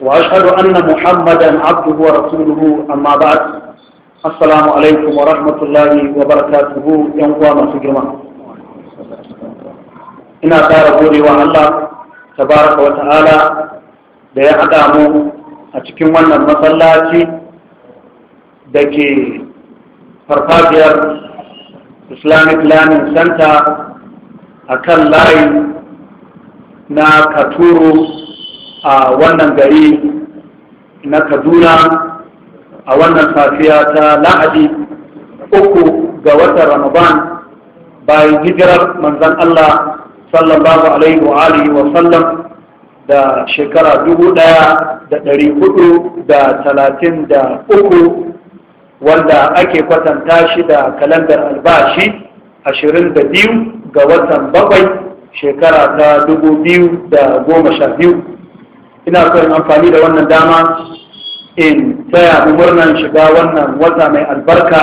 واشهد ان محمدا عبده ورسوله اما بعد السلام عليكم ورحمه الله وبركاته uwa masu الفجر ina tsara godewa Allah tabaraka wa ta'ala da ya haɗa mu a cikin wannan masallaci da ke farfajiyar islamic learning center a kan layi na katuru a wannan gari na kaduna a wannan safiya ta lahadi uku ga watan ramadan bayan hijirar manzan allah sallallahu alaihi wa alihi wa sallam da shekara dubu ɗaya da ɗari hudu da talatin da uku wanda ake kwatanta shi da kalandar albashi ashirin da biyu ga watan bakwai shekara ta dubu biyu da goma sha biyu ina so in amfani da wannan dama in taya mu murnan shiga wannan wata mai albarka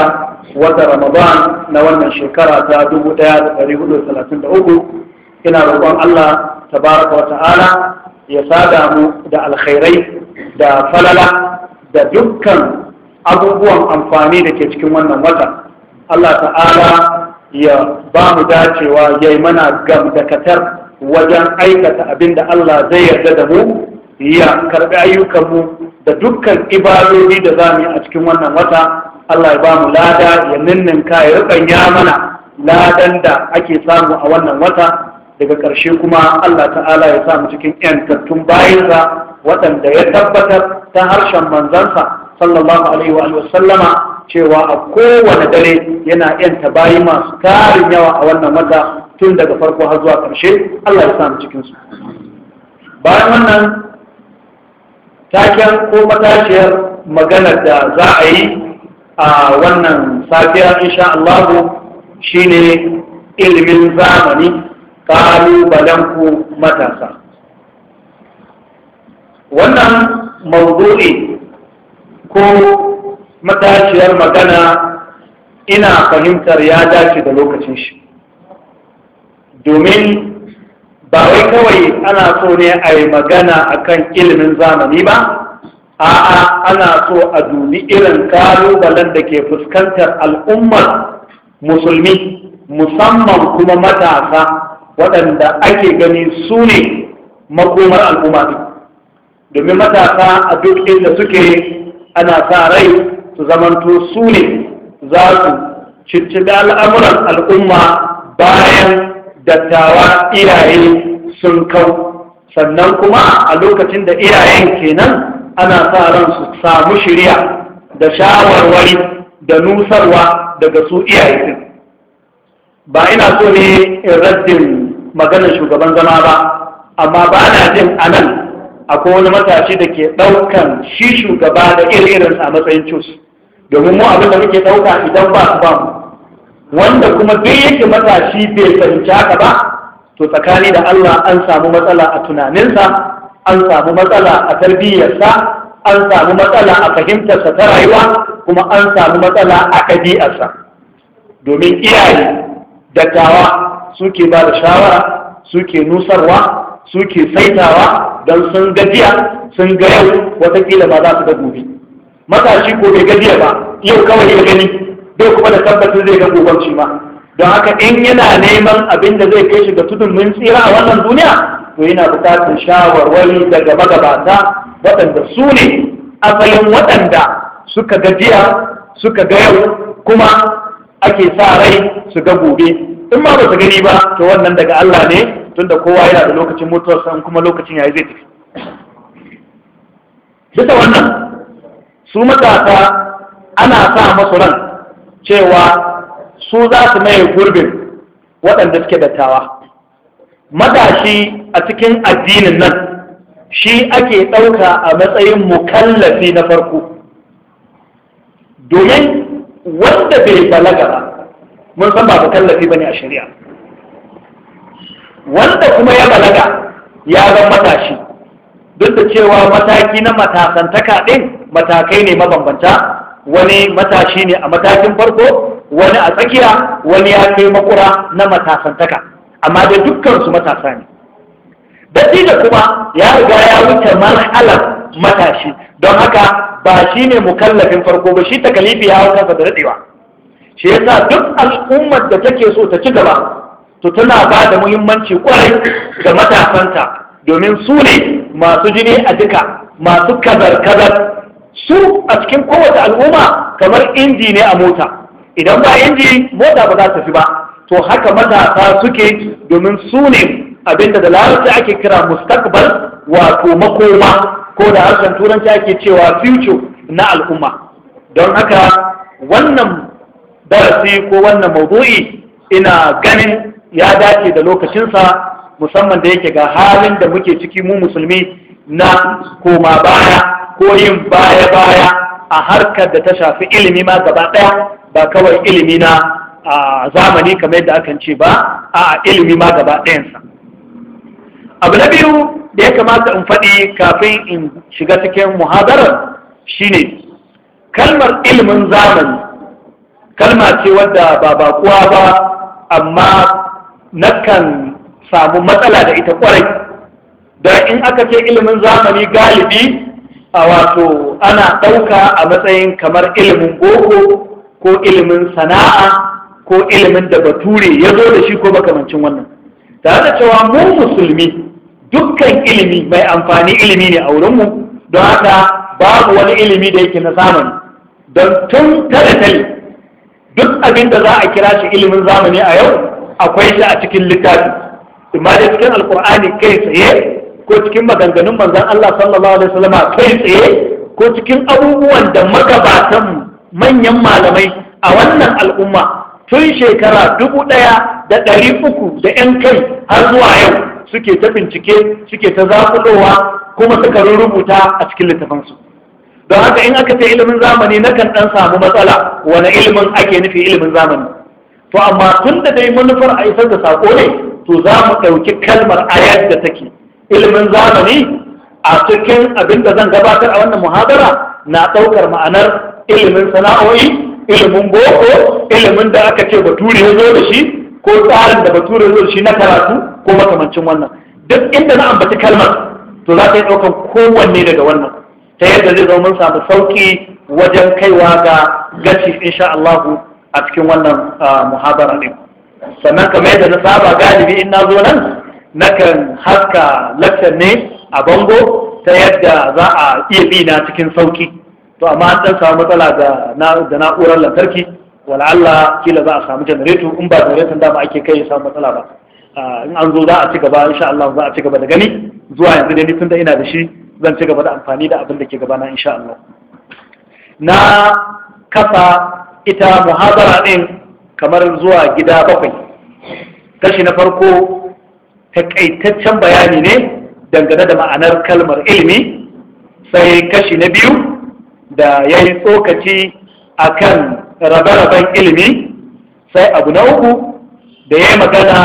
wata ramadan na wannan shekara ta 1433 ina roƙon Allah tabaraka wa ta'ala ya sada mu da alkhairai da falala da dukkan abubuwan amfani da ke cikin wannan wata Allah ta'ala ya ba mu dacewa ya yi mana gamdakatar wajen aikata abin da Allah zai yarda da mu ya karbi ayyukanmu da dukkan ibadodi da za mu yi a cikin wannan wata Allah ya ba mu lada ya ninninka ya rikanya mana ladan da ake samu a wannan wata daga ƙarshe kuma Allah ta'ala ya samu cikin 'yantattun bayansa waɗanda ya tabbatar ta harshen manzansa sallallahu alaihi wa sallama cewa a kowane dare yana 'yanta bayi masu tarin yawa a wannan wata tun daga farko har zuwa ƙarshe Allah ya samu cikinsu bayan wannan taken ko matashiyar maganar da za a yi a wannan safiya insha Allah ne ilimin zamani ku matasa wannan mawdu'i ko matashiyar magana ina fahimtar ya dace da lokacin shi domin ba wai kawai ana so ne a yi magana akan ilimin zamani ba a'a ana so a dubi irin kalubalen da ke fuskantar al'ummar musulmi musamman kuma matasa waɗanda ake gani su ne makomar al'umma domin matasa a duk inda suke ana sa rai su zamanto su ne za su cicci al'amuran al'umma bayan dattawa iyaye sun kau sannan kuma a lokacin da iyayen kenan ana sa ran su samu shirya da shawarwari da nusarwa daga su iyaye din ba ina so ne in raddin maganar shugaban zama ba amma ba na jin a nan akwai wani matashi da ke ɗaukan shi shugaba da iri irin a matsayin cus domin mu abin da muke ɗauka idan ba su ba mu wanda kuma duk yake matashi bai fahimci haka ba to tsakani da Allah an samu matsala a tunaninsa an samu matsala a tarbiyyarsa an samu matsala a fahimtarsa ta rayuwa kuma an samu matsala a ɗabi'arsa domin iyaye dattawa suke ba da shawara suke nusarwa suke saitawa don sun gajiya sun ga yau watakila ba za su ga gobe matashi ko bai gajiya ba yau kawai ya gani bai kuma da tabbatar zai ga gobanci ma don haka in yana neman abin da zai kai shi ga tudun mun tsira a wannan duniya to yana bukatar shawarwari daga magabata waɗanda su ne asalin waɗanda suka gajiya suka ga yau kuma ake sa rai su ga gobe in ma ba su gani ba to wannan daga Allah ne tunda kowa yana da lokacin mutuwarsa kuma lokacin yayi zai tafi bisa wannan su matasa ana sa masu ran cewa su za su maye gurbin waɗanda suke dattawa matashi a cikin addinin nan shi ake ɗauka a matsayin mukallafi na farko domin wanda bai balaga ba mun san ba mukallafi ba ne a shari'a wanda kuma ya balaga ya zan matashi duk da cewa mataki na matasantaka ɗin matakai ne mabambanta wani matashi ne a matakin farko wani a tsakiya wani ya kai makura na matasantaka amma dai dukkansu matasa ne da kuma ya riga ya wuce marhalar matashi don haka ba shi ne mukallafin farko ba shi takalifi ya hau kansa da daɗewa shi yasa duk al'ummar da take so ta ci gaba to tana ba da muhimmanci kwarai ga matasanta domin su ne masu jini a duka masu kazar-kazar su a cikin kowace al'umma kamar inji ne a mota idan ba inji mota ba za ta fi ba to haka matasa suke domin su ne abinda da larabci ake kira mustakbal wato makoma ko da harshen turanci ake cewa future na al'umma don haka wannan darasi ko wannan maudu'i ina ganin ya dace da lokacinsa musamman da yake ga halin da muke ciki mu musulmi na koma baya ko yin baya-baya a harkar da ta shafi ilimi ma gaba ɗaya ba kawai ilimi na a zamani kamar yadda akan ce ba a ilimi ma gaba ɗayansa abu na biyu da ya kamata in faɗi kafin in shiga cikin muhadarar shine kalmar ilimin zamani kalma ce wadda ba bakuwa ba amma nakan samu matsala da ita kwarai Da in aka ce ilimin zamani galibi a wato ana ɗauka a matsayin kamar ilimin boko ko ilimin sana'a ko ilimin da bature ya zo da shi ko makamancin wannan tare da cewa mu musulmi dukkan ilimi mai amfani ilimi ne a wurinmu don haka babu wani ilimi da yake na zamani don tun tare duk abin da za a kira shi ilimin zamani a yau akwai shi a cikin littafi imma da cikin alkur'ani kai tsaye ko cikin maganganun manzan Allah sallallahu alaihi wasallam kai tsaye ko cikin abubuwan da magabatan manyan malamai a wannan al'umma tun shekara dubu ɗaya da ɗari uku da 'yan kai har zuwa yau suke ta bincike suke ta zaɓuɗowa kuma suka rubuta a cikin littafansu don haka in aka ce ilimin zamani nakan ɗan samu matsala wani ilimin ake nufi ilimin zamani to amma tun da dai manufar a isar da saƙo ne to za mu ɗauki kalmar ayat da take ilimin zamani a cikin abin da zan gabatar a wannan muhabara na ɗaukar ma'anar ilimin sana'o'i ilimin boko ilimin da aka ce bature ya zo da shi ko tsarin da bature ya zo da shi na karatu ko makamancin wannan duk inda na ambaci kalmar to za ta yi ɗaukar kowanne daga wannan ta yadda zai zama mun samu sauƙi wajen kaiwa ga gaci insha Allah a cikin wannan ah, muhabara ne sannan kamar yadda na saba galibi in na zo nan nakan haska lakcar ne a bango ta yadda za a iya bi na cikin sauki to amma an ɗan samu matsala da na'urar lantarki wala'alla kila za a samu janareto in ba da dama ake kai samu matsala ba in an zo za a ci gaba insha Allah za a ci gaba da gani zuwa yanzu dai tun da ina da shi zan ci gaba da amfani da abin da ke gabana insha Allah na kafa ita muhabara din kamar zuwa gida bakwai kashi na farko takaitaccen bayani ne dangane da ma'anar kalmar ilimi sai kashi na biyu da ya yi tsokaci a kan rabe-raben ilimi sai abu na uku da ya yi magana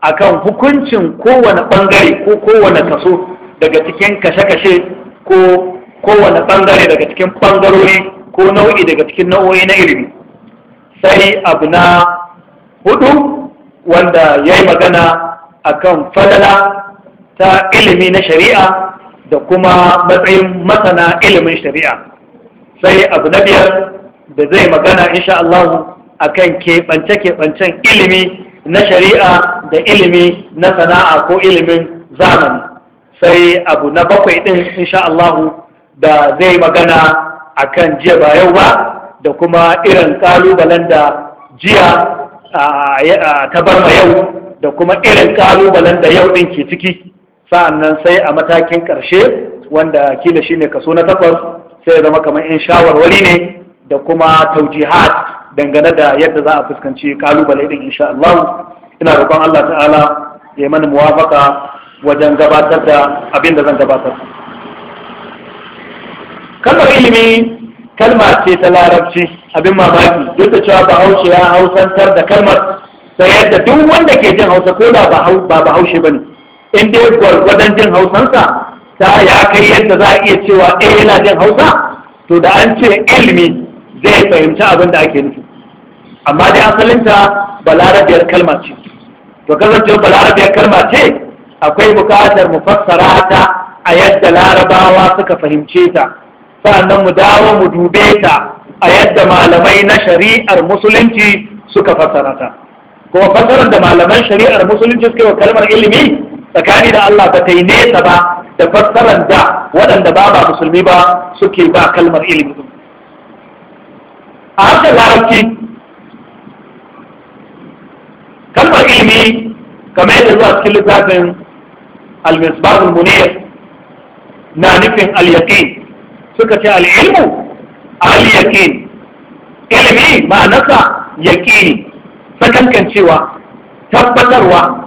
a kan hukuncin kowane ɓangare ko kowane kaso daga cikin kashe-kashe ko kowane ɓangare daga cikin ɓangarori ko nau'i daga cikin nau'o'i na ilimi sai abu na hudu wanda ya yi magana akan falala ta ilimi na shari'a da kuma matsayin masana ilimin shari'a sai abu na biyar da zai magana insha Allah akan keɓance-keɓancen ilimi na shari'a da ilimi na sana'a ko ilimin zamani sai abu na bakwai ɗin insha Allah da zai magana akan jiya ba yau ba da kuma irin ƙalubalen da jiya ta bar yau da kuma irin kalubalen da yau ɗin ke ciki sa'annan sai a matakin ƙarshe wanda kila shine kaso na takwas sai ya zama kamar in shawarwari ne da kuma taujihat dangane da yadda za a fuskanci kalubale din insha Allah ina roƙon Allah ta'ala ya yi mana muwafaka wajen gabatar da abin da zan gabatar kalmar ilimi kalma ce ta larabci abin mamaki duk da cewa bahaushe ya hausantar da kalmar ta yadda duk wanda ke jin hausa ko da ba bahaushe ba ne in dai gwargwadon jin hausansa ta ya kai yadda za a iya cewa eh yana jin hausa to da an ce ilimi zai fahimci abin da ake nufi amma dai asalinta balarabiyar kalma ce to kasance balarabiyar kalma ce akwai bukatar mu fassara ta a yadda larabawa suka fahimce ta sannan mu dawo mu dube ta a yadda malamai na shari'ar musulunci suka fassara ta kuma bangaren da malaman shari'ar musulunci suke wa kalmar ilimi tsakani da Allah ba ta yi nesa ba da fassarar da waɗanda ba ba musulmi ba suke ba kalmar ilimi a haka larabci kalmar ilimi kamar yadda zuwa cikin littafin al-misbahul munir na nufin al-yaqin suka ce al-ilmu al-yaqin ilimi ma'anarsa yaqini sakankancewa tabbatarwa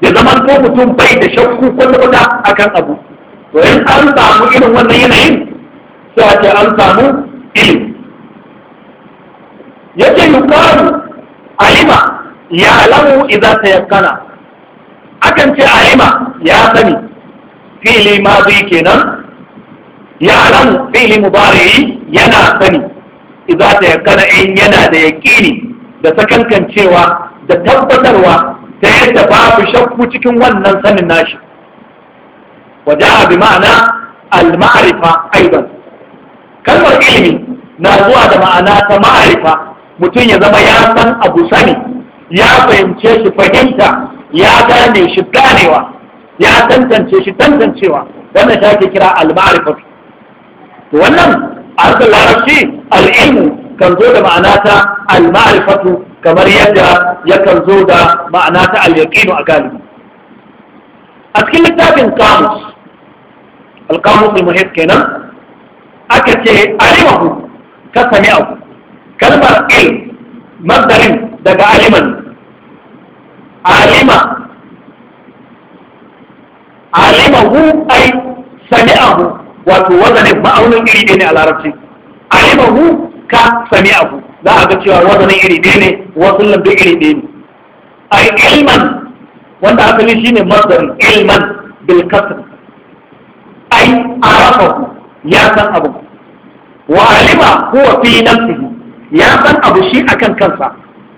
ya zama ko mutum bai da shakku ko a akan abu to in an samu irin wannan yanayin sai a ce an samu ilimi kwaru a alima ya idan ta yankana. akan ce alima ya sani fi'li madi kenan ya lamu fi'li mubarai yana sani ta yankana in yana da yaƙini da sakankancewa da tabbatarwa ta yadda babu shakku cikin wannan sanin nashi waje bi ma'ana alma'arifa maarifa kalmar ilimi na zuwa da ma'ana ta ma'arifa mutum ya zama ya san abu sani ya fahimce shi fahimta ya gane shi ganewa ya tantance shi tantancewa wannan ta ke kira al-ma'arifa wannan a larabci al kan zo da ma'ana ta al-ma'rifatu kamar yadda yakan zo da ma'ana ta al-yaqinu a galibi a cikin littafin kamus al-kamus al-muhit kenan aka ce alimahu ka sami abu kalmar il mazdarin daga aliman alima alimahu ai sami'ahu wato wazanin ma'aunin iri ne a larabci alimahu ka sami abu za a ga cewa wazanin iri ɗaya ne wasu duk iri ɗaya ne ai ilman wanda asali ne masarin ilman bil kasr ai ku, ya san abu wa alima huwa fi nafsihi ya san abu shi akan kansa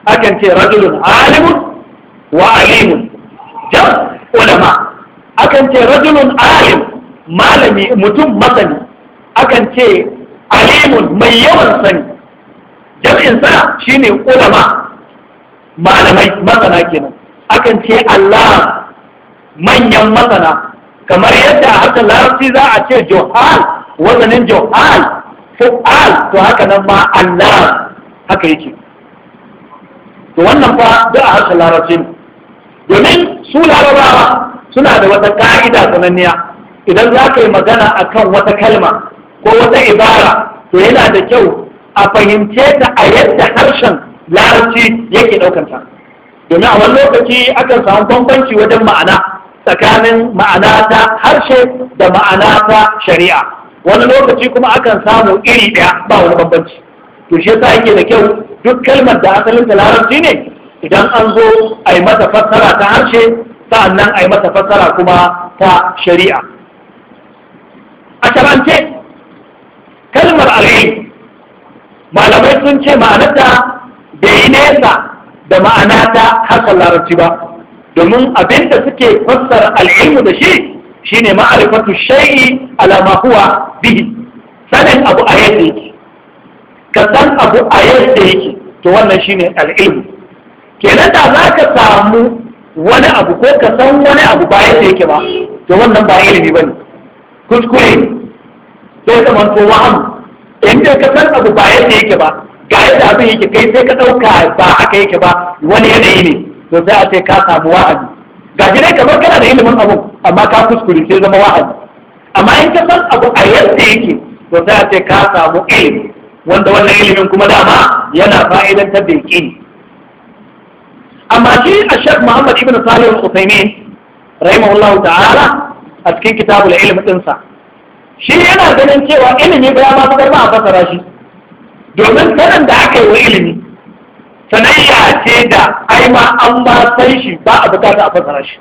akan ce rajulun alimun wa alimun jan ulama akan ce rajulun alim malami mutum masani akan ce alimun mai yawan sani jam'in sa shine ulama malamai masana kenan akan ce Allah manyan masana kamar yadda haka larabci za a ce johal wazanin johal fu'al to haka nan ma Allah haka yake to wannan fa da a harshen larabci ne domin su larabawa suna da wata ka'ida sananniya idan za ka yi magana akan wata kalma ko wata ibara to yana da kyau a fahimce ta a yadda harshen larabci yake ɗaukanta domin a wani lokaci akan samu bambanci wajen ma'ana tsakanin ma'ana ta harshe da ma'ana ta shari'a wani lokaci kuma akan samu iri ɗaya ba wani bambanci to shi yasa yake da kyau duk kalmar da asalin ta larabci ne idan an zo a yi mata fassara ta harshe sa'annan a yi mata fassara kuma ta shari'a a sharance kalmar al'ilm malamai sun ce ma'anarta bai nesa da ma'ana ta harkar larabci ba domin abin da suke fassara al'ilmu da shi shine ma'arifatu shay'i alama huwa bihi sanin abu a yadda yake ka san abu a yadda yake to wannan shine al'ilmu kenan da za ka samu wani abu ko ka san wani abu ba yadda yake ba to wannan ba ilimi bane kuskure sai zaman to wa'am in dai ka san abu ba yadda yake ba ga yadda abin yake kai sai ka ɗauka ba haka yake ba wani yanayi ne to sai a ce ka samu wa'azi ga shi dai kamar kana da ilimin abu amma ka kuskure sai zama wa'azi amma in ka san abu a yadda yake to sai a ce ka samu ilimi wanda wannan ilimin kuma dama yana fa'idantar da yaƙini amma shi a shek muhammad ibn salihu al-usaimin rahimahullahu ta'ala a cikin kitabul ilm dinsa shi yana ganin cewa ilimi ba ya ma a fasara shi domin sanin da aka yi wa ilimi sanayya ce da ai ma an ba san shi ba a bukata a fasara shi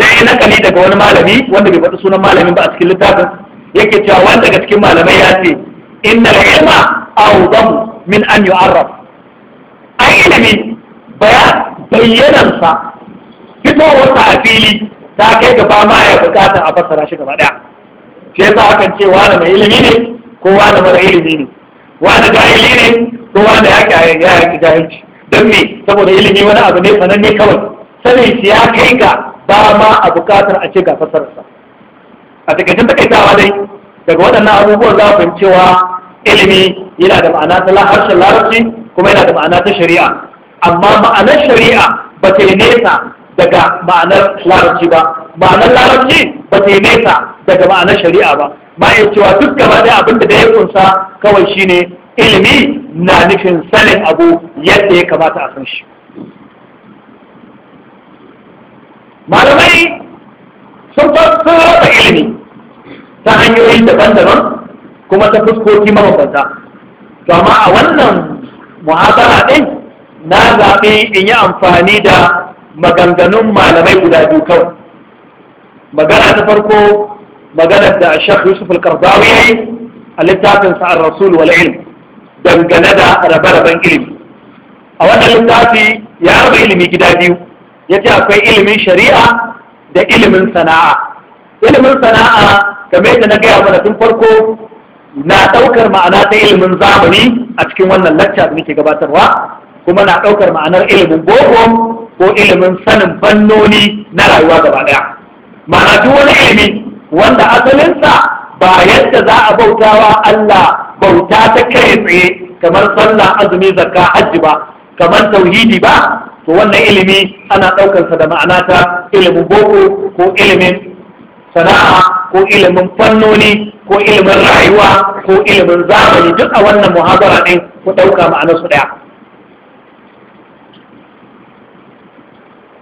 sai ya nakali daga wani malami wanda bai faɗi sunan malamin ba a cikin littafin yake cewa wanda daga cikin malamai ya ce inna ilma awdamu min an yu'arraf ai ilimi bayyanansa fitowarsa a fili ta kai gaba ma ya bukata a fasara shi gaba ɗaya shi yasa akan ce wani mai ilimi ne ko wani mara ilimi ne wani jahili ne ko wani ya ki ya ki jahilci don me saboda ilimi wani abu ne sananne kawai sanin shi ya kai ga ba ma a bukatar a ce ga fasararsa a takaicin takaitawa dai daga waɗannan abubuwan za ku cewa ilimi yana da ma'ana ta harshen larabci kuma yana da ma'ana ta shari'a amma ma'anar shari'a ba ta nesa daga ma'anar larabci ba ma'anar larabci ba ta nesa daga ma'anar shari'a ba ba ya cewa duk gaba da abin da ya kunsa kawai shine ilimi na nufin sanin abu yadda ya kamata a san shi malamai sun fassara ilimi ta hanyoyi daban-daban kuma ta fuskoki mahaifanta to a wannan muhabara ɗin na zaɓi in yi amfani da maganganun malamai guda biyu kawai magana ta farko maganar da Sheikh Yusuf Al-Qardawi yayi a littafin sa Ar-Rasul wal Ilm dangane da rabe-raben ilimi a wannan littafi ya raba ilimi gida biyu yace akwai ilimin shari'a da ilimin sana'a ilimin sana'a game da na gaya mana tun farko na ɗaukar ma'ana ta ilimin zamani a cikin wannan lacca da muke gabatarwa kuma na ɗaukar ma'anar ilimin boko ko ilimin sanin fannoni na rayuwa gaba ɗaya ma'ana duk wani ilimi wanda asalinsa ba yadda za a wa Allah bauta ta kai tsaye kamar sallah azumi zakka hajji ba kamar tauhidi ba to wannan ilimi ana ɗaukarsa da ma'ana ta ilimin boko ko ilimin sana'a ko ilimin fannoni ko ilimin rayuwa ko ilimin zamani duk a wannan muhabara ɗin ku ɗauka ma'anar su ɗaya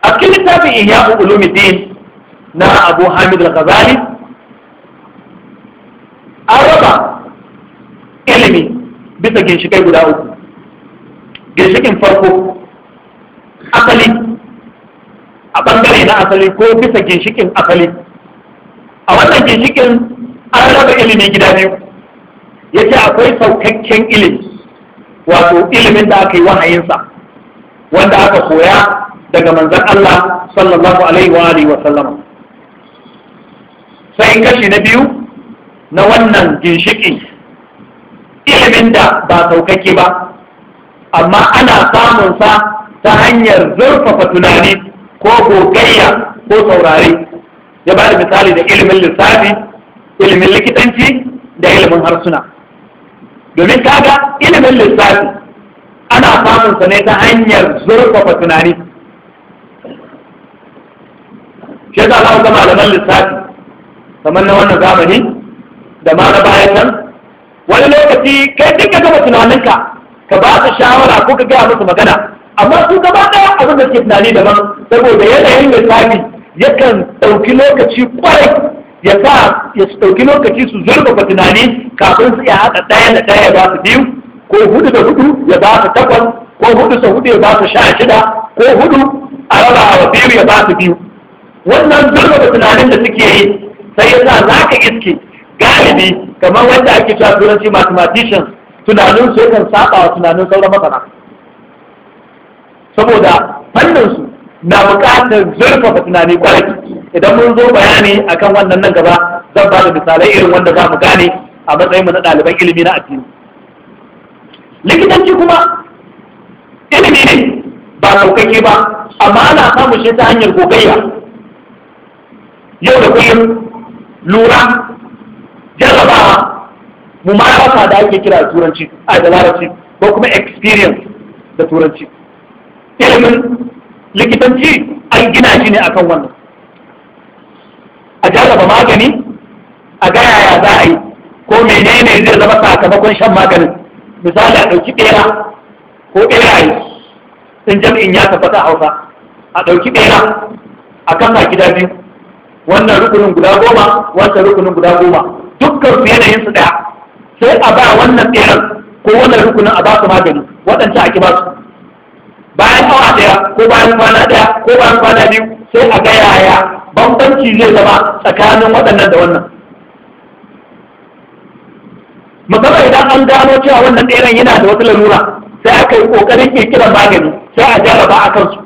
a cikin littafin ihya ulumuddin na abu hamid al-ghazali an raba ilimi bisa ginshikai guda uku ginshikin farko asali a bangare na asali ko bisa ginshikin asali a wannan ginshikin an raba ilimi gida biyu ya ce akwai saukakken ilimi wato ilimin da aka yi wahayinsa wanda aka koya daga manzan Allah sallallahu alaihi wa sallama sai kashi na biyu na wannan ginshiki ilimin da ba saukake ba amma ana samun sa ta hanyar zurfafa tunani ko gogayya ko saurare ya ba da misali da ilimin lissafi ilimin likitanci da ilimin harsuna domin kaga ilimin lissafi ana samun sa ne ta hanyar zurfafa tunani shi za a malaman lissafi kamar na wannan zamani da ma na bayan nan wani lokaci kai duk ka gama tunaninka ka ba su shawara ko ka gaya musu magana amma su gaba ɗaya abin da suke tunani daban saboda yanayin lissafi yakan ɗauki lokaci kwarai ya sa ya ɗauki lokaci su zurfafa tunani kafin su iya haɗa ɗaya da ɗaya ba su biyu ko hudu da hudu ya ba su takwas ko hudu sa hudu ya ba su sha shida ko hudu a raba wa biyu ya ba su biyu wannan zurfafa tunanin da suke yi sai ya sa za ka iske galibi kamar wanda ake cewa turanci mathematician tunanin su yakan saba wa tunanin sauran masana saboda fannin su na buƙatar zurfafa tunani kwarai idan mun zo bayani akan wannan nan gaba zan ba da misalai irin wanda za mu gane a matsayin mu na ɗaliban ilimi na addini likitanci kuma ilimi ne ba sauƙaƙe ba amma ana samun shi ta hanyar gogayya yau da kullum lura jarrabawa mu ma marasa da ake kira da turanci a da larabci ko kuma experience da turanci ilimin likitanci an gina shi ne akan wannan a jarraba magani a ga yaya za a yi ko menene zai zama sakamakon shan maganin misali a ɗauki ɓera ko ɓeraye in jam'in ya tabbata a hausa a ɗauki ɗera, a kan gida biyu wannan rukunin guda goma wancan rukunin guda goma dukkan su yanayin su daya sai a ba wannan tseren ko wannan rukunin a ba su magani waɗancan a ki ba su bayan awa daya ko bayan kwana daya ko bayan kwana biyu sai a ga yaya bambanci zai zama tsakanin waɗannan da wannan musamman idan an gano cewa wannan tseren yana da wata lalura sai aka yi ƙoƙarin ƙirƙirar magani sai a jarraba a kansu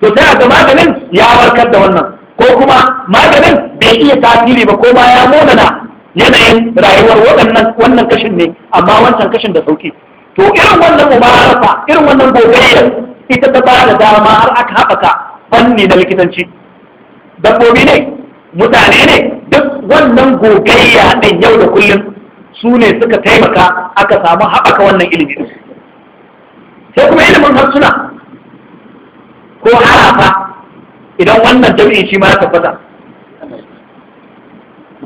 to sai a ga maganin ya warkar da wannan ko kuma maganin bai iya tasiri ba ko ma ya monana yanayin rayuwar waɗannan wannan kashin ne amma wancan kashin da sauki to irin wannan mubarafa irin wannan gogayyar ita ta ba da dama har aka haɓaka fanni na likitanci dabbobi ne mutane ne duk wannan gogayya ɗin yau da kullum su ne suka taimaka aka samu haɓaka wannan ilimi sai kuma ilimin harsuna ko harafa idan wannan jami'in shi ma ya tabbata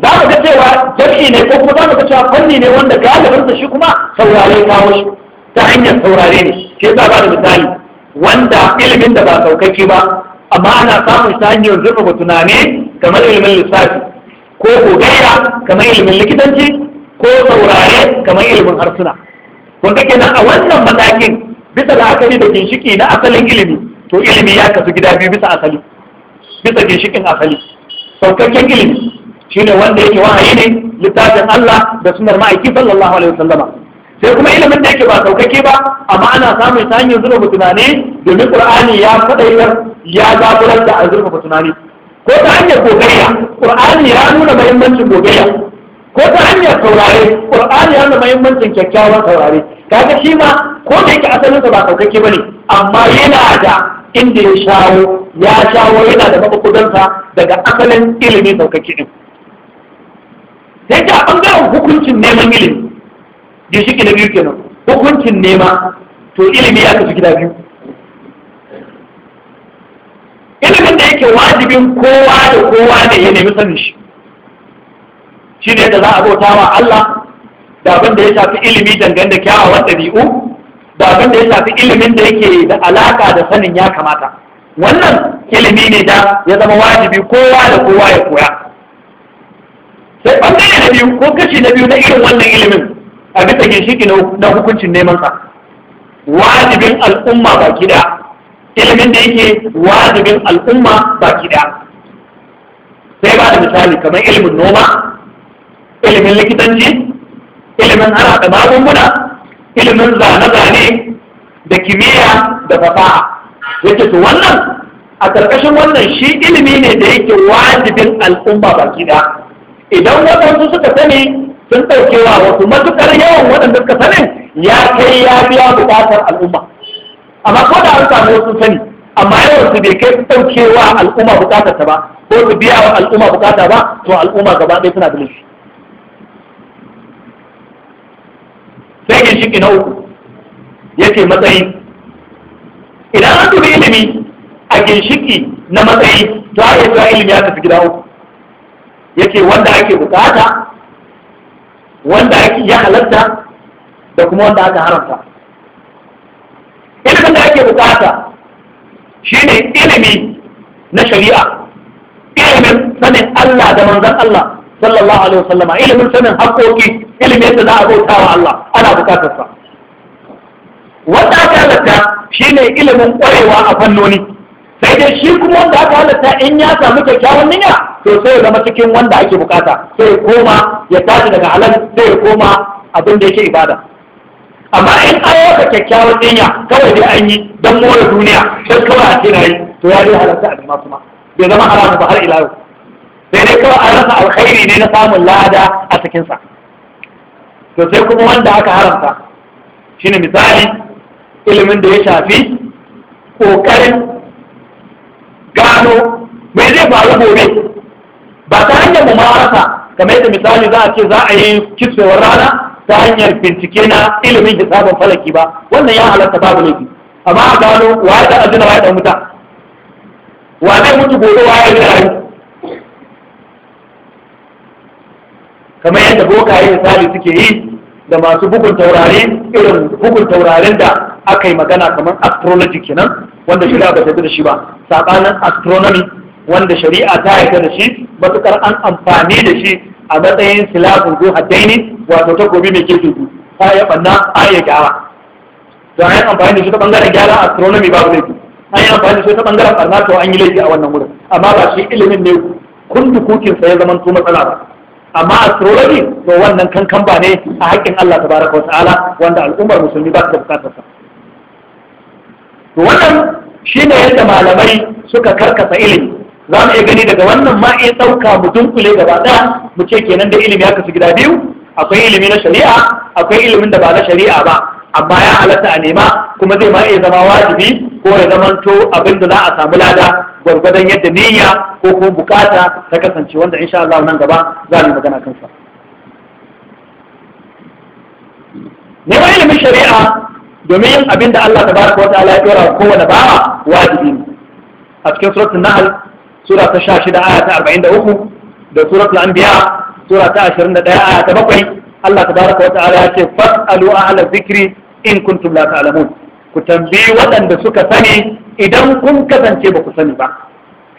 za mu ga cewa jarki ne ko kuma za mu ga cewa fanni ne wanda galibin shi kuma saurare kawo shi ta hanyar saurare ne Ke za ba da misali wanda ilimin da ba saukaki ba amma ana samun shi ta hanyar zurfafa tunani kamar ilimin lissafi ko gogayya kamar ilimin likitanci ko saurare kamar ilimin harsuna kun ga kenan a wannan matakin bisa la'akari da ginshiki na asalin ilimi to ilimi ya kasu gida biyu bisa asali bisa ginshikin asali saukakken ilimi ne wanda yake wahayi ne littafin Allah da sunar ma'aiki sallallahu alaihi wasallama sai kuma ilimin da yake ba saukake ba amma ana samun ta hanyar zurfa tunani domin qur'ani ya fadaitar ya zaburar da a tunani ko ta hanyar gogayya qur'ani ya nuna muhimmancin gogayya ko ta hanyar saurare qur'ani ya nuna muhimmancin kyakkyawan saurare kaga shi ma ko da yake sa ba saukake ne. amma yana da inda ya shawo ya shawo yana da mabukudansa daga asalin ilimin saukake din sai ta bangaren hukuncin neman ilimi shi na biyu kenan hukuncin nema to ilimi ya kasu gida biyu ilimin da yake wajibin kowa da kowa ne ya nemi sanin shi shi ne da za a bauta wa Allah da abin da ya shafi ilimi dangane da kyawawan ɗabi'u da abin da ya shafi ilimin da yake da alaka da sanin ya kamata wannan ilimi ne da ya zama wajibi kowa da kowa ya koya sai bangare na biyu ko kashi na biyu na irin wannan ilimin a bisa ginshiki na hukuncin neman sa wajibin al'umma baki da ilimin da yake wajibin al'umma baki gida sai ba da misali kamar ilimin noma ilimin likitanci ilimin ana da magunguna ilimin zane-zane da kimiyya da fasaha yake su wannan a ƙarƙashin wannan shi ilimi ne da yake wajibin al'umma ba gida idan waɗansu suka sani sun ɗaukewa wasu matuƙar yawan waɗanda suka sanin ya kai ya biya buƙatar al'umma amma ko da an samu wasu sani amma yawan su bai kai su ɗaukewa al'umma buƙatar ta ba ko su biya wa al'umma buƙata ba to al'umma gaba ɗaya suna da laifi sai ginshiƙi na uku ya matsayi idan an dubi ilimi a ginshiƙi na matsayi to a iya ilimi ya tafi gida uku yake wanda ake bukata wanda ake ya halatta da kuma wanda aka haramta ilimin da ake bukata shine ilimi na shari'a ilimin sanin Allah da manzon Allah sallallahu alaihi wasallama ilimin sanin haƙoƙi ilimin da za a bauta wa Allah ana bukatar sa wanda aka halatta shine ilimin ƙwarewa a fannoni sai dai shi kuma wanda aka halatta in ya samu kyakkyawan niyya to sai ya zama cikin wanda ake bukata sai ya koma ya tashi daga halal sai ya koma abin da yake ibada amma in an yi kyakkyawan dinya kawai dai an yi don more duniya don kawai a ce na yi to ya dai halarta a kuma bai zama haramu ba har ila yau sai dai kawai a rasa alkhairi ne na samun lada a cikinsa to sai kuma wanda aka haramta shine misali ilimin da ya shafi ƙoƙarin gano mai zai faru gobe ba ta hanyar mumarasa kamar da misali za a ce za a yi kitsewar rana ta hanyar bincike na ilimin hisabin falaki ba wannan ya halatta babu laifi amma a gano waye ta ajina waye ta muta wa zai mutu gobe waye da rayu kamar yadda bokaye misali suke yi da masu bugun taurari irin bugun taurarin da aka yi magana kamar astrology kenan wanda da ba ta da shi ba sabanin astronomy wanda shari'a ta haifar da shi matukar an amfani da shi a matsayin silafin ko haddaini wato takobi mai kirkin ku ta yi banna a ya gyara to an yi amfani da shi ta bangaren gyara astronomy babu laifi an yi amfani da shi ta bangaren barna to an yi laifi a wannan wurin amma ba shi ilimin ne kuntu kukin sa ya zama to matsala ba amma astrology to wannan kankan ba ne a haƙƙin Allah tabaraka wa ta'ala wanda al'ummar musulmi ba su da bukatar sa to wannan shine yadda malamai suka karkasa ilimi za mu iya gani daga wannan ma iya ɗauka mu dunkule gaba ɗaya mu ce kenan da ilimi aka su gida biyu akwai ilimi na shari'a akwai ilimin da ba na shari'a ba amma ya halatta a nema kuma zai ma iya zama wajibi ko ya zama to abin da za a samu lada gwargwadon yadda niyya ko kuma bukata ta kasance wanda insha Allah nan gaba za mu magana kansa neman ilimin shari'a domin yin abin da Allah tabaraka wa ta'ala ya dora kowane bawa wajibi ne a cikin suratul nahl sura ta sha shida aya ta arba'in da uku da suratul anbiya sura ta ashirin da ɗaya aya ta bakwai Allah tabaraka wa ta'ala ya ce fas'alu ahla zikri in kuntum la ta'lamun ku tambayi waɗanda suka sani idan kun kasance ba ku sani ba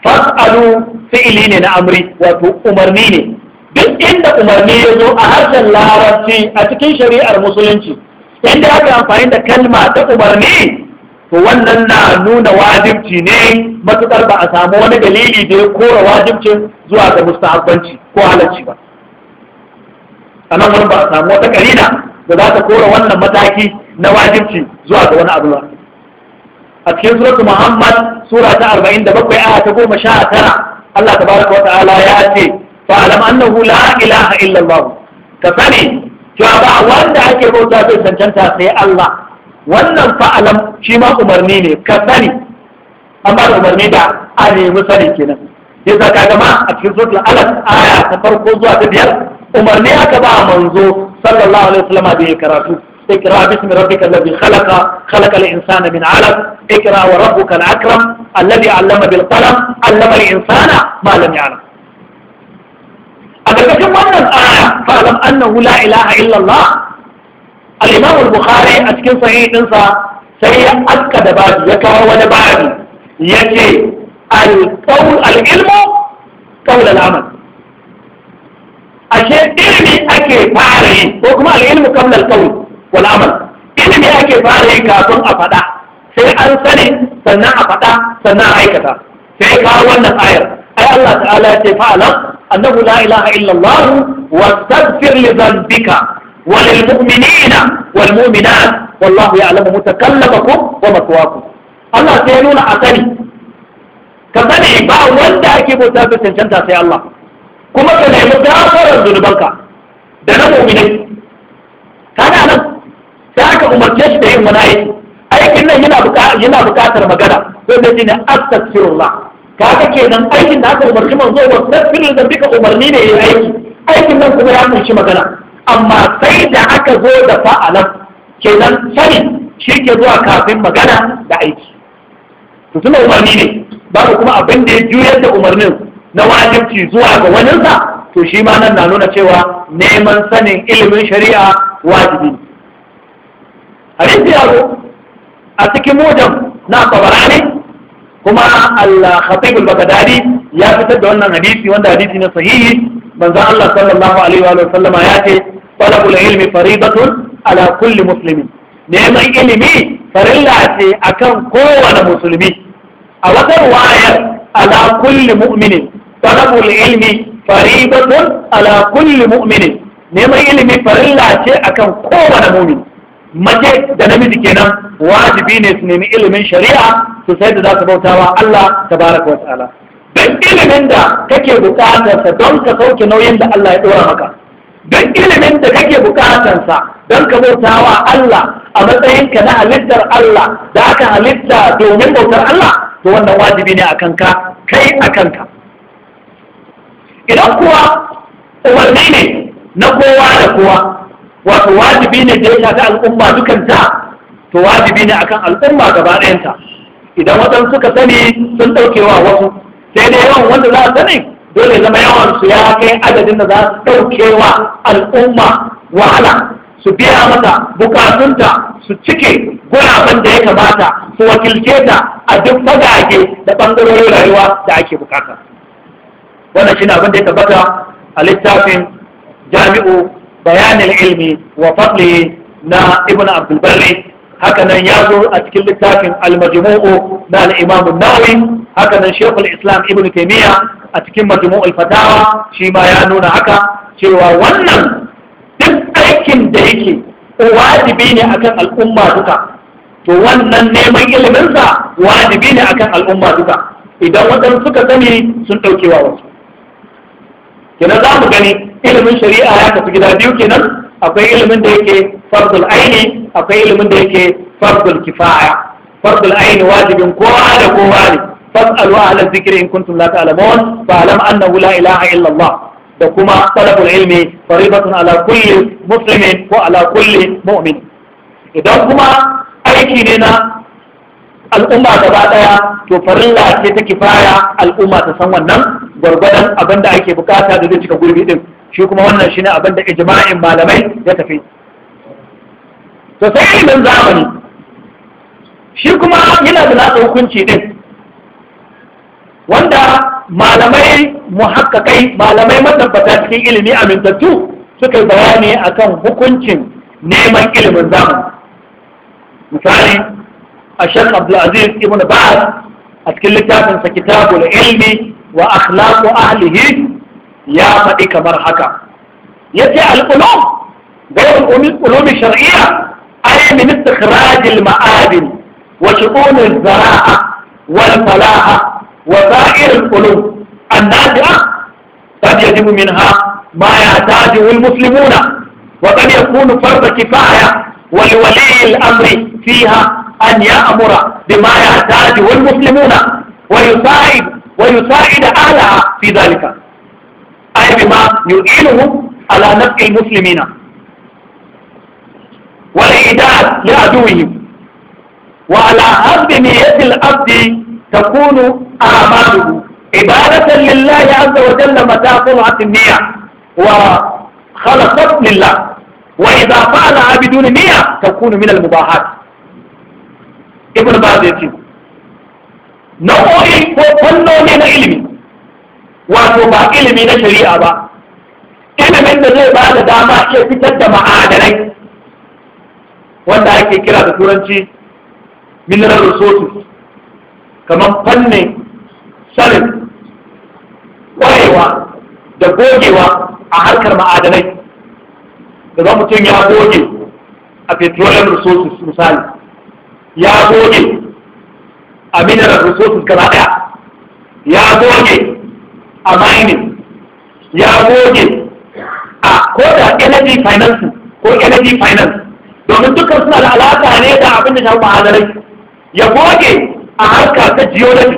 fas'alu fi'ili ne na amri wato umarni ne duk inda umarni ya zo a harshen larabci a cikin shari'ar musulunci inda aka amfani da kalma ta umarni to wannan na nuna wajibci ne matuƙar ba a samu wani dalili da ya kora wajibcin zuwa ga mustahabbanci ko halacci ba a nan wani ba a samu wata karina da za ta kora wannan mataki na wajibci zuwa ga wani abu ba a cikin suratu muhammad sura ta 47 aya ta goma sha tara. Allah Ta baraka wa ta'ala ya ce alam annahu la ilaha illallah ka sani cewa ba wanda ake bauta zai cancanta sai Allah wannan fa'alam shi ma umarni ne ka sani an ba da umarni da a nemi sani kenan ya za ka gama a cikin sotul alas aya ta farko zuwa ta biyar umarni aka ba a manzo sallallahu alaihi wasallam da ya karatu اقرأ باسم ربك الذي خلق خلق الإنسان من علق اقرأ وربك الأكرم الذي علم بالقلم علم الإنسان ما لم يعلم أقرأ كم wannan aya fa'alam annahu la ilaha illallah al al-bukhari a cikin sahih dinsa sai ya aska da babu ya kawo wani babu ya ce Al'ilmu al ilmu a al amal ashe ilimi ake fara yi ko kuma Al'ilmu ilmu qabla al-qawl wal amal ilimi ake fara yi kafin a faɗa sai an sani sannan a faɗa sannan a aikata sai kawo wannan ayar ai Allah ta'ala ya ce fa'alam annahu la ilaha illallah wa taghfir li dhanbika Walilmuminina وللمؤمنين والمؤمنات والله يعلم متكلمكم masuwaku. Allah sai ya nuna a sani ka sani ba wanda ake bauta da cancanta sai Allah kuma ka nemi gafarar zunubanka da na mu'minai kana nan sai aka umarce shi da yin wani aiki aikin nan yana buƙatar magana sai da shine astaghfirullah kaga kenan aikin da aka umarci manzo wa astaghfirullah da bika umarni ne ya yi aiki aikin nan kuma ya kunshi magana amma sai da aka zo da fa'alan kenan sanin shi ke zuwa kafin magana da aiki to umarni ne babu kuma abin da ya juyar da umarnin na wajibci zuwa ga waninsa to shi ma nan na nuna cewa neman sanin ilimin shari'a wajibi hadisi ya zo a cikin mojan na tabarani kuma al-khatib al ya fitar da wannan hadisi wanda hadisi na sahihi manzo Allah sallallahu alaihi wa sallama ya ce talabul ilmi faridatun ala kulli muslimin neman ilimi farilla ce akan kowane musulmi a wata wayar ala kulli mu'minin ilmi faridatun ala kulli mu'minin neman ilimi farilla ce akan kowane mumin mace da namiji kenan wajibi ne su nemi ilimin shari'a su sai da za su bautawa Allah ka wa ta'ala dan ilimin da kake bukatar sa don ka sauke nauyin da Allah ya dora maka don ilimin da kake bukatansa don ka bauta wa Allah a matsayinka na halittar Allah da aka halitta domin bautar Allah to wannan wajibi ne a kanka kai a kanka idan kuwa umarni ne na kowa da kowa wato wajibi ne da ya shafi al'umma dukanta to wajibi ne akan al'umma gaba ɗayanta idan waɗansu ka sani sun wa wasu sai dai yawan wanda za a sani dole zama yawan su ya kai adadin da za su ɗauke wa al'umma wahala su biya mata bukatunta su cike guraben da ya kamata su wakilce ta a duk fagage da ɓangarorin rayuwa da ake bukata wannan shi abin da ya tabbata a littafin jami'u bayanin ilmi wa fadli na ibn abdulbarri haka nan ya zo a cikin littafin almajmu'u na al'imamun nawawi haka nan shekul islam ibn taimiyya a cikin majmu'ul fatawa shi ma ya nuna haka cewa wannan duk aikin da yake wajibi ne akan al'umma duka to wannan neman iliminsa wajibi ne akan al'umma duka idan waɗansu suka sani sun ɗaukewa wasu kenan za mu gani ilimin shari'a ya tafi gida biyu kenan akwai ilimin da yake fardul aini akwai ilimin da yake fardul kifaya fardul aini wajibin kowa da kowa ne fas'alu ahla dhikri in kuntum la ta'lamun fa alam annahu la ilaha da kuma talabul ilmi faridatun ala kulli muslimin ko ala mu'min idan kuma aiki ne na al'umma gaba daya to farin ce ta kifaya al'umma ta san wannan gwargwadon abinda ake bukata da zai cika gurbi din shi kuma wannan shine abin da ijma'in malamai ya tafi to sai ilimin zamani shi kuma yana da nasa hukunci din wanda malamai muhakkakai malamai matabbata cikin ilimi amintattu suka yi bayani akan hukuncin neman ilimin zamani misali a shan abdulaziz ibn ba'ad a cikin littafinsa kitabul ilmi wa akhlaqu ahlihi ya faɗi kamar haka yace al-ulum ghayr ulum shar'iyya a min istikhraj maadin wa shu'un zaraa wal falaha وسائر القلوب الناجعة قد يجب منها ما يحتاجه المسلمون وقد يكون فرض كفاية ولولي الأمر فيها أن يأمر بما يحتاجه المسلمون ويساعد ويساعد أهلها في ذلك أي بما يعينهم على نفع المسلمين والإيداد لعدوهم وعلى هدم نية الأرض تكون أعماله عبادة لله عز وجل متى طلعت النية وخلصت لله وإذا فعلها بدون نية تكون من المباحات ابن باز يتيم nau'o'i ko fannoni na ilimi wato ba ilimi na shari'a ba ilimin da zai ba da dama iya fitar da ma'adanai wanda ake kira da turanci mineral resources kamar fannin sarin kwarewa da gogewa a harkar ma'adanai da za mutum ya goge a petroleum resources misali ya goge a mineral resources gaba daya ya goge a mining ya goge a koda energy finance ko energy finance domin dukkan suna da alaka ne da abin da shafi ma'adanai ya goge a harka ta da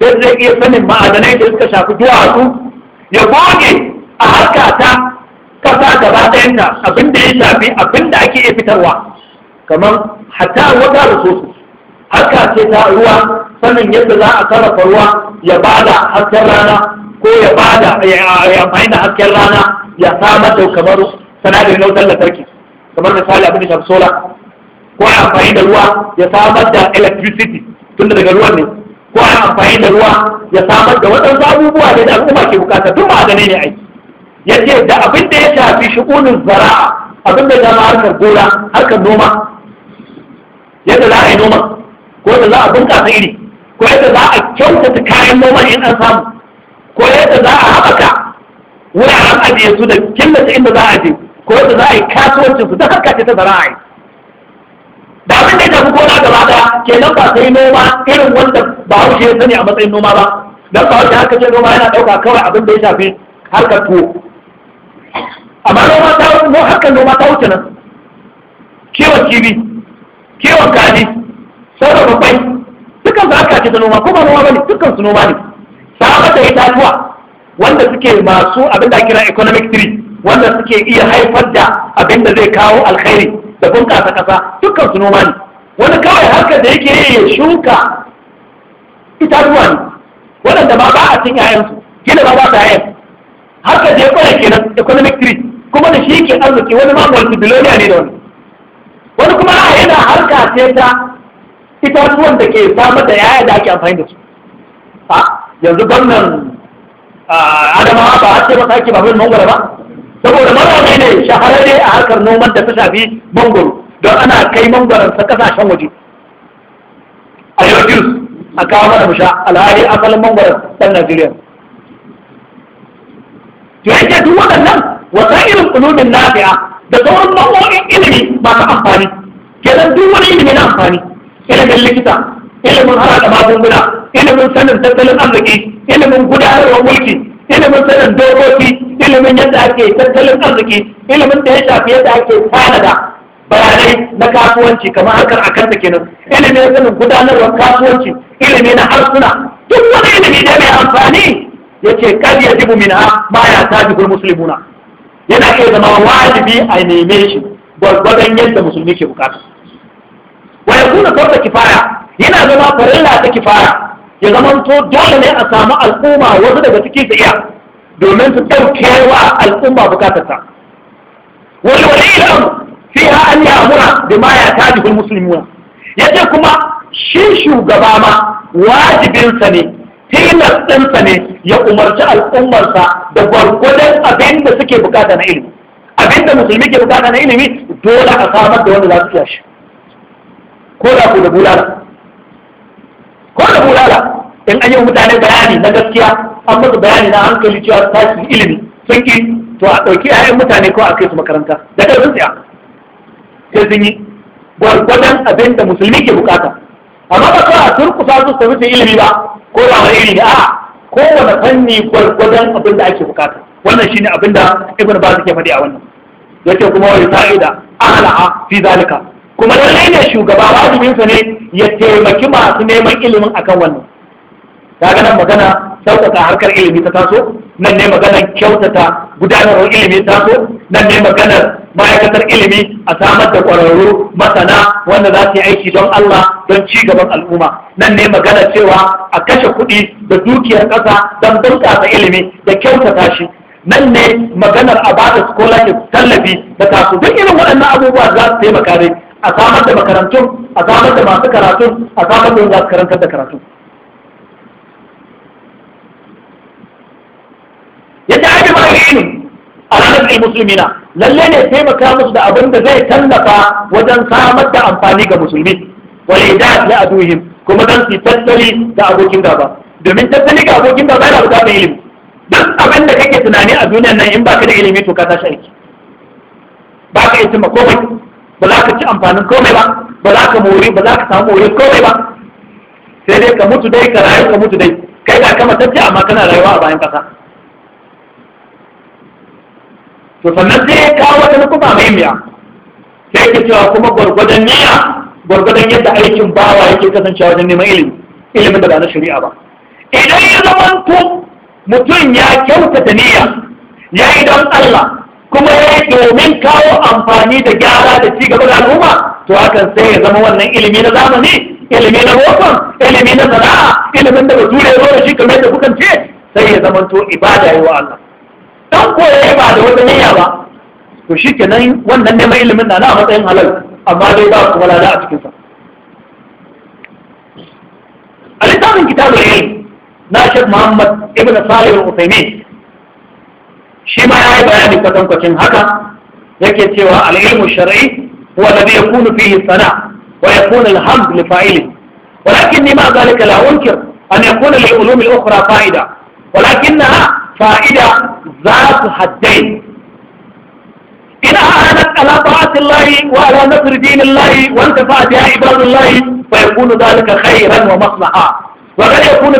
don zai iya sanin ma'adanai da suka shafi su ya goge a harka ta kasa gaba ta abin da ya shafi abin da ake iya fitarwa kamar hatta wata su harka ce ta ruwa sanin yadda za a sarrafa ruwa ya ba da hasken rana ko ya ba da, ya amfani da hasken rana ya samar da kamar sanadarin wutar lantarki kamar misali abin da shafi sola ko ya amfani da ruwa ya samar da electricity tunda daga ruwan ne ko ana amfani da ruwa ya samar da waɗansu abubuwa da al'umma ke bukata tun ba gane ne aiki ce da abin da ya shafi shugunin zara'a abin da ya zama harkar gona harkar noma yadda za a yi noma ko yadda za a bunƙasa iri ko yadda za a kyautata kayan noma in an samu ko yadda za a haɓaka wuraren ajiye su da killace inda za a je ko yadda za a yi kasuwancin su da harka ce ta zara'a da abin da ya tafi gona gaba daya kenan ba sai noma irin wanda ba haushe ya sani a matsayin noma ba dan ba haushe haka ce noma yana ɗauka kawai abin da ya shafi harkar tuwo amma noma ta no harkar noma ta wuce nan kiwon kibi kiwon kaji sarrafa kwai dukkan su harka ce ta noma ko ba noma bane dukkan su noma ne samar da itatuwa wanda suke masu abin da kira economic tree wanda suke iya haifar da abin da zai kawo alkhairi da bunƙasa ƙasa dukkan su noma ne wani kawai harkar da yake ya shuka itatuwa ne waɗanda ba ba a cin yayansu gina ba ba ta yayan harkar da ya kware kenan economic tree kuma da shi ke arziki wani ma multibiloniya ne da wani wani kuma a yana harka ce ta itatuwan da ke samar da yaya da ake amfani da su yanzu gwamnan adamawa ba a ce masa ba babin mangwara ba saboda manomi ne shahararre a harkar noman da ta shafi mangoro don ana kai mangoron sa kasashen waje a yau a kawo mana musha alhali asalin mangoron ɗan najeriya to yake duk waɗannan wata irin ulumin nafi'a da sauran mangoron ilimi ba masu amfani kenan duk wani ilimi na amfani ilimin likita ilimin hana da magunguna ilimin sanin tattalin arziki ilimin gudanarwa mulki ilimin sanin dokoki ilimin yadda ake tattalin arziki ilimin da ya shafi yadda ake fara tanada bayanai na kasuwanci kamar harkar akanta nan, ilimin sanin gudanarwar kasuwanci ilimi na harsuna duk wani ilimi da mai amfani ya ce kar ya jibu min ma ya ta musulmuna yana iya zama wajibi a neme shi gwargwadon yadda musulmi ke bukata wa ya kuna sauka kifaya yana zama farilla ta kifaya ya zamanto dole ne a samu al'umma wasu daga cikin su iya domin su ɗauke wa al'umma bukatarsa wani wani ilam fi ha an yi amura da ma ya taji kun musulmi ya ce kuma shi shugaba ma wajibinsa ne tilas ɗinsa ne ya umarci al'ummarsa da gwargwadon abin da suke bukata na ilimi abin da musulmi ke bukata na ilimi dole a samar da wanda za su iya shi ko da ku da bulala ko da bulala in an yi mutane bayani na gaskiya an musu bayani na hankali cewa tashi ilimi sun ki to a ɗauki 'ya'yan mutane ko a kai su makaranta da ƙarfin tsaya sai sun yi gwargwadon abin da musulmi ke bukata amma ba kawai a turkusa su su wuce ilimi ba ko da wani ilimi a kowane fanni gwargwadon abin da ake bukata wannan shine abin da ibn su ke faɗi a wannan yake kuma wani fa'ida ala'a fi zalika kuma lallai ne shugaba wajibinsa ne ya taimaki masu neman ilimin akan wannan ta nan magana kyautata harkar ilimi ta taso nan ne maganar kyautata gudanarwar ilimi ta taso nan ne maganar ma'aikatar ilimi a samar da ƙwararru masana wanda za su yi aiki don Allah don ci gaban al'umma nan ne magana cewa a kashe kuɗi da dukiyar ƙasa don bunƙasa ilimi da kyautata shi nan ne maganar a bada scholarship tallafi da taso duk irin waɗannan abubuwa za su taimaka ne a samar da makarantun a samar da masu karatun a samar da wanda karantar da karatu yadda ake ba ilimi a ranar musulmina lalle ne taimaka musu da abin da zai tallafa wajen samar da amfani ga musulmi wani da la aduhim kuma don su tattali da abokin gaba domin tattali ga abokin gaba yana buƙatar ilimi duk abin da kake tunani a duniyan nan in ka da ilimi to ka tashi aiki ba ka yi ko komai ba za ka ci amfanin komai ba ba za ka more ba za ka samu more komai ba sai dai ka mutu dai ka rayu ka mutu dai kai ka kama tafiya amma kana rayuwa a bayan kasa to sannan sai ya kawo wata hukuma mai miya sai yake cewa kuma gwargwadon niyya gwargwadon yadda aikin bawa yake kasancewa wajen neman ilimi ilimin da ba na shari'a ba idan ya zama mutum ya kyautata niyya ya yi don Allah kuma ya domin kawo amfani da gyara da ci gaba da al'umma to hakan sai ya zama wannan ilimi na zamani ilimi na hoton ilimi na sana'a ilimin da bature ya zo da shi kamar da kukan ce sai ya zama to ibada yi wa Allah dan koya ba da wata niyya ba to shi nan wannan neman ilimin na na matsayin halal amma dai ba su walada a cikinsa a littafin kitabul ilm na Sheikh Muhammad Ibn Salih Al-Uthaymeen shi ma ya yi bayani kwatankwacin haka yake cewa al'ilmu shar'i huwa da biya kunu fihi sana wa ya al alhamd li fa'ili walakin ni ma zalika la unkir an ya lil li ulumi ukhra fa'ida walakin na fa'ida za su haddai ina ana ala ذات حدين إن أعانت على طاعة الله وعلى نصر دين الله وانتفع بها عباد الله wa ذلك خيرا ومصلحة وقد يكون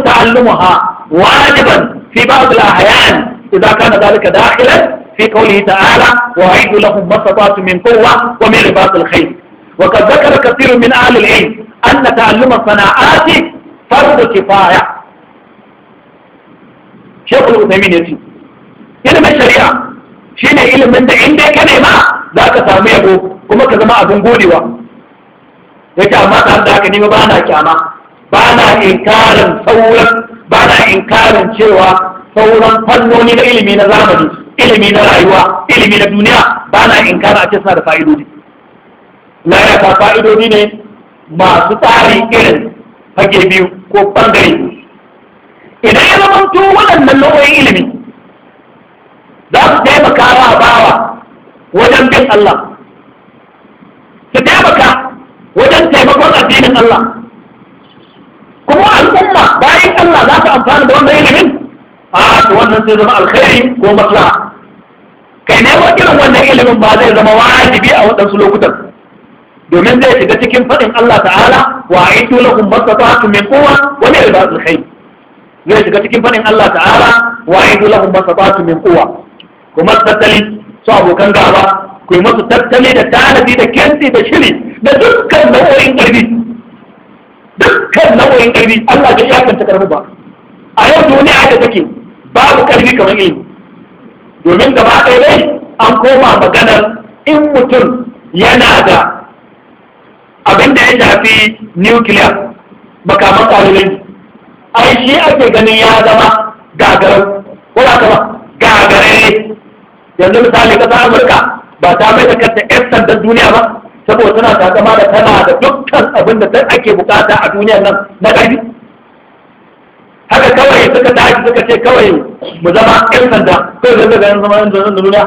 wajiban fi في بعض الأحيان إذا كان ذلك داخلا في قوله تعالى وأعيد لهم ما استطعتم من قوة ومن رباط الخيل وقد ذكر كثير من أهل العلم أن تعلم الصناعات فرض كفاية شيخ الأثيمين يتي ilimin shari'a shine ilimin da in dai ka nema za ka samu yabo kuma ka zama abin godewa yake amma ta da haka nima ba kyama sauran cewa sauran fannoni na ilimi na zamani ilimi na rayuwa ilimi na duniya ba na inkara a suna da fa'idodi na ta fa'idodi ne masu tsari irin fage biyu ko bangare idan ya zamanto waɗannan nau'o'in ilimi za su taimaka wa bawa wajen bin Allah su taimaka wajen taimakon addinin Allah kuma al'umma bayan Allah za ta amfana da wannan ilimin a to wannan zai zama alkhairi ko maslaha kai ne wa irin wannan ilimin ba zai zama wajibi a waɗansu lokutan domin zai shiga cikin faɗin Allah ta'ala wa aitu lakum masata'atun min quwwa wa min ribatil khayr zai shiga cikin faɗin Allah ta'ala wa aitu lakum masata'atun min quwwa kuma tattali su abokan gaba ku yi masu tattali da tanadi da kyanti da shiri da dukkan nau'o'in ƙarfi dukkan nau'o'in ƙarfi Allah bai iyakanta karfi ba a yau duniya da take babu karfi kamar ilimi domin gaba ɗaya dai an koma maganar in mutum yana da abin da ya shafi nukiliya makaman ƙalilai ai shi ake ganin ya zama gagarar ko ba ta ba ne. yanzu misali ƙasar amurka ba ta mai da kanta 'yan sandan duniya ba saboda tana takama da tana da dukkan abin da ake bukata a duniyar nan na ƙarfi haka kawai suka tashi suka ce kawai mu zama ƴan sanda kawai zan daga yan zama yan zanen nuna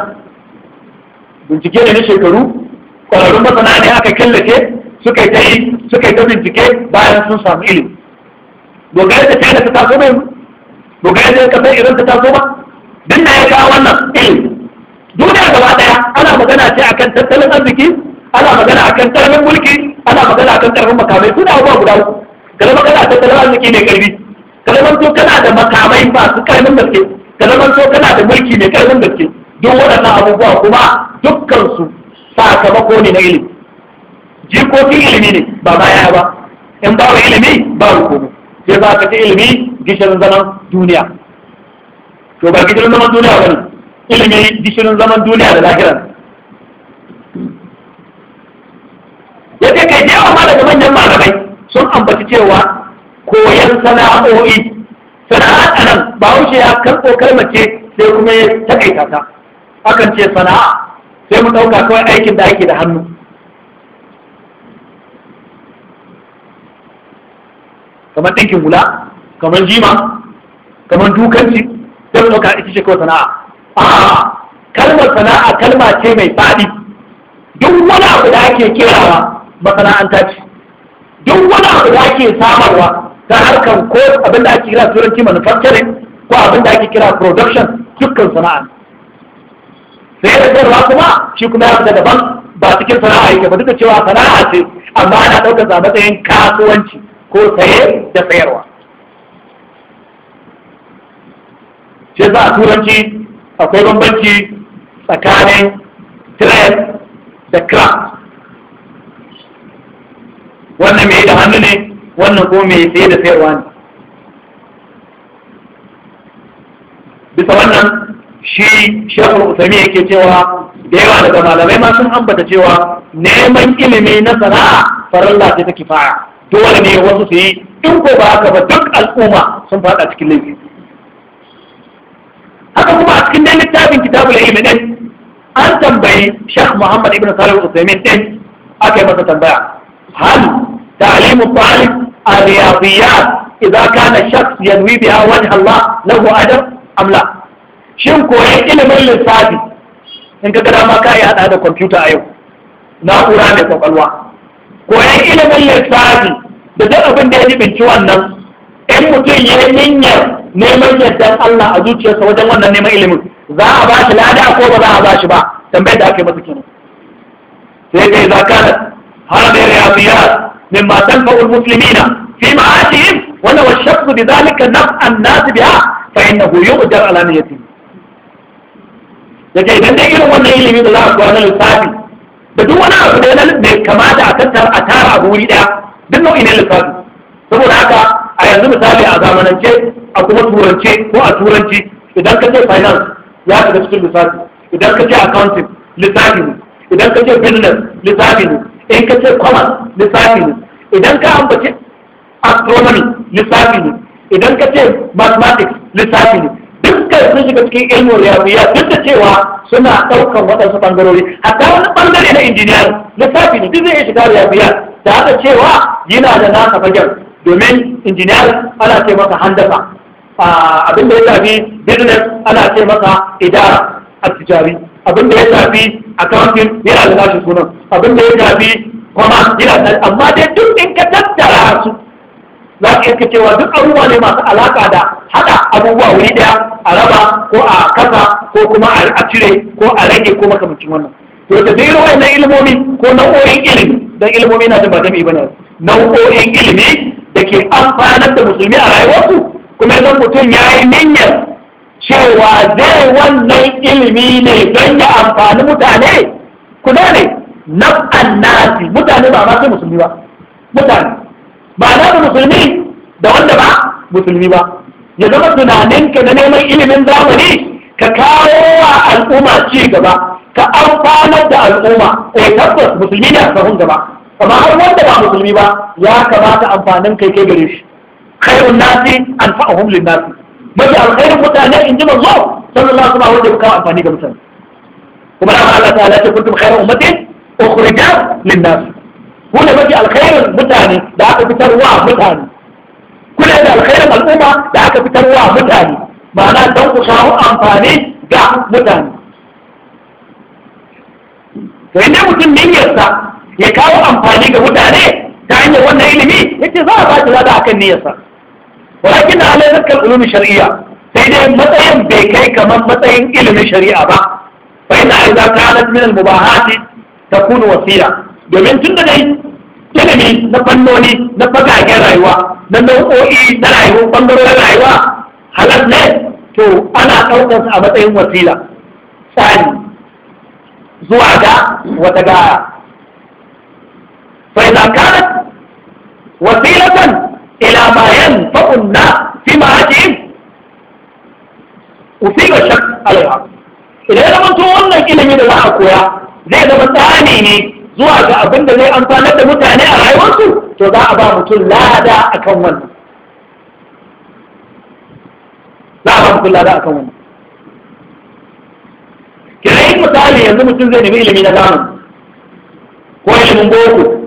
bincike ne na shekaru ƙwararrun masana ne aka killace suka ta yi suka ta bincike bayan sun samu ilimi dogara da china ta taso mai dogara da kasar iran ta taso ba duk na ya kawo wannan ilimi duniya gaba daya ana magana ce akan tattalin arziki ana magana akan tarihin mulki ana magana akan tarihin makamai suna abubuwa guda uku kada magana tattalin arziki ne karfi ka zama kana da makamai ba su karfin gaske ka zama so kana da mulki mai karfin gaske duk waɗannan abubuwa kuma dukkan su sakamako ne na ilimi jikokin ilimi ne ba baya ba in ba wa ilimi ba komo sai za ka ci ilimi gishirin zaman duniya to ba gishirin zaman duniya ba ne ilimi gishirin zaman duniya da lahiran yake kai da yawa ma daga manyan malamai sun ambaci cewa koyan sana'o'i sana'a nan wuce ya karɓo kalmar ce sai kuma ya taƙaita ta akan ce sana'a sai mu ɗauka kawai aikin da ake da hannu kamar ɗinkin hula kamar jima kamar dukanci sai mu ɗauka ita ce kawai sana'a a kalmar sana'a kalma ce mai faɗi duk wani abu da ake kerawa masana'anta ce duk wani abu da ake samarwa ta harkar ko abin da ake kira turanci manufacturing ko abin da ake kira production dukkan sana'a sai da sayarwa kuma shi kuma ya fita daban ba cikin sana'a yake ba duka cewa sana'a ce amma ana ɗaukar sa matsayin kasuwanci ko saye da sayarwa shi za a turanci akwai bambanci tsakanin trend da craft wannan mai da hannu ne wannan ko mai sai da sayarwa ne bisa wannan shi shekul usami yake cewa da yawa daga malamai ma sun ambata cewa neman ilimi na sana'a farilla ce ta kifaya dole ne wasu su yi in ko ba haka ba duk al'umma sun fada cikin laifi haka kuma a cikin dai littafin kitabul ilmi din an tambayi Sheikh Muhammad ibn Salih al ɗin din aka masa tambaya hal alimu talib الرياضيات إذا كان الشخص ينوي بها وجه الله له shin koyi ilimin lissafi in ka gada ma ka hada da kwamfuta yau na'ura mai kwakwalwa koyan ilimin lissafi da duk abin ya jibinci wannan in mutum ya niyyar neman yardar Allah a zuciyarsa wajen wannan neman ilimin za a ba shi lada ko ba za a ba shi ba tambayar da aka yi masa kenan sai har da riyadiyat مما تنفع المسلمين في معاشهم ولو الشخص بذلك نفع الناس بها فإنه يؤجر على نيته da idan dai irin wannan ilimi da za a kuwa na lissafi da duk wani abu da mai kamata a tattara a tara a wuri daya duk nau'i ne lissafi saboda haka a yanzu misali a zamanance a kuma turance ko a turanci idan ka ce finance ya shiga cikin lissafi idan ka ce accounting lissafi ne idan ka ce business lissafi ne in ka ce kwama lissafi ne idan ka ambaci astronomy lissafi ne idan ka ce mathematics lissafi ne dukkan sun shiga cikin ilmi riyadiyya duk da cewa suna ɗaukan waɗansu ɓangarori hatta wani ɓangare na injiniyar lissafi ne duk zai iya shiga riyadiyya da haka cewa yana da nasa fagen domin injiniyar ana ce masa handasa ah, abin da ya shafi business ana ce masa idara a tijari abin da ya shafi accounting yana da nashi sunan abin da ya shafi kuma yana da amma dai duk in ka tattara su za ka iska cewa duk abubuwa ne masu alaka da haɗa abubuwa wuri ɗaya a raba ko a kasa ko kuma a cire ko a rage ko makamancin wannan to da zai rawai na ilmomi ko nau'o'in ilimi don ilmomi na jin ba dami bane nau'o'in ilimi da ke amfanar da musulmi a rayuwarsu kuma yanzu mutum ya yi niyyar cewa zai wannan ilimi ne don ya amfani mutane ku ne naf'an nasi mutane ba ma sai musulmi ba mutane ba na da musulmi da wanda ba musulmi ba ya zama tunaninka na neman ilimin zamani ka kawo wa al'umma ci gaba ka amfanar da al'umma ko eh, tabbas musulmi ne a sahun gaba amma har wanda ba musulmi ba ya kamata amfanin kai kai gare shi khairun nasi anfa'uhum lin nasi mafi alkhairin mutane in ji manzo sallallahu alaihi wasallam wanda kawo amfani ga mutane kuma da Allah ta halatta kuntum khairu ummati ukhrija lin nas ku ne mafi alkhairin mutane da aka fitarwa mutane ku ne da alkhairin al'umma da aka fitarwa mutane ma'ana dan ku samu amfani ga mutane to inda mutum niyyarsa ya kawo amfani ga mutane ta hanyar wannan ilimi yace za a ba shi lada akan niyyarsa walakin ala zakar ulumi shari'a sai dai matsayin bai kai kamar matsayin ilimin shari'a ba fa inna idza kanat min al mubahati takunu wasiya domin tun da dai ilimi na fannoni na fagagen rayuwa na nau'o'i na rayuwa bangarorin rayuwa halal ne to ana ɗaukar a matsayin wasila tsani zuwa ga wata gaya fa idza kanat wasilatan ila bayan yanfa'un na fi ma Ufi ga shak alaiha idan ya zama wannan ilimi da za a koya zai zama tsani ne zuwa ga abin da zai amfanar da mutane a rayuwarsu to za a ba mutum lada a kan wannan za a ba mutum lada a kan wannan kira yi misali yanzu mutum zai nemi ilimi na zamani ko ilimin boko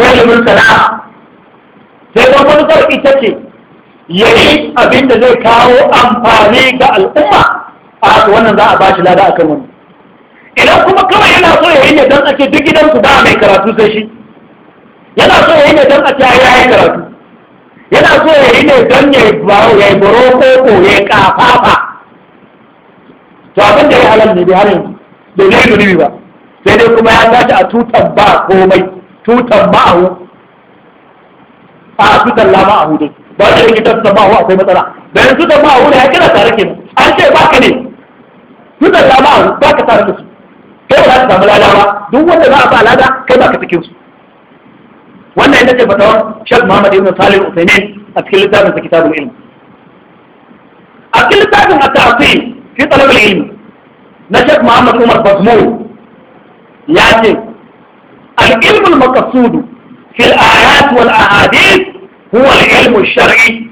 ko ilimin sana'a sai don manufar ita ce ya yi abin da zai kawo amfani ga al'umma a haka wannan za a ba shi lada akan wani idan kuma kawai yana so ya yi ne don a ce duk gidansu ba mai karatu sai shi yana so ya yi ne don a ce ya yi karatu yana so ya yi ne don ya yi baro ko ko ya yi kafafa to abin da ya halal ne bai halin da zai zunubi ba sai dai kuma ya tashi a tutan ba komai tutan ma'ahu a tutan la ma'ahu dai ba da yake tutan ma'ahu akwai matsala da yanzu tutan ma'ahu ne ya kira tare ke an ce baka ne tutan la ma'ahu baka tare da su kai ba za ka samu lada ba duk wanda za a ba lada kai baka cikin su wannan ita ce fatawar Sheikh Muhammad Ibn Salih Uthaymeen a cikin littafin sa kitabul ilm a cikin littafin at-ta'til fi talab al-ilm na Sheikh Muhammad Umar Bazmur ya ce العلم المقصود في الآيات والأحاديث هو العلم الشرعي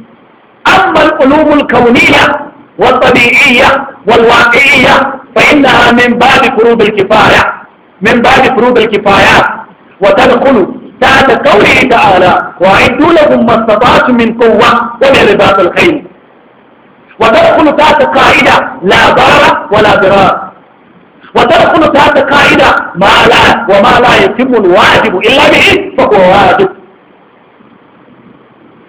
أما العلوم الكونية والطبيعية والواقعية فإنها من باب فروض الكفاية من باب فروض الكفايات وتدخل تحت قوله تعالى وأعدوا لهم ما استطعتم من قوة ومن رباط الخيل وتدخل تحت قاعدة لا ضرر ولا ضرار وتدخل تحت قاعدة ما لا وما لا يتم الواجب إلا به فهو واجب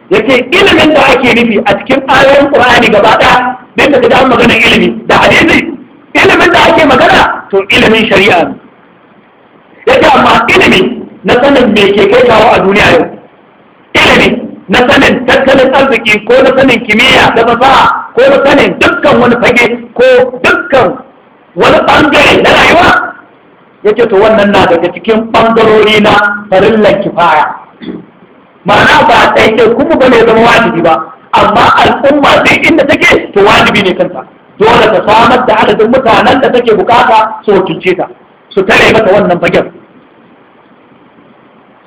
yake ilimin da ake nufi a cikin ayoyin Qur'ani gaba ɗaya da ka ga magana ilimi da hadisi ilimin da ake magana to ilimin shari'a ne yake amma ilimi na sanin me ke kai kawo a duniya yau ilimi na sanin tattalin arziki ko na sanin kimiyya da fasaha ko na sanin dukkan wani fage ko dukkan wani ɓangare na rayuwa ya ce to wannan na daga cikin ɓangarori na farillan kifaya ma'ana ba a ce kuma ba ne zama wajibi ba amma al'umma sai inda take to wajibi ne kanta dole ta samar da adadin mutanen da take bukata su wakilce ta su tare mata wannan fagen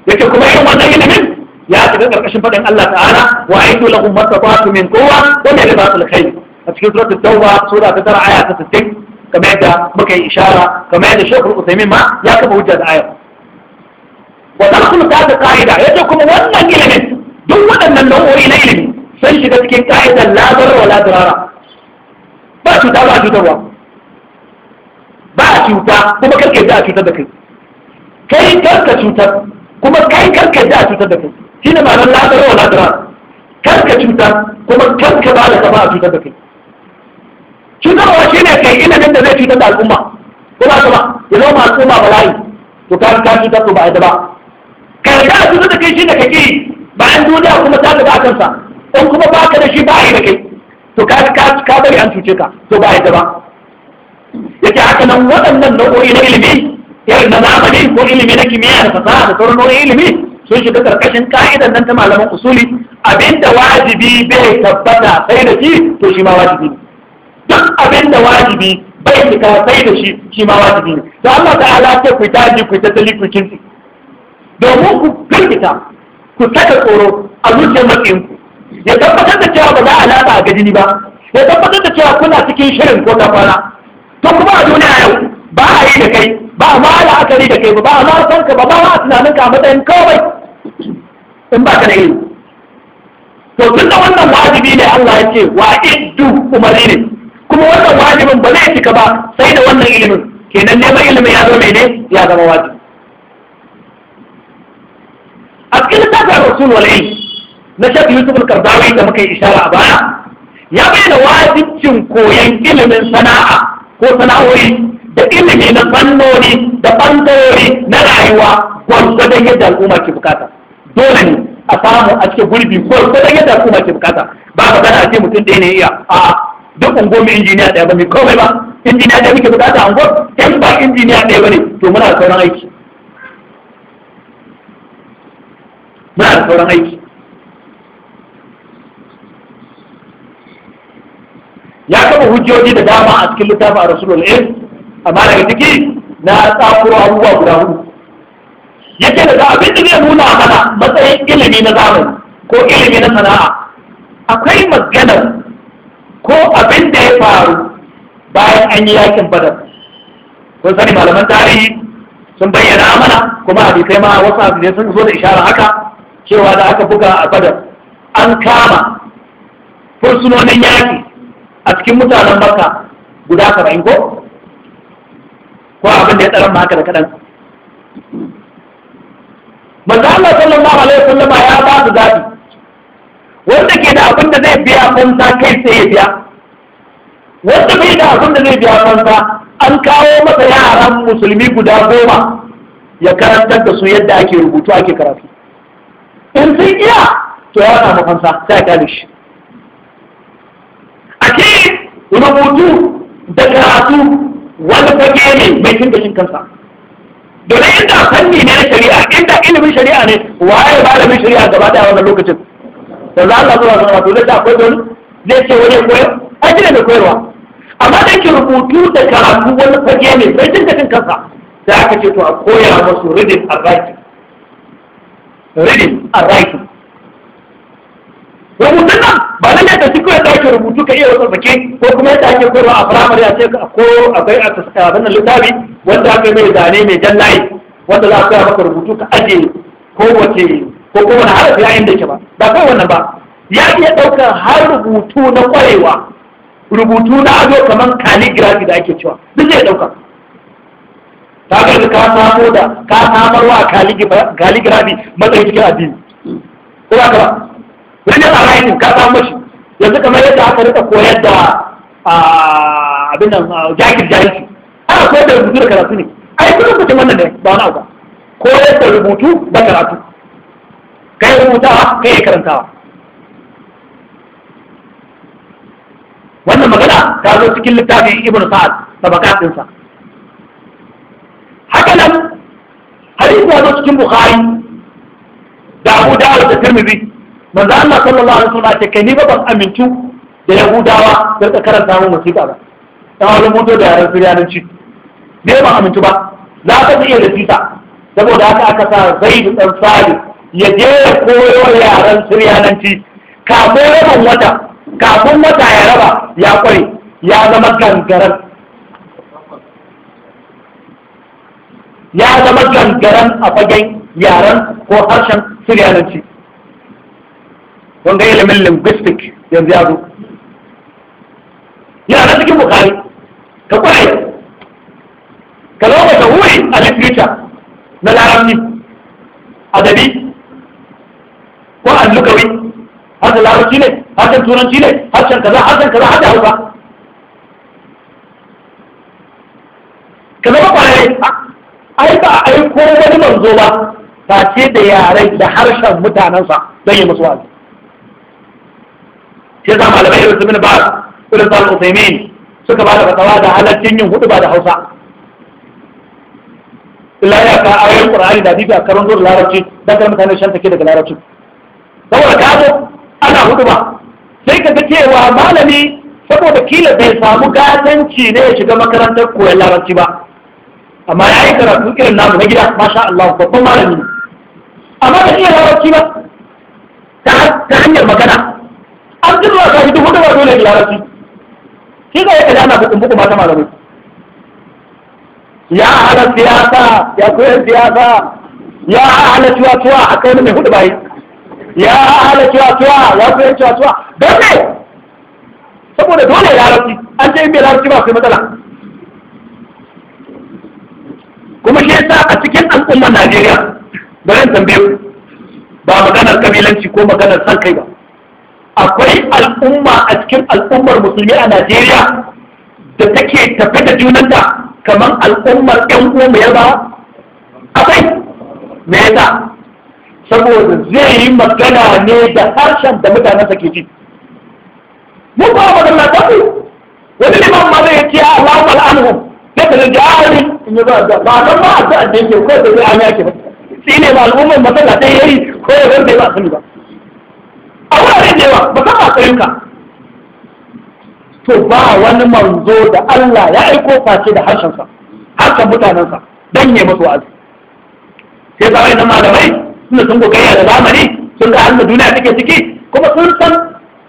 yake kuma yin wannan ilimin ya shiga karkashin faɗin Allah ta'ala wa aidu lahum kowa? min quwwa wa min ribatil khayr a cikin suratul tauba sura ta 9 aya ta kamar yadda muka yi ishara kamar yadda shekul usaimin ma ya kama hujja da ayar wa tadkhulu ta da qaida yace kuma wannan ilimin duk waɗannan nau'o'i na ilimi sun shiga cikin qaidan la darar wa la ba cuta ba cutarwa ba cuta kuma karka yadda a cutar da kai kai karka cutar kuma kai karka yadda a cutar da kai shine ma'anar la darar wa la karka cutar kuma karka ba da kafa a cutar da kai cutarwa shi ne kai ilimin da zai cutar da al'umma ko ba ba ya zama al'umma layi to ka ka ta to ba da ba karga su da kai shi da kake bayan duniya kuma ta gaba a kansa in kuma ba ka da shi ba a da kai to ka ka ka bari an cuce ka to ba da ba yake haka nan waɗannan nau'o'i na ilimi irin na zamani ko ilimi na kimiyya da fasaha da sauran nau'o'in ilimi sun shiga karkashin ka'idan nan ta malaman usuli abinda wajibi bai tabbata sai da shi to shi ma wajibi ne duk abin da wajibi bai fita sai da shi shi ma wajibi ne to Allah ta'ala ce ku taji ku tali ku kinsu domin ku firgita ku saka tsoro a zuciyar matsayin ku ya tabbatar da cewa ba za a latsa a gajini ba ya tabbatar da cewa kuna cikin shirin ko ta kwana to kuma a duniya yau ba a yi da kai ba a ma la'akari da kai ba a ma san ka ba ba a tunanin ka a matsayin kawai in ba ka da yi to tun da wannan wajibi ne Allah ya ce wa iddu umari ne kuma wannan wajibin ba zai cika ba sai da wannan ilimin kenan neman ilimin ya zo ne ya zama wajibi a cikin littafin rasul walai na shafi yusuf al da muka yi ishara a baya ya bayyana wajibcin koyon ilimin sana'a ko sana'o'i da ilimi na fannoni da ɓangarori na rayuwa gwargwadon yadda al'umma ke bukata dole ne a samu a cikin gurbi gwargwadon yadda al'umma ke bukata ba ka gana a ce mutum ɗaya ne iya a'a duk ungo mai injiniya ɗaya ba mai komai ba injiniya ɗaya muke bukata an ungo Ɗan ba injiniya ɗaya ba ne to muna da sauran aiki muna da sauran aiki ya kafa hujjoji da dama a cikin littafin a rasulul ilm amma daga ciki na tsakuro abubuwa guda hudu yake daga abin da zai nuna mana matsayin ilimi na zamani ko ilimi na sana'a akwai maganar ko abin da ya faru bayan an yi yakin badar kun sani malaman tarihi sun bayyana mana kuma hadisai ma wasu ne sun zo da isharar haka cewa da aka buga a badar an kama fursunonin yaki a cikin mutanen maka guda saba'in ko ko abin da ya tsaron maka da kaɗan manzo Allah sallallahu alaihi wasallama ya ba su wanda ke da abin da zai biya fansa kai sai ya biya wanda bai da abin da zai biya fansa an kawo masa yaran musulmi guda goma ya karanta da su yadda ake rubutu ake karatu in sun iya to ya samu fansa sai ya kare shi a rubutu da karatu wani fage ne mai cin gashin kansa domin inda fanni ne na shari'a inda ilimin shari'a ne waye malamin shari'a gaba daya wannan lokacin da za Allah zuwa zuwa to zai da akwai wani zai ce wani koyar ai ne da koyarwa amma da yake rubutu da karatu wani fage ne sai tun da kansa da aka ce to a koya musu ridin and writing reading and writing rubutun nan ba nan yadda shi kawai da ake rubutu ka iya wasu sake ko kuma yadda ake koyarwa a firamare a ce ko akwai a tsakanin littafi wanda aka yi mai zane mai jan layi wanda za a koya maka rubutu ka ajiye ko kowace ko kuma na harafi yayin da ke ba ba kai wannan ba ya iya ɗaukar har rubutu na ƙwarewa rubutu na ado kamar calligraphy da ake cewa duk zai ɗauka ta ga ka samu da ka samar wa calligraphy matsayin cikin addini ko ba ka ba wani yana writing ka samu shi yanzu kamar yadda aka rika koyar da abin nan jakin jahilci ana koyar da rubutu da karatu ne ai kuma mutum wannan ne ba wani abu ba koyar da rubutu da karatu kai rubutawa kai ya karantawa wannan magana ta zo cikin littafin ibn sa'ad tabaqat dinsa haka nan hadisi ya zo cikin bukhari da abu dawud da tirmidhi manzo Allah sallallahu alaihi wasallam ce kai ni ba ban amintu da yahudawa da ta karanta mu musiba ba dan wani mutu da yaran firyananci ne ba amintu ba za ka iya da sita saboda haka aka sa zaid dan salih ya je ya koyo yaran suryananci kafin rabin wata kafin wata ya raba ya kware ya zama gangaren ya zama gangaren a fagen yaran ko harshen suryananci wanda ilimin linguistic yanzu ya zo yana cikin bukari ka kwaye ka zo ka wuri a literature na larabci adabi ko al-lugawi haka larabci ne harshen turanci ne harshen kaza harshen kaza haka hausa ka ba kwaye ai ba ai ko wani manzo ba ce da yaren da harshen mutanensa don yi musu wa'azi sai za malamai irin su mini ba irin su al-usaimin suka ba da fatawa da halaccin yin hudu ba da hausa Allah ya ka ayoyin qur'ani da Bibiya a karon zuwa larabci da kan mutane shan take daga larabci saboda ka zo ana hudu ba sai ka ga cewa malami saboda kila bai samu gatanci ne ya shiga makarantar koyon larabci ba amma ya yi karatu irin namu na gida masha Allah babban malami amma da iya larabci ba ta hanyar magana an ji zuwa kashi duk hudu ba dole da larabci shi zai ya kaji ana bukun bukun mata malamai ya hana siyasa ya koyar siyasa ya hana tuwa-tuwa a kai mai hudu bayi ya ala cewa ya koyan cewa cewa don ne saboda dole ya larabci an ce in bai larabci ba sai matsala kuma shi yasa a cikin al'ummar Najeriya bari tambaye ba maganar kabilanci ko maganar san kai ba akwai al'umma a cikin al'ummar musulmi a Najeriya da take tafi da junanta kamar al'ummar ƴan uwa mai yaba akwai me yasa saboda zai yi magana ne da harshen da mutanen sa ke ji mu ba mu da ku wani ne ma zai ce Allah mal anhum da da jari in yi ba da ba dan ba da da yake ko da ya ne yake ba shi ne ba al'ummar matsala ta yayi ko ya ran da ba sani ba a wuraren ne ba ba ka ba ka to ba wani manzo da Allah ya aiko face da harshen sa harshen sa. dan ya musu wa'azi sai zai na malamai suna sun gogayya da zamani sun ga halin duniya take ciki kuma sun san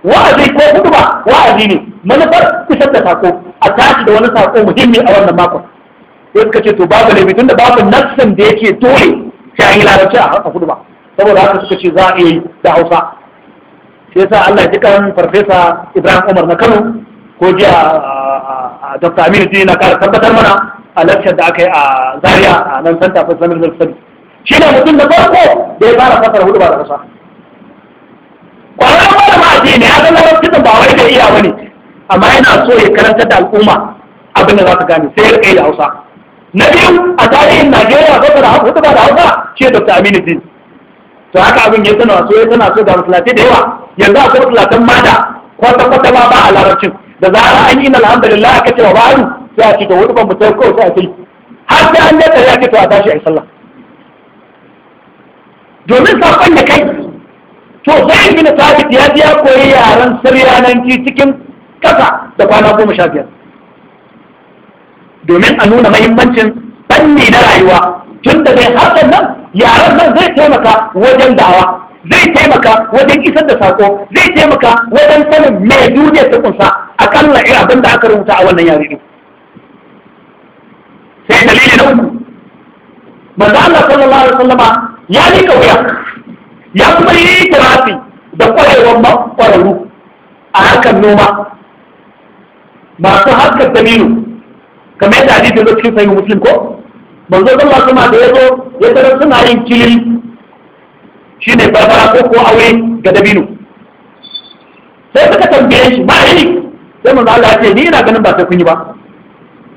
wa'azi ko hudu ba wa'azi ne manufar isar da sako a tashi da wani sako muhimmi a wannan makon sai suka ce to babu laifi tun da babu nassin da yake dole sai an yi larabci a harkar hudu ba saboda haka suka ce za a iya yi da hausa shi yasa Allah ji kan farfesa Ibrahim Umar na Kano ko jiya a Dr. Aminu Dini na kara tabbatar mana a lakshar da aka yi a Zaria a nan Center for Islamic Studies shi ne mutum da farko da ya fara kasar hudu ba da kasa kwararren malama a ne ya zama wasu ba wai da iya wani amma yana so ya karanta da al'umma abin da za su gane sai ya rika da hausa na biyu a tarihin najeriya da hudu ba da hausa shi dr aminu din to haka abin ya tana so ya tana so da musulatai da yawa yanzu akwai musulatan mata, kwata-kwata ma ba a larabcin da zara an yi alhamdulillah aka ce wa yi sai a ce to wani ban mutum kawai sai a ce har sai an yi ya ce to a tashi a yi sallah domin saƙon da kai to zai gina sabit ya ji ya koyi yaren siryananci cikin ƙasa da kwana goma sha biyar domin a nuna mahimmancin fanni na rayuwa tun da zai nan yaren nan zai taimaka wajen dawa zai taimaka wajen isar da sako zai taimaka wajen sanin mai duniya ta kunsa akalla ira abin da aka rubuta a wannan yare ne sai dalili na uku manzo Allah sallallahu alaihi wasallama ya nika wuya ya kuma yi tirafi da kwarewar kwararru a harkar noma masu harkar dabino kamar yadda hadisi da cikin sahihu musulun, ko zo zama su ma da ya zo ya tara suna yin kilin ne barbara ko ko aure ga dabino sai suka tambaye shi ba yi sai manzo Allah ya ce ni ina ganin ba sai kun yi ba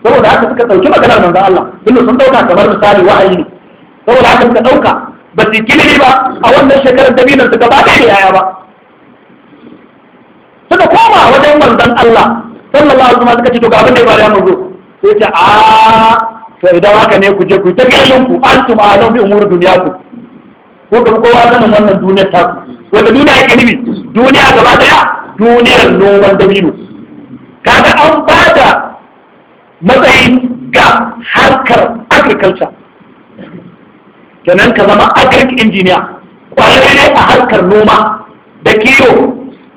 saboda haka suka dauki maganar manzo Allah inda sun dauka kamar misali wa'ayi ne saboda haka suka dauka ba su kirki ba a wannan shekarar dabinan su gaba da yaya ba suka koma wajen manzon Allah sallallahu alaihi wasallam suka ce to ga abin da ya faru ya sai ce a to idan haka ne ku je ku ta gaban ku antum alam bi umur ku ko kuma kowa sanin wannan duniya ta ku wanda duniya yake nufi duniya gaba daya duniyar noman dabino kaga an bada matsayin ga harkar agriculture kenan ka zama agric engineer kwararre a harkar noma da kiwo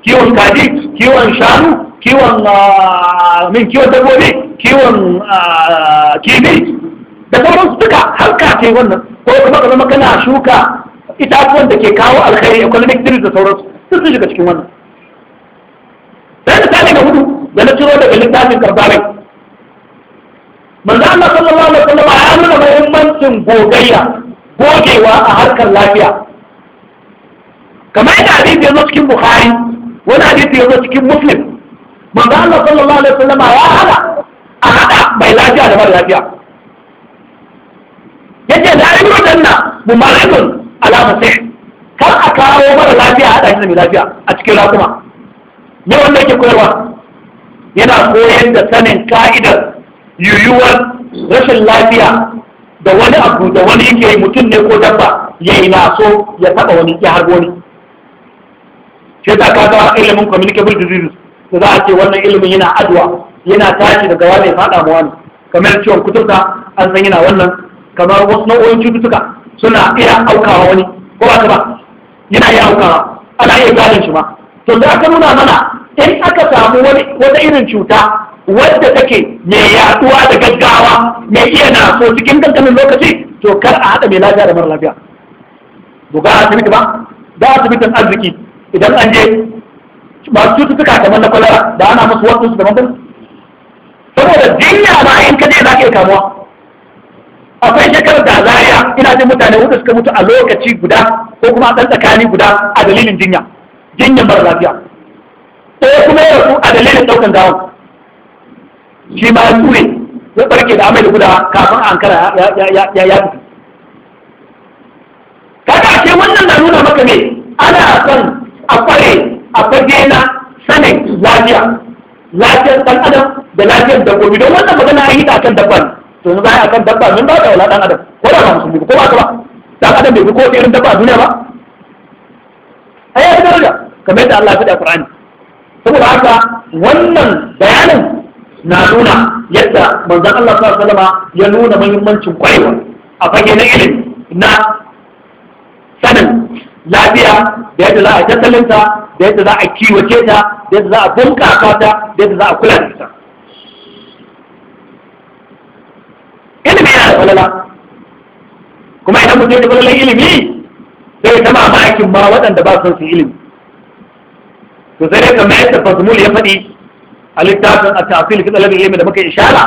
kiwon kaji kiwon shanu kiwon ah, min kiwon dabbobi kiwon ah, kifi da sauran suka duka harka ce wannan ko kuma ka zama kana shuka itatuwan da ke kawo alkhairi economic theory da sauransu su, sun shiga cikin wannan sai misali na hudu da na ciro daga littafin karbarai manzo Allah sallallahu alaihi wasallam ya nuna muhimmancin gogayya gogewa a harkar lafiya kamar yadda hadisi ya zo cikin bukhari wani hadisi ya zo cikin muslim manzo Allah sallallahu alaihi wasallam ya hada a hada mai lafiya da mara lafiya yace la yudanna don ala masih kar a kawo mara lafiya a hada shi da mai lafiya a cikin rakuma ne wanda yake koyarwa yana koyar da sanin ka'idar yuyuwar rashin lafiya da wani abu da wani yake yi mutum ne ko dabba ya yi naso ya taba wani ya harbo wani shi ta kaga ilimin communicable diseases da za a ce wannan ilimin yana adwa yana tashi daga wani ya fada ma wani kamar ciwon kuturta an san yana wannan kamar wasu nau'o'in cututtuka suna iya aukawa wani ko ba ta ba yana iya aukawa ana iya gadon shi ma to za ka nuna mana in aka samu wata irin cuta wadda take mai yaduwa da gaggawa mai iya na so cikin kankanin lokaci to kar a haɗa mai lafiya da mara lafiya buga asibiti ba da asibitin arziki idan an je masu cututtuka kamar na kwalara da ana musu wasu su daban saboda jinya ba in ka je za ka iya kamuwa akwai shekarar da zariya ina jin mutane wanda suka mutu a lokaci guda ko kuma a ɗan tsakani guda a dalilin jinya jinyar mara lafiya ɗaya kuma ya rasu a dalilin ɗaukan gawan shi ma ya ture ya barke da amai da gudawa kafin a ankara ya ya fito kaga ashe wannan na nuna maka ne ana son a kware a fage na sanin lafiya lafiyar ɗan adam da lafiyar dabbobi don wannan magana an yi ta kan dabba to za a yi kan dabba min ba da wala ɗan adam ko da ba musulmi ko ba ka ba ɗan adam bai fi ko irin dabba a duniya ba ai ya fi daraja kamar yadda Allah ya faɗa a Qur'ani saboda haka wannan bayanin na nuna yadda manzon Allah sa salama ya nuna mahimmancin kwarewa a fage na ilimi na sanin lafiya da yadda za a tattalinta da yadda za a kiwace ta da yadda za a bunƙasa ta da yadda za a kula da ita ilimi yana da falala kuma idan mutum ya falalan ilimi sai ta mamakin ma waɗanda ba son su ilimi to sai ka mai da fasmul ya faɗi a littafin a tafil fi talabin ilimi da muka ishara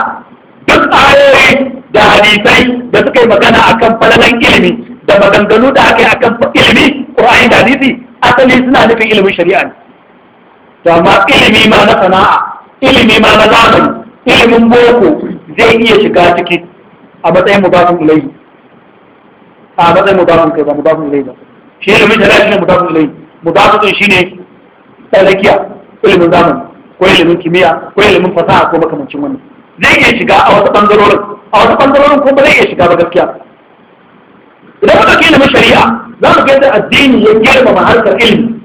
duk ayoyi da hadisai da suka yi magana akan falalan ilimi da maganganu da aka yi akan ilimi ko ayin da hadisi asali suna nufin ilimin shari'a ne to amma ilimi ma na sana'a ilimi ma na zamani ilimin boko zai iya shiga ciki a matsayin mubafin ilayi a matsayin mubafin kai ba mubafin ilayi ba shi ilimin shari'a shi ne mubafin ilayi mubafin ne. tsallakiya ko ilimin zamani ko ilimin kimiyya ko ilimin fasaha ko makamancin wannan zai iya shiga a wasu bangarorin a wasu bangarorin ko ba zai iya shiga ba gaskiya idan muka ke ilimin shari'a za mu ga addini ya girmama harkar ilimi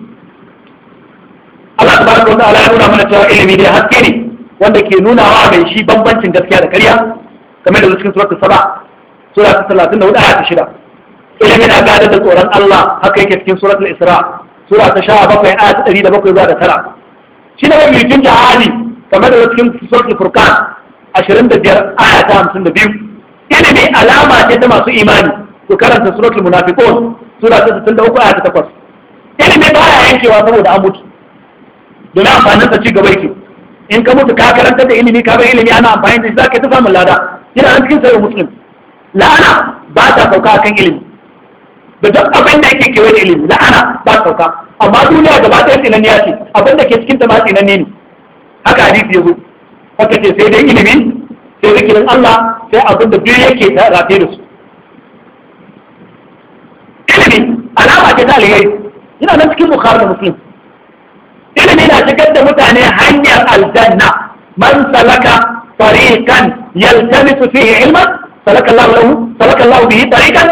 Allah tabaraka wa ta'ala ya nuna mana cewa ilimi ne haske ne wanda ke nuna wa mai shi bambancin gaskiya da karya kamar da cikin suratul saba sura ta 34 ayat 6 ilimin a gadar da tsoron Allah haka yake cikin suratul isra sura ta sha bakwai a ta ɗari da bakwai zuwa da tara shi ne mai mulkin jihadi kamar da cikin suratul furqan ashirin da biyar aya ta hamsin da biyu ilimi alama ce ta masu imani ku karanta suratul munafiqun sura ta sittin da uku aya ta takwas ilimi ba ya yankewa saboda an mutu domin amfanin sa ci gaba yake in ka mutu ka karanta da ilimi ka bai ilimi ana amfani da shi za ka yi ta samun lada yana an cikin sayo musulun. la'ana ba ta sauka kan ilimi da duk abin da ake kewaye da ilimi la'ana ba sauka amma duniya gaba ɗaya tsinan ya ce abin da ke cikin ta ma tsinan ne haka hadisi ya zo haka ce sai dai ilimi sai zikirin Allah sai abin da duk yake rafe da su ilimi alama ce ta alheri yana nan cikin bukhari da muslim ilimi na shigar da mutane hanyar aljanna man salaka tariqan yaltamisu fihi ilman salaka Allah lahu salaka Allah bihi tariqan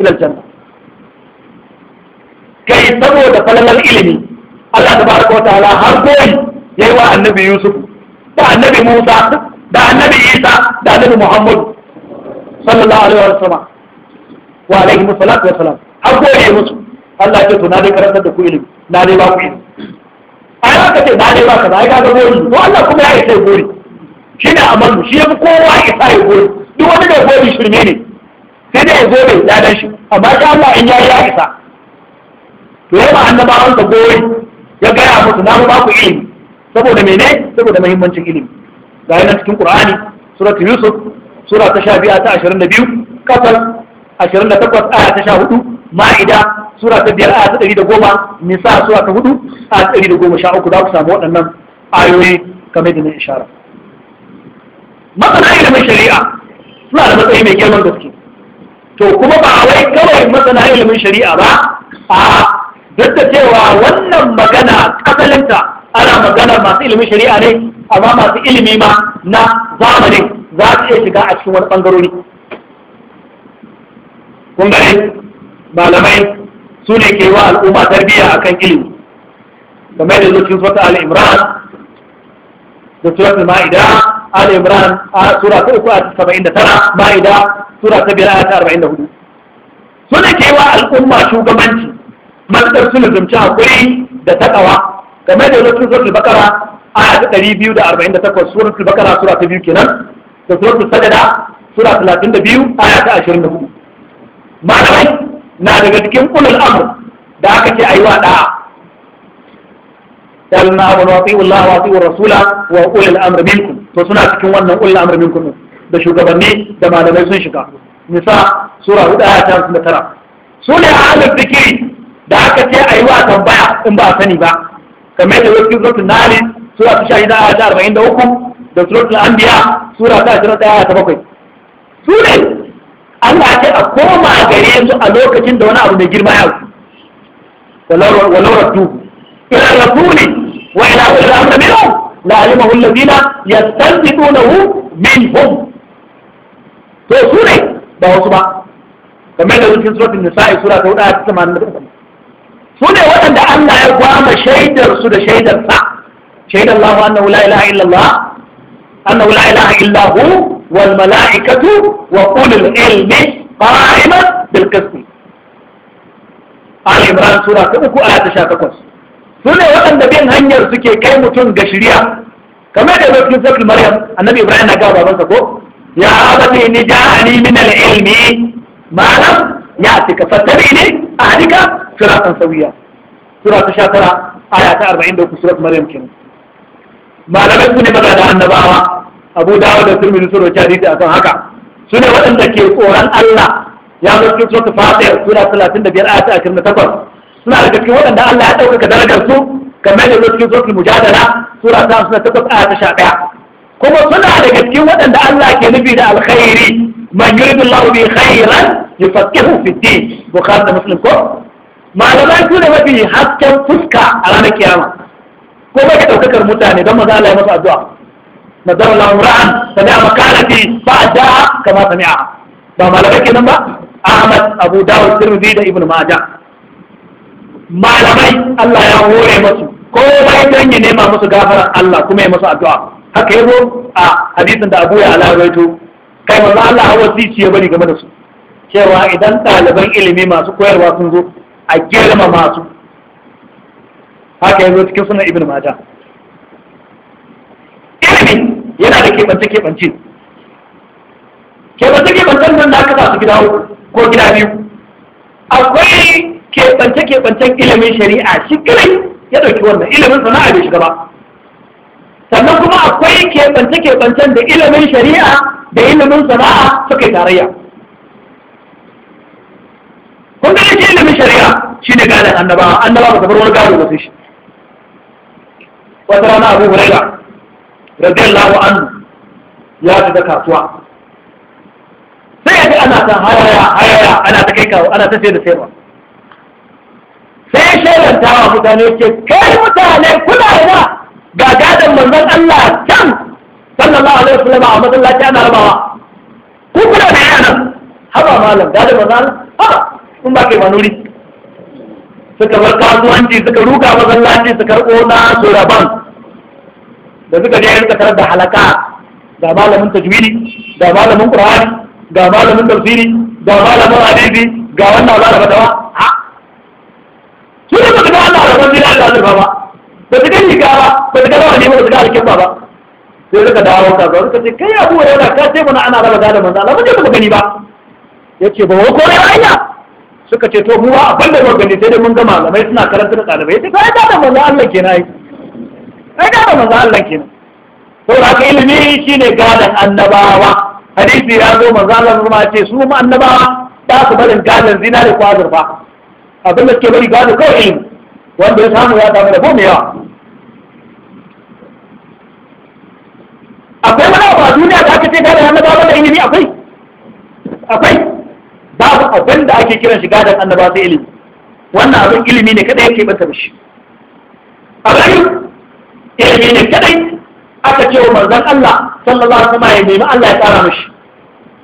ila aljanna kai saboda falalar ilimi Allah Ta baraka wa ta'ala har koyi yayi wa annabi Yusuf da annabi Musa da annabi Isa da annabi Muhammad sallallahu alaihi wa sallam wa alaihi salatu wa salam har koyi musu Allah ce to na dai karantar da ku ilimi na dai ba ku ilimi ai aka ce na dai ba ka ba ai ka ga gori to Allah kuma ya isa gori shine amal shi yafi kowa ya ya gori duk wanda da gori shirme ne sai dai ya gobe ya dan shi amma ka Allah in ya ya isa to ya ba annabawan ka goyi ya gaya musu na ba ku ilimi saboda mene saboda muhimmancin ilimi ga yana cikin qur'ani suratul yusuf sura ta 12 ta 22 kafar 28 aya ta 14 ma'ida sura ta 5 aya ta 110 nisa sura ta 4 aya ta 113 za ku samu waɗannan ayoyi kamar da na ishara masana ilimin shari'a suna da matsayi mai girman gaske to kuma ba wai kawai masana ilimin shari'a ba a duk da cewa wannan magana asalinta ana magana masu ilimin shari'a ne amma masu ilimi ma na zamanin za su iya shiga a cikin wani ɓangarori kun gani malamai su ne ke wa al'umma tarbiyya a kan ilimi game da zuciyar sota al'imran da surat ma'ida al'imran a sura ta uku a saba'in da tara ma'ida sura ta biyar a ta arba'in da hudu su ne ke wa al'umma shugabanci suna zumci a hakuri da takawa game da yanzu suratul bakara aya ta 248 suratul bakara sura ta biyu kenan da suratul sajada sura yadda ashirin da hudu. malamai na daga cikin ulul amur da aka ce ayi wa ɗan na abu wa atiyu Allah wasu atiyu rasula wa ulul amur minkum to suna cikin wannan ulul amr minkum da shugabanni da malamai sun shiga nisa sura a aya ta ne sune halin zikri da aka ce a yi wa tambaya in ba a sani ba kamar da wasu suratul nahl sura ta shahida a ta arba'in da uku da suratul Ambiya sura ta ashirin da ɗaya ta bakwai su ne ba ce a koma gare yanzu a lokacin da wani abu mai girma ya walau da ila rasuli wa ila ulil ya san la tona hu, min hom. to su ne ba wasu ba kamar da wasu suratul nisa'i sura ta hudu a ta 83 su ne waɗanda Allah ya gwama shaidarsu da shaidarsa shaidar Allah annahu la ilaha illallah annahu la ilaha illahu wal mala'ikatu wa ulul ilmi qa'iman bil qist Ali Imran sura ta 3 aya ta 18 su ne waɗanda bin hanyar suke kai mutum ga shari'a kamar da yake cikin sura Maryam annabi Ibrahim na ga babansa ko ya abati ni ja'ani min al-ilmi ma lam ya'tika fattabi'ni ahdika سورة سوية سورة شاترة آيات 40 دوك سورة مريم كن ما لم يكن بغدا النبا أبو داود الترمذي سورة جديدة أتون هكا سورة وأن ذكي القرآن الله يا مسكين سورة فاتح سورة 30 دبير آيات 20 تقول سورة ذكي وأن الله أتوك كدرجة سوء كما يقول لك سورة المجادلة سورة 30 تقول آيات شاطعة كما سنة على ذكي وأن الله كنبي الخير من يريد الله به خيرا يفقهه في الدين بخاري مسلم كو malamai su ne mafi hasken fuska a ranar kiyama ko bai ɗaukakar mutane don maza Allah ya masa addu'a lamuran, ta ne a makalati ba da kama sami'a ba malamai kenan ba Ahmad Abu Dawud Tirmidhi da Ibn maja malamai Allah ya hore masu ko bai dan ya nema masu gafarar Allah kuma ya masu addu'a haka yazo a hadisin da Abu ya alawaito kai manzo Allah hawa ziciye bari game da su cewa idan ɗaliban ilimi masu koyarwa sun zo a girma masu. haka yanzu cikin sunan ibn majah Ilimin yana da keɓance keɓance keɓance keɓancen nan da aka sa su gida ko gida biyu akwai keɓance keɓancen ilimin shari'a shi kadai ya ɗauki wannan ilimin sana'a bai shiga ba sannan kuma akwai keɓance keɓancen da ilimin shari'a da ilimin sana'a suka yi tarayya kun ga yake ilimin shari'a shine gadon annabawa annabawa ba bar wani gado ba shi wata rana abu huraira radiyallahu anhu ya shiga kasuwa sai ya ji ana ta hayaya hayaya ana ta kai kawo ana ta sai da sayarwa sai ya shaidanta wa mutane ke kai mutane kuna da ga gadon manzon Allah can sallallahu alaihi wasallam a masallaci ana rabawa ku kuna da yana haba malam gadon manzon Allah kun ba kai manuri suka bar kasuwanci suka ruka masallaci suka karɓo na suraban da suka je suka tarar da halaka ga malamin tajwidi ga malamin qur'ani ga malamin tafsiri ga malamin hadisi ga wannan ba da fatawa ha su ne ba ga Allah rabon bila Allah zurfa ba ba su gani ga ba ba su ga wani ba su ga alkin ba ba sai suka dawo ka zo suka ce kai abu wani ka ce mana ana raba da manzo Allah ba ce ba gani ba yace ba ko ya ba. suka ce to mu ba abin da gani sai dai mun ga malamai suna karanta da ɗalibai yace sai da manzo Allah kenan ai sai da manzo Allah kenan to haka ilimi shine gadan annabawa hadisi ya zo manzo Allah kuma ce su ma annabawa ba su barin gadan da kwazar ba abin da suke bari gado kawai ilimi wanda ya samu ya samu rabo mai yawa akwai wani ba duniya da aka ce gadan annabawa da ilimi akwai akwai abin da ake kiran shiga da annaba sai ilimi wannan abin ilimi ne kadai yake bata mishi a ilimi ne kadai aka ce wa manzon Allah sallallahu alaihi wasallam ya nemi Allah ya tsara mishi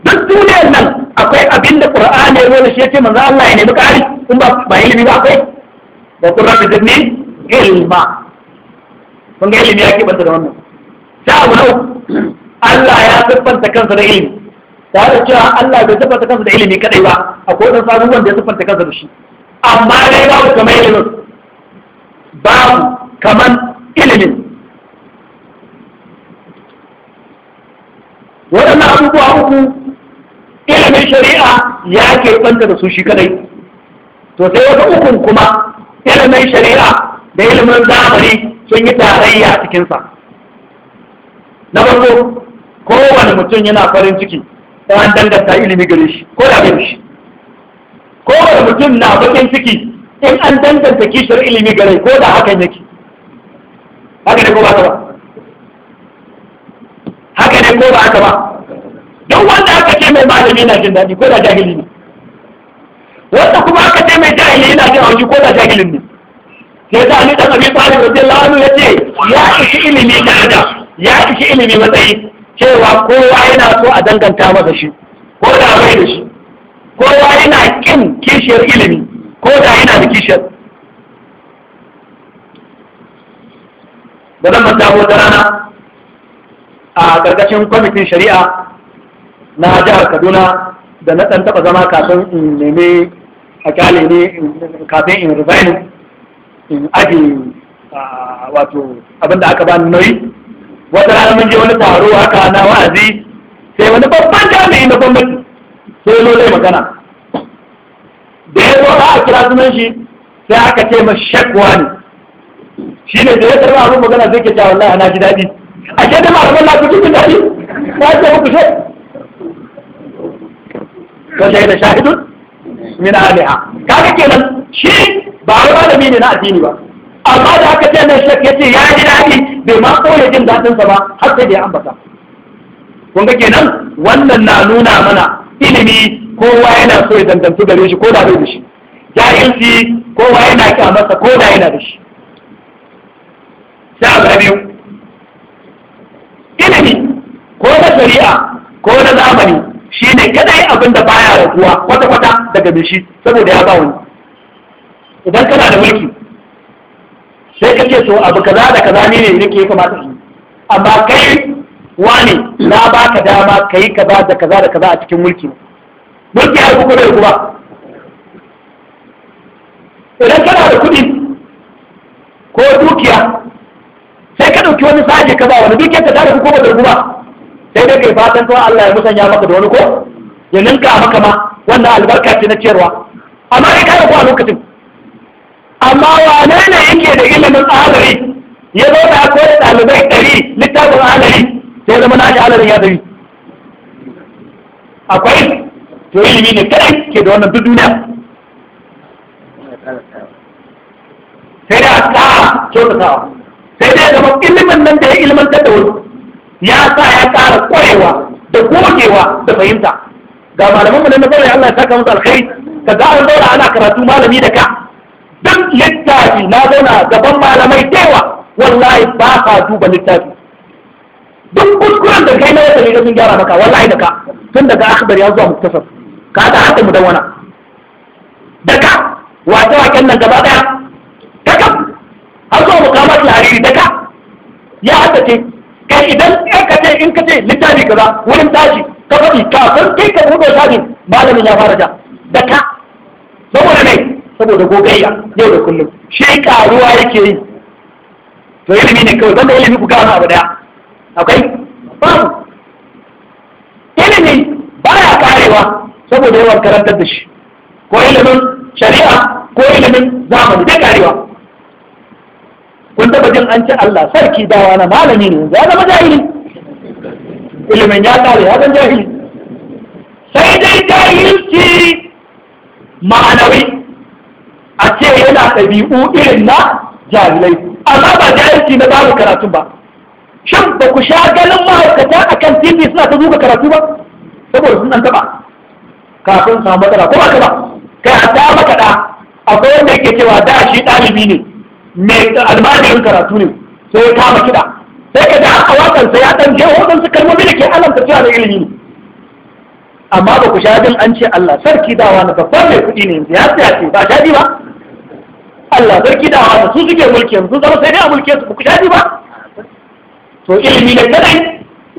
duk duniyar nan akwai abin da Qur'ani ya nuna shi yace manzon Allah ya nemi kari in ba ba ilimi ba akwai ba kun rabbi zidni ilma kun ga ilimi yake banta da wannan sai abu Allah ya siffanta kansa da ilimi ta da cewa Allah bai siffanta kansa da ilimi kadai ba akwai wadansu abubuwan da ya siffanta kansa da shi amma dai babu kamar ilimin babu kamar ilimin waɗannan abubuwa uku ilimin shari'a ya ke kwanta da su shi kadai to sai wasu uku kuma ilimin shari'a da ilimin zamani sun yi tarayya a cikinsa na farko kowane mutum yana farin ciki don an danganta ilimi gare shi ko da gare shi Ko wani mutum na bakin ciki in an danganta kishiyar ilimi gare ko da hakan yake haka ne ko ba ba haka ne ko ba ta ba don wanda aka ce mai malami na jin daɗi ko da jahili ne wanda kuma aka ce mai jahili na jin auki ko da jahilin ne sai da ni dan abin talib lalu ya ce ya ishi ilimi daraja ya ishi ilimi matsayi cewa kowa yana so a danganta masa shi ko da bai da shi kowa yana kin kishiyar ilimi ko da yana da kishiyar ba zan manta wata rana a ƙarƙashin kwamitin shari'a na jihar kaduna da na ɗan taɓa zama kafin in nemi a kyale ne kafin in resign in aji wato abinda aka ba nauyi wata rana mun je wani taro haka na wa'azi sai wani babban jami'i na gwamnati sai zo zai magana da ya zo a kira sunan shi sai aka ce ma shakwa ne shi ne da ya karɓa abin magana zai ke cewa wallahi na ji daɗi a ke da malaman na su cikin daɗi na ce muku shai ka shaida shahidun min aliha kaga kenan shi ba wani malami ne na addini ba amma da aka ce mai shak yace ya ji daɗi bai ma ya jin daɗin sa ba har sai da ya ambata kun ga kenan wannan na nuna mana ilimi kowa yana so ya dandantu gare shi ko da bai da shi jahilci kowa yana kyamarsa ko da yana da shi sai abu biyu ilimi ko na shari'a ko na zamani shi ne kadai abin da baya raguwa kwata-kwata daga bishi saboda ya ba wani idan kana da mulki sai ka ce so abu kaza da kaza ne ne nake ya kamata su amma kai wani na ka dama yi kaza da kaza da kaza a cikin mulki mulki yi kuma bai kuma idan kana da kuɗi ko dukiya sai ka ɗauki wani sa'aji ka ba wani dukiyar ka ta rufu kuma ba rufu sai dai kai fatan to Allah ya musanya maka da wani ko ya ninka maka ma wannan albarka ce na ciyarwa amma kai ka rufu a lokacin amma wane ne yake da ilimin alari ya zo da akwai ɗalibai ɗari littafin alari sai zama nashi alarin ya zari akwai to ilimi ne kadai ke da wannan duk duniya sai da ƙara kyautatawa sai dai zama ilimin nan da ya ilimantar da wani ya sa ya ƙara ƙwarewa da gogewa da fahimta ga malaman mu na nazari Allah ya saka musu alkhairi ka ga an zaura ana karatu malami da ka dan littafi na zauna gaban malamai tewa wallahi ba ka duba littafi duk kuskuren da kai na wata ne sun gyara maka wallahi da ka tun daga akbar ya zuwa muktasar ka ga hada mu dawana da ka wato waken nan gaba daya ka an zo mu kama lashi da ka ya haddace kai idan ka ce in ka ce littafi kaza wurin tashi ka faɗi kafin kai ka buɗe tashi malamin ya fara ja daga saboda ne saboda gogayya yau da kullum shi karuwa yake yi to ilimi ne kawai banda ilimi ku gano abu daya akwai babu ilimi ya karewa saboda yawan karantar da shi ko ilimin shari'a ko ilimin zamani da karewa kun taba jin an ci Allah sarki dawa na malami ne ya zama jahili ilimin ya kare ya zama jahili sai dai jahilci ma'anawi a ce yana ɗabi'u irin na jahilai amma ba jahilci na babu karatu ba shin ba ku sha ganin mahaukata a kan TV suna ta zuga karatu ba saboda sun ɗan taɓa kafin samu matsala ko ba ka ba kai hatta makaɗa akwai wanda yake cewa da shi ɗalibi ne mai almajirin karatu ne sai ya kama kiɗa sai ka ji a wakansa ya ɗan jeho waɗansu kalmomi da ke alamta cewa da ilimi ne amma ba ku shajin an ce Allah sarki dawa na babban mai kuɗi ne yanzu ya tsaya ce ba jadi ba Allah sarki da haka su suke mulkin su zama sai dai a mulke su ku shafi ba to ilimi ne kadai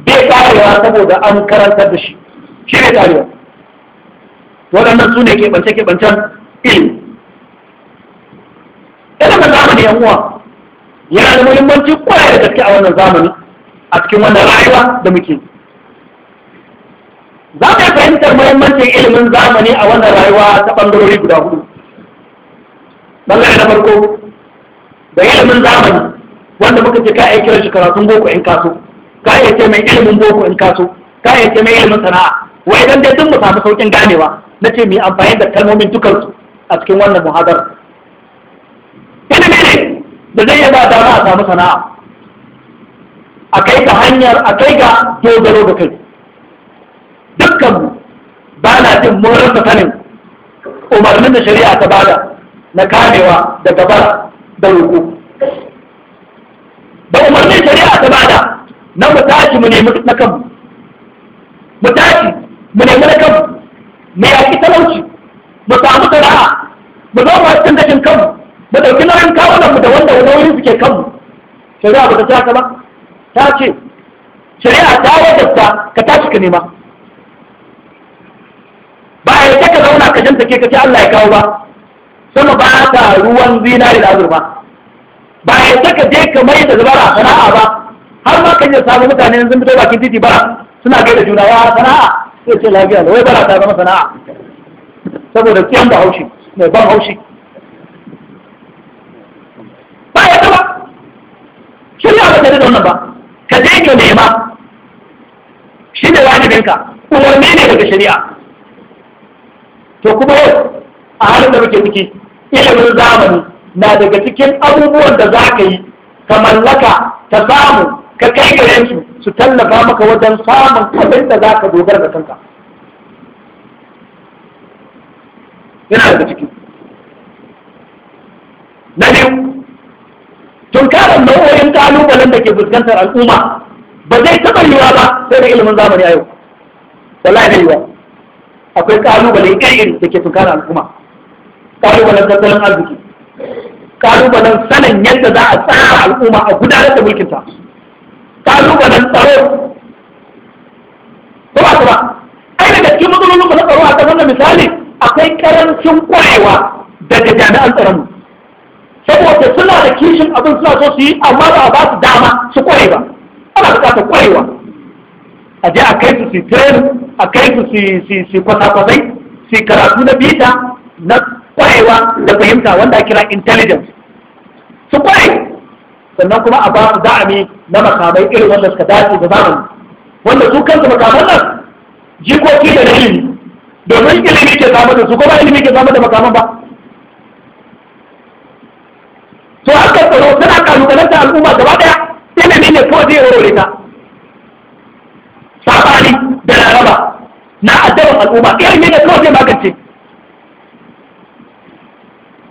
bai karewa saboda an karantar da shi shi ne karewa waɗannan su ne keɓance-keɓancen ilimi ilimin zamani yan uwa yana da muhimmanci kwaya da gaske a wannan zamani a cikin wannan rayuwa da muke za ka fahimtar muhimmancin ilimin zamani a wannan rayuwa ta ɓangarori guda hudu bangare na farko da ilimin zamani wanda muka ce ka iya kiran shi karatun boko in kaso ka iya ce mai ilimin boko in kaso ka ce mai ilimin sana'a wai dan dai sami mu samu saukin ganewa na ce mu yi amfani da kalmomin dukansu a cikin wannan muhadara ilimi ne da zai iya ba dama a samu sana'a a kai ga hanyar a kai ga dogaro kai dukkan ba na jin mun rasa sanin umarnin da shari'a ta bada na kamewa da gabar da roƙo da umarnin shari'a ta bada na mu tashi mu nemi na kanmu mu tashi mu nemi na kanmu mu yaƙi talauci mu samu sana'a mu zo mu haskin dashin kanmu mu ɗauki nauyin kawunan mu da wanda nauyin suke kanmu shari'a ba ta ka ba ta ce shari'a ta wajabta ka tashi ka nema ba a yi ta ka zauna ka janta ke ka ce Allah ya kawo ba kuma ba ta ruwan zinari da azurfa ba ya saka je ka mai da zubara sana'a ba har ma kan yi samu mutane sun fito bakin titi ba suna gaida juna ya sana'a sai ce lafiya da wai bara ta zama sana'a saboda kiyan da haushi mai ban haushi ba ya taba shirya ba tare da nan ba ka je ka nema shi ne wajibinka umarni ne daga shari'a to kuma yau a halin da muke ciki ilimin zamani na daga cikin abubuwan da za ka yi ka mallaka ta samu ka kai ga su su tallafa maka wajen samun abin da za ka dogara da kanka yana daga ciki na biyu tunkarar nau'o'in kalubalen da ke fuskantar al'umma ba zai taɓa yiwuwa ba sai da ilimin zamani a yau wallahi da akwai kalubale iri da ke tunkarar al'umma kalubalen tattalin arziki kalubalen sanin yadda za a tsara al'umma a gudanar da mulkinta kalubalen tsaro ko ba ba ai da cikin matsalolin na tsaro a kasar da misali akwai karancin kwarewa daga jami'an tsaronmu saboda suna da kishin abin suna so su yi amma ba a ba su dama su kware ba ana bukatar kwarewa a je a kai su su train a kai su su kwasa-kwasai su karatu na bita na kwarewa da fahimta wanda kira intelligence su kware sannan kuma a ba za'ami na makamai irin wanda suka dace da zamani wanda su kansu makaman nan jikoki da ilimi domin ilimi ke samar da su kuma ilimi ke samar da makaman ba to aka tsaro suna ta al'umma gaba daya ilimi ne ko zai rore ta sabani da laraba na addaban al'umma ilimi ne ko zai magance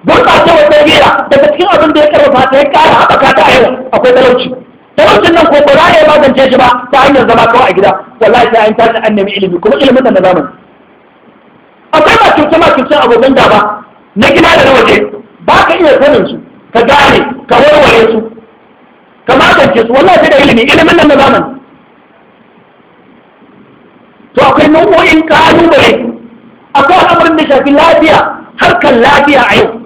gurɓacewar tarbiyya daga cikin abin da ya karfafa ta ya ƙara haɓaka ta a yau akwai talauci talaucin nan ko ba za a iya magance shi ba ta hanyar zama kawai a gida wallahi sai an tashi an nemi ilimi kuma ilimin nan na zamani akwai ma cuce ma cuce abokan gaba na gida da na waje ba ka iya sanin su ka gane ka warware su ka magance su wallahi sai da ilimi ilimin nan na zamani to akwai nau'o'in kalubale akwai al'amarin da shafi lafiya harkar lafiya a yau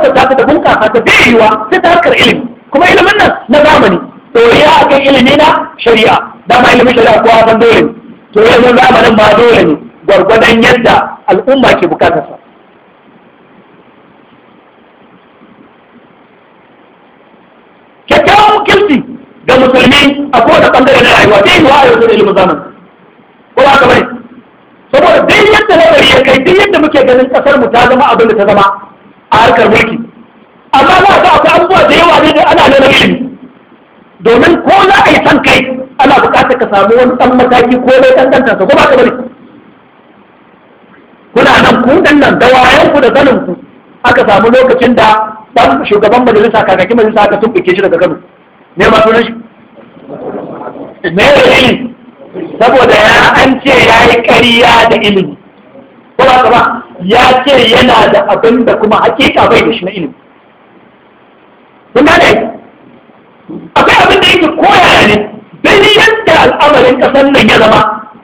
kyautata ta da bunƙasa ta bai yiwa sai ta harkar ilimi kuma ilimin nan na zamani to a kan ilimi na shari'a dama ilimin shari'a kowa san dole ne to zo zamanin ma dole ne gwargwadon yadda al'umma ke sa. kyakkyawan kirki ga musulmi a kowane ɓangare na rayuwa dai yiwa a yanzu da ilimin zamani ko ba ka bane saboda duk yadda nazari ya kai duk yadda muke ganin kasar mu ta zama abin da ta zama a harkar mulki amma za ka akwai abubuwa da yawa ne da ana nan ilimi domin ko za a yi san kai ana buƙatar ka samu wani ɗan mataki ko mai ɗanɗanta ko ba ka bari kuna nan ku dan nan da wayan ku da sanin ku aka samu lokacin da ɗan shugaban majalisa kakakin majalisa aka tumbuke shi daga Kano ne ma sunan shi Me ne saboda ya an ce yayi ƙarya da ilimi kuma ba ka ba ya ce yana da abin da kuma hakika bai da shi na ilimi kun gane akwai abin da yake koya ne dai yadda al'amarin kasar nan ya zama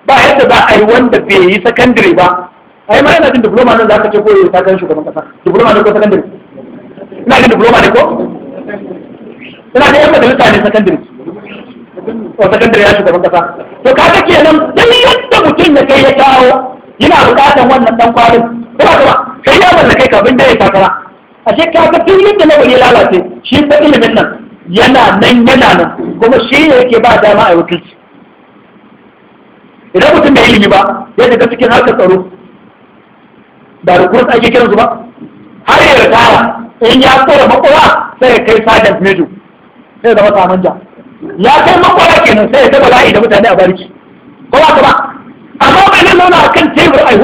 ba yadda za a yi wanda bai yi sakandare ba a yi ma yana jin diploma nan za ka ce ko yi kan shugaban kasa diploma ne ko sakandare ina jin diploma ne ko ina da yan majalisa ne sakandare O, sakandare ya shugaban kasa to ke nan, dai yadda mutum ya kai ya kawo yana bukatan wannan dan kwarin kuma kuma sai ya mallake ka bin da ya takara a ce ka ga filin da lamarin ya lalace shi ta ilimin nan yana nan yana nan kuma shi ne yake ba dama a wakilci idan mutum bai ilimi ba ya shiga cikin harkar tsaro ba da kuma ake kiransu ba har ya tara in ya tsora makowa sai ya kai sajan mejo sai zama samanja ya kai makowa kenan sai ya taba layi da mutane a bariki. ko ba ka ba amma ba ne zauna kan tebur ai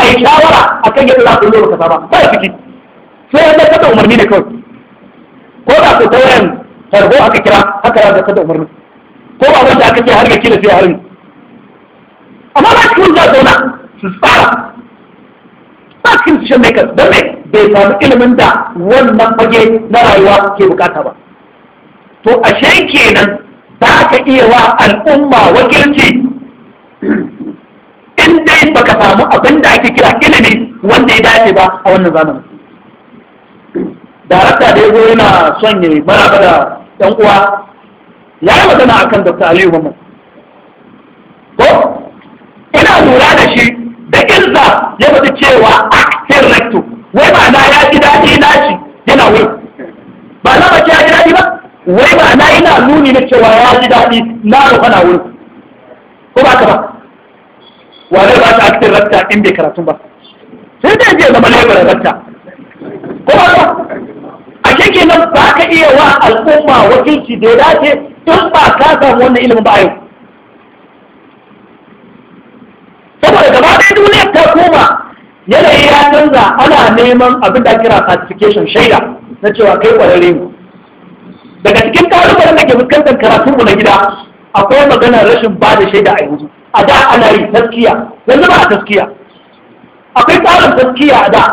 a yi shawara akan yadda za ku yi maka saba ba ya fiki sai ya zaka da umarni da kawai ko da ku tawayan tarbo aka kira haka ya zaka da umarni ko ba wanda aka ce har ga kila sai harin amma ba cikin za zauna su tsara ba cikin su shan makers don mai bai samu ilimin da wannan fage na rayuwa ke bukata ba to ashe kenan za ka iya wa al'umma wakilci in dai baka samu abin da ake kira ilimi wanda ya dace ba a wannan zamanin darakta da ya zo yana son ya maraba da ɗan uwa ya yi magana kan dr aliyu mamman ko ina lura da shi da ilza ya fi cewa actin recto wai ba na ya ji daɗi na shi yana wuri? ba na bace ya ji daɗi ba wai ba na ina nuni na cewa ya ji daɗi na rufa na wuri? ko ba ka ba wane ba ta aktin rasta in bai karatu ba sai ta je zama laifin rasta ko ba a keke nan ba ka iya wa al'umma wakilci da ya dace in ba ka samu wannan ilimin ba yau saboda gaba ɗaya duniyar ta koma yanayi ya canza ana neman abin da kira certification shaida na cewa kai kwararre mu. daga cikin kalubalen da ke fuskantar karatunmu na gida akwai maganar rashin ba da shaida a yanzu a da ana yi taskiya yanzu ba a taskiya akwai tsarin taskiya a da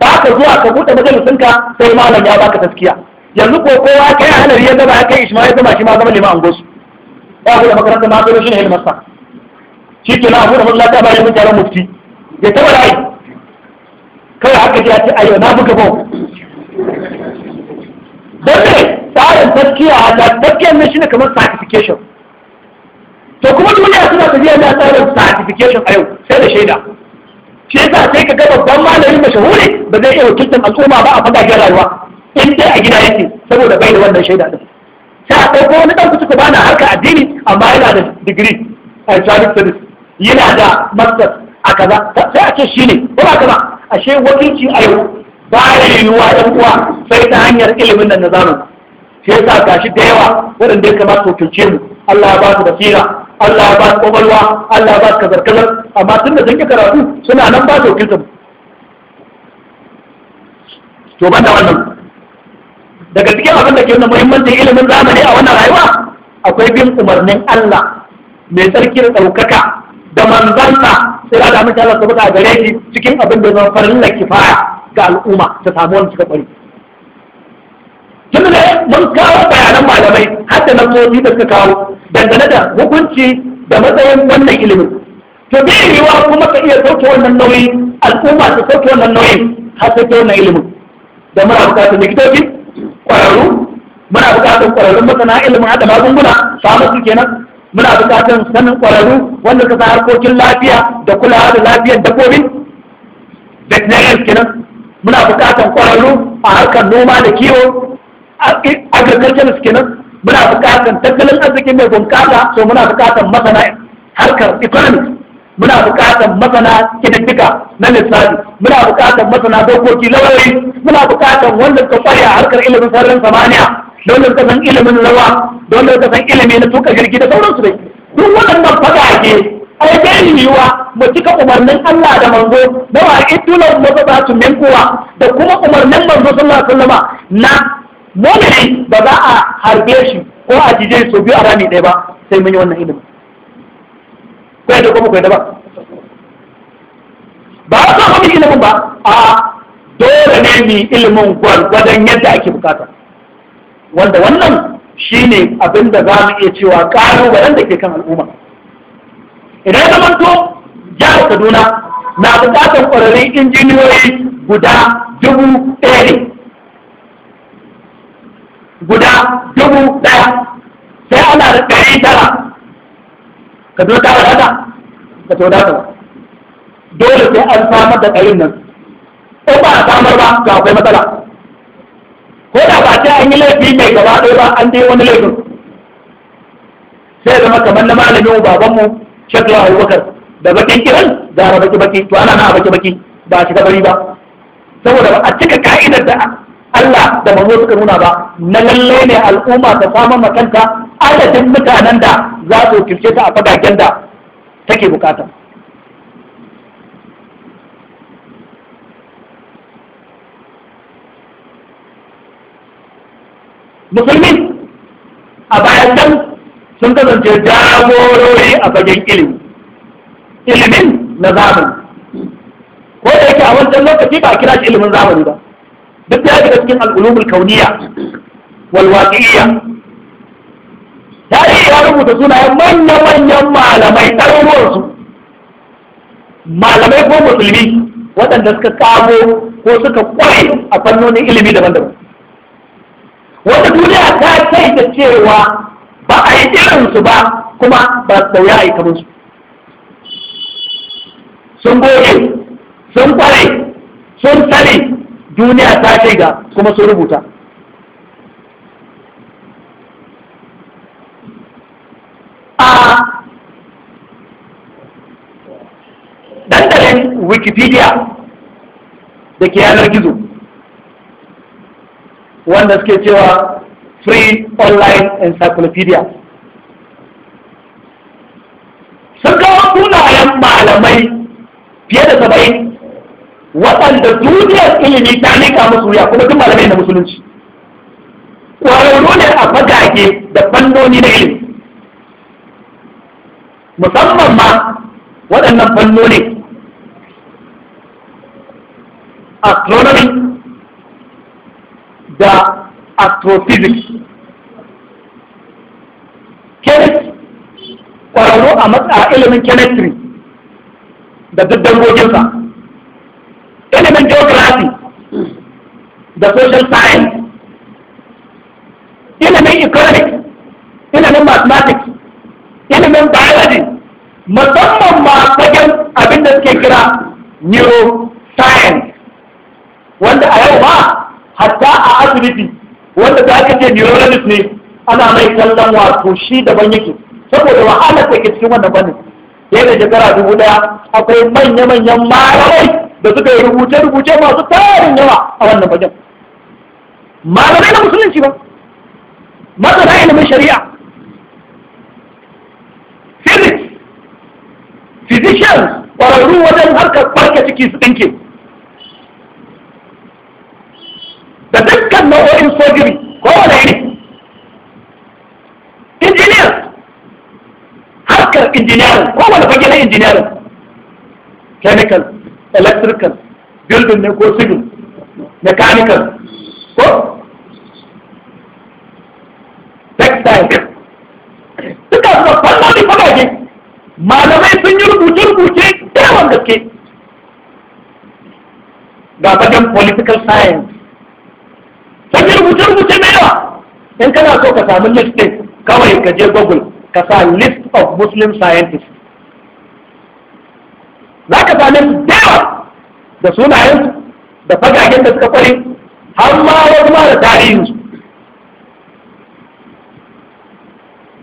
ba ka zuwa ka buɗe majalisinka sai malam ya baka taskiya yanzu ko kowa kai halari ya zama kai ishma ya zama shi ma zama liman angosu ya buɗe makarantar ma sai shi ne hilmarsa shi ke na abu da ta bayan mun mufti ya taba rai kawai haka ji a ce ayo na buga bau don ne tsarin taskiya a da taskiyar ne shi ne kamar certification to kuma duniya suna tafiya da tsarin certification a yau sai da shaida shi yasa sai ka ga babban malamin mashahuri ba zai iya wakiltar al'umma ba a fagagen rayuwa in dai a gida yake saboda bai da wannan shaida din sai a ɗauko wani ɗan kutuka bana harka addini amma yana da digiri a islamic studies yana da master a kaza sai a ce shi ne ko ba kaza ashe wakilci a yau ba ya yiwuwa ɗan uwa sai ta hanyar ilimin nan na zamani shi yasa gashi da yawa waɗanda ya kamata su wakilce mu Allah ya ba su basira Allah ya ba su kwakwalwa Allah ya ba su kazar kazar amma tun da sun yi karatu suna nan ba su wakiltar to ban da wannan daga cikin abin da ke nuna muhimmancin ilimin zamani a wannan rayuwa akwai bin umarnin Allah mai sarki da ɗaukaka da manzansa sai da amince Allah saboda a gare shi cikin abin da zama farin da kifaya ga al'umma ta samu wani cika ƙwari tun da mun kawo bayanan malamai har da nasosi da suka kawo dangane da hukunci da matsayin wannan ilimin to bai yiwa kuma ka iya sauke wannan nauyi al'umma ta sauke wannan nauyi har sai ta wannan ilimin da muna bukatar likitoci kwararru muna bukatar kwararrun masana ilimin hada magunguna su kenan muna bukatar sanin kwararru wanda ka sa harkokin lafiya da kulawa da lafiyar dabbobi veterinarians kenan muna bukatar kwararru a harkar noma da kiwo agriculturist kenan muna buƙatar tattalin arziki mai bunƙasa so muna buƙatar masana harkar economy muna buƙatar masana kididdiga na lissafi muna buƙatar masana dokoki lauyoyi muna buƙatar wanda suka kware a harkar ilimin sararin samaniya da suka san ilimin don da suka san ilimi na tuka jirgi da sauransu dai duk waɗannan fagage a yake yiwa mu cika umarnin Allah da manzo da wa idulan mazabatu min kuwa da kuma umarnin manzo sallallahu alaihi wasallama na mu'mini ba za a harbe shi ko a jije su biyu a rami ɗaya ba sai mun yi wannan ilimi ko da kuma ko da ba ba a mun ilimin ba a dole ne mu ilimin gwargwadon yadda ake bukata wanda wannan shine abin da za mu iya cewa ƙalubalen da ke kan al'umma idan ya to jihar kaduna na bukatar ƙwararrun injiniyoyi guda dubu ɗaya ne guda dubu ɗaya sai ana da ɗari tara ka zo ta wadata ka to da dole sai an samar da ɗarin nan in ba a samar ba ga akwai matsala ko da ba sai an yi laifi mai gaba ɗaya ba an dai wani laifin sai zama kamar na malamin babanmu a abubakar da bakin kiran gara baki baki to ana na baki baki ba a shiga bari ba saboda ba a cika ka'idar da Allah da manzo suka nuna ba na lalle ne al'umma ta samu makanta adadin mutanen da za su kirce ta a fagagen da take bukata musulmi a bayan nan sun kasance jagorori a fagen ilimi ilimin na zamani ko da yake a wancan lokaci ba a kira shi ilimin zamani ba duk ya shiga cikin al'ulumul kauniya wal waqi'iyya tarihi ya rubuta sunayen manya-manyan malamai ɗaruruwarsu malamai ko musulmi waɗanda suka kamo ko suka kware a fannonin ilimi daban-daban wata duniya ta kai da cewa ba a yi su ba kuma ba su ya a yi kamar su sun goge sun kware sun sani duniya ta shaida kuma sun rubuta a dandalin wikipedia da ke yanar gizo wanda suke cewa free online encyclopedia sun kawo sunayen malamai fiye da saba'in waɗanda duniyar ilimi ta nika musu wuya kuma duk malamai na musulunci ƙwararru ne a fagage da fannoni na ilimi musamman ma waɗannan fannoni astronomy da astrophysics chemistry ƙwararru a ilimin chemistry da duk dangoginsa ilimin geography da social science ilimin economics ilimin mathematics ilimin biology musamman ma fagen abin da suke kira neuroscience wanda a yau ba hatta a asibiti wanda za ka ce neurologist ne ana mai kallon wato shi daban yake saboda wahalar da ke cikin wannan bane yana shekara dubu daya akwai manya-manyan malamai da suka yi rubuce-rubuce masu tarin yawa a wannan fagen malamai na musulunci ba masana ilimin shari'a physics physicians ƙwararru wajen harkar barka ciki su ɗinke da dukkan nau'o'in sojiri ko wani iri engineers harkar engineering ko wani fage na engineering chemical electrical building ne ko civil mechanical ko textile duka suna fannoni fagage malamai sun yi rubuce-rubuce da yawan gaske ga bagen political science sun yi rubuce-rubuce da yawa in kana so ka samu list kawai ka je google ka sa list of muslim scientists za ka sami dawa da sunayen da fagagen da suka kwari har ma wasu ma da su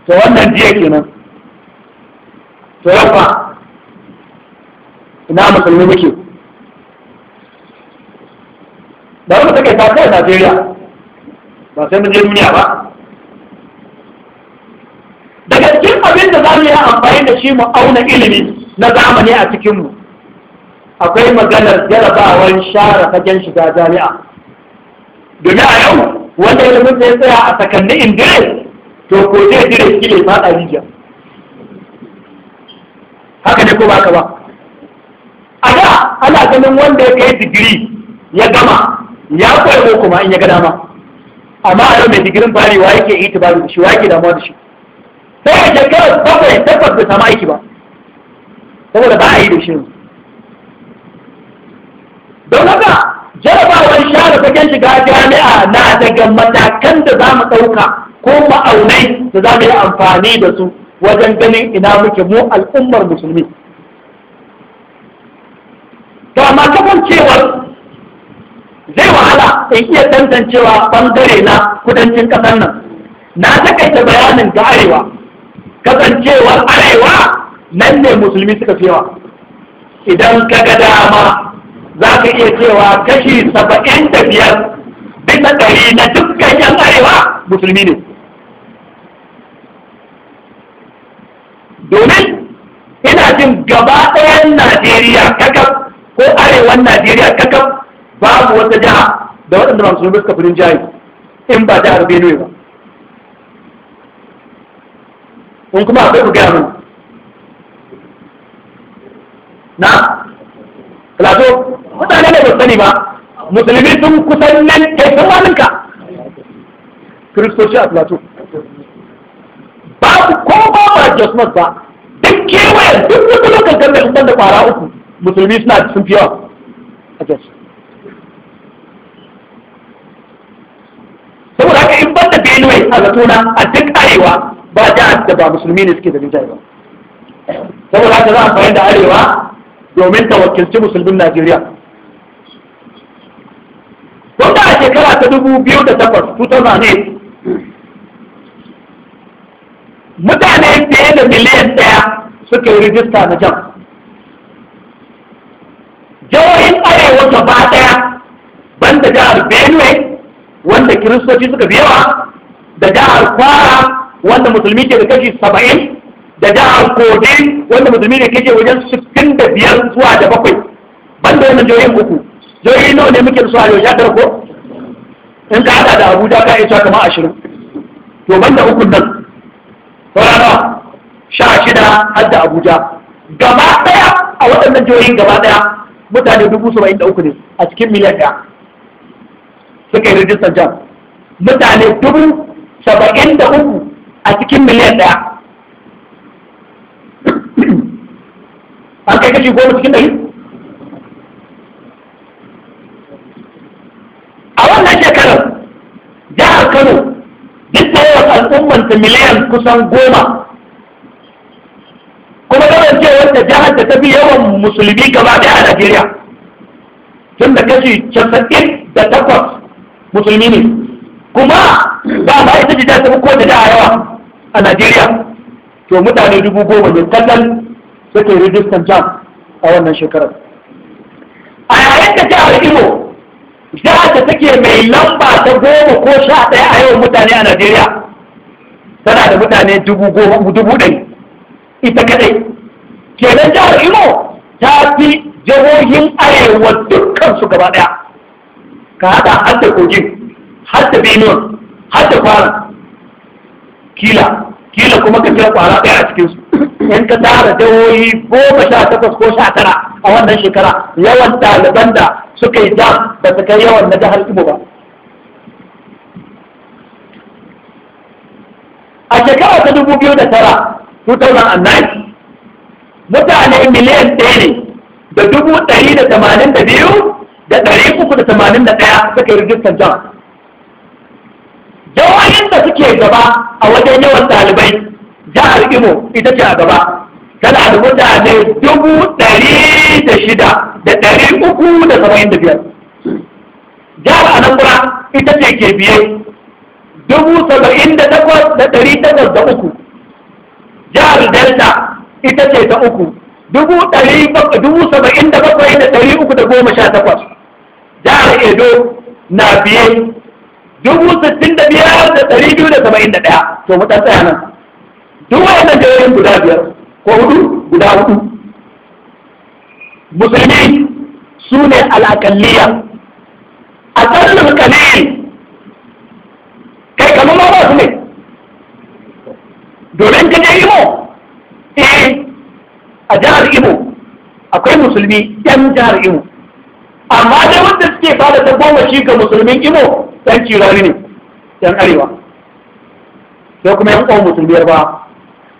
to wannan jiya kenan to yamma ina musulmi muke da wanda take ta kai Najeriya ba sai mun je duniya ba daga cikin abin da za mu yi amfani da shi mu auna ilimi na zamani a cikinmu akwai maganar jarabawar share fagen shiga jami'a domin a yau wanda mutu ya tsaya a sakanni indire to ko zai dire shi ne fada rijiya haka ne ko baka ba a da ana ganin wanda ya kai digiri ya gama ya ko kuma in ya ga dama amma a yau mai digirin bari wa yake itibaru da shi wa yake damuwa da shi sai ya kawai bakwai takwas bai sama aiki ba saboda ba a yi da shi don haka jarabawar share fagen shiga jami'a na daga matakan da za mu ɗauka ko ma'aunai da za mu yi amfani da su wajen ganin ina muke mu al'ummar musulmi to amma kasancewar zai wahala in iya tantancewa bangare na kudancin ƙasar nan na takaita bayanin ga arewa kasancewar arewa nan ne musulmi suka fi yawa idan ka ga dama za ka iya cewa kashi saba'in da biyar bisa ɗari na dukkan yan arewa musulmi ne domin ina jin gaba ɗayan najeriya kakaf ko arewan najeriya kakaf babu wata jiha da waɗanda ba musulmi suka fi jayi in ba jihar benue ba in kuma akwai ku gaya mana na plato mutane da ba sani ba musulmi sun kusan nan kai sun ka. kiristoci a plato babu ko ba ba josmas ba duk kewaye duk wata lokacin sun ban da kwara uku musulmi suna sun fi yawa a jos saboda haka in ban da benue a zatona a duk arewa ba jihar da ba musulmi ne suke da jihar ba saboda haka za a fahimta arewa domin ta wakilci musulmin Najeriya. Wanda a shekara ta dubu biyu da takwas, tutar ne, mutane fiye da miliyan ɗaya suka yi rijista na jam. Jihohin arewa gaba ɗaya banda jihar Benue wanda kiristoci suka biyawa da jihar Kwara wanda musulmi ke da kashi saba'in da jihar kogi wanda musulmi ne kake wajen sittin da biyar zuwa da bakwai ban da wannan jihohin uku jihohi nawa ne muke su a yau ya ko in ka hada da abuja ka isa kamar ashirin to ban da ukun nan saurara sha shida har da abuja gaba daya a waɗannan jihohin gaba daya mutane dubu saba'in da uku ne a cikin miliyan ɗaya suka yi rijistar jam mutane dubu saba'in da uku a cikin miliyan ɗaya an kai kashi goma cikin ɗari a wannan shekarar jihar kano duk da yawan al'ummanta miliyan kusan goma kuma kasancewar da jihar da ta fi yawan musulmi gaba da a najeriya tun da kashi casa'in da takwas musulmi ne kuma ba ba ita jihar ta fi kowace jihar yawa a najeriya to mutane dubu goma ne kasan suke yi rijistan jam a wannan shekarar a yayin da jihar imo jihar da take mai lamba ta goma ko sha ɗaya a yau mutane a najeriya tana da mutane dubu goma, dubu ɗari ita kadai kenan jihar imo ta fi jihohin arewa dukkan su gaba ɗaya ka haɗa har da kogin har da benin har da kwara kila kila kuma ka kira kwara ɗaya a cikinsu in ka tara jihohi goma sha takwas ko sha tara a wannan shekara yawan ɗaliban da suka yi jam da su kai yawan na jihar Imo ba a shekara ta dubu biyu da tara 2009 mutane miliyan ɗaya ne da dubu ɗari da tamanin da biyu da ɗari uku da tamanin da ɗaya suka yi rijistar jam jawayin da suke gaba a wajen yawan ɗalibai jihar Imo ita ce a gaba tana da mutane dubu ɗari da shida da ɗari uku da saba'in da biyar jihar Anambra ita ce ke biye dubu saba'in da takwas da ɗari takwas da uku jihar Delta ita ce ta uku dubu ɗari dubu saba'in da bakwai da ɗari uku da goma sha takwas jihar Edo na biye dubu sittin da biyar da ɗari biyu da saba'in da ɗaya to mu tsaya nan duk wayannan jayoyin guda biyar ko hudu guda hudu musulmi su ne al'akalliya a tsarin kalili kai kamar ma ba su ne domin ka je imo eh a jihar imo akwai musulmi yan jihar imo amma dai wanda suke ta da shi ga musulmin imo yan cirani ne yan arewa sai kuma yan uwan musulmiyar ba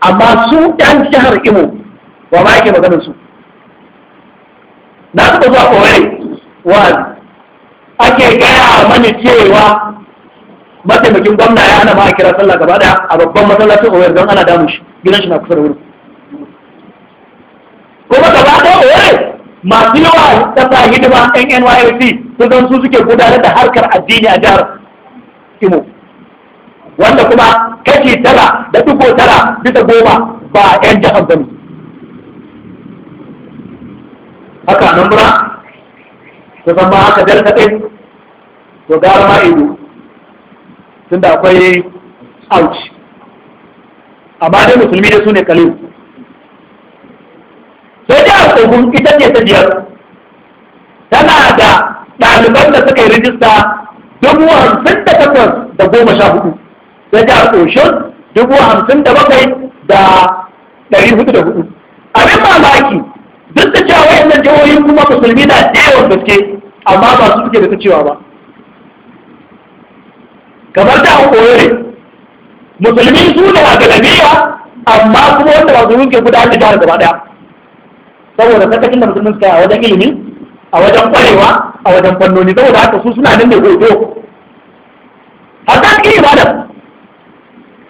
amma su ɗan jihar imo ba ma yake maganin su na taɓa zuwa kowai wa ake gaya mani cewa mataimakin gwamna ya hana ma a kira sallah gaba daya a babban masallacin kowai don ana damu shi gidan shi na kusa da wuri. kuma gaba daya kowai masu yawa sa hidima nnyc sun zan su suke gudanar da harkar addini a jihar imo wanda kuma kashi tara da dugo tara bisa goma ba yan jihar bane haka nan bura ta zama haka delta ɗin to gara ma ido da akwai ouch amma dai musulmi da su ne kalil sai jihar tsohon ita ce ta jiyar tana da ɗaliban da suka yi rijista dubu hamsin da takwas da goma sha hudu ta ja ƙoshin dubu hamsin da bakwai da ɗari hudu da hudu. Abin mamaki duk da cewa wayannan jihohin kuma musulmi na da gaske amma ba su suke da ta cewa ba. Kamar ta an koyore musulmi su ne a galamiya amma kuma wanda ba su ke guda da jihar gaba ɗaya. Saboda sakacin da musulmi suka a wajen ilimi a wajen kwarewa a wajen fannoni saboda haka su suna nan da hoto. Hatta cikin ibadar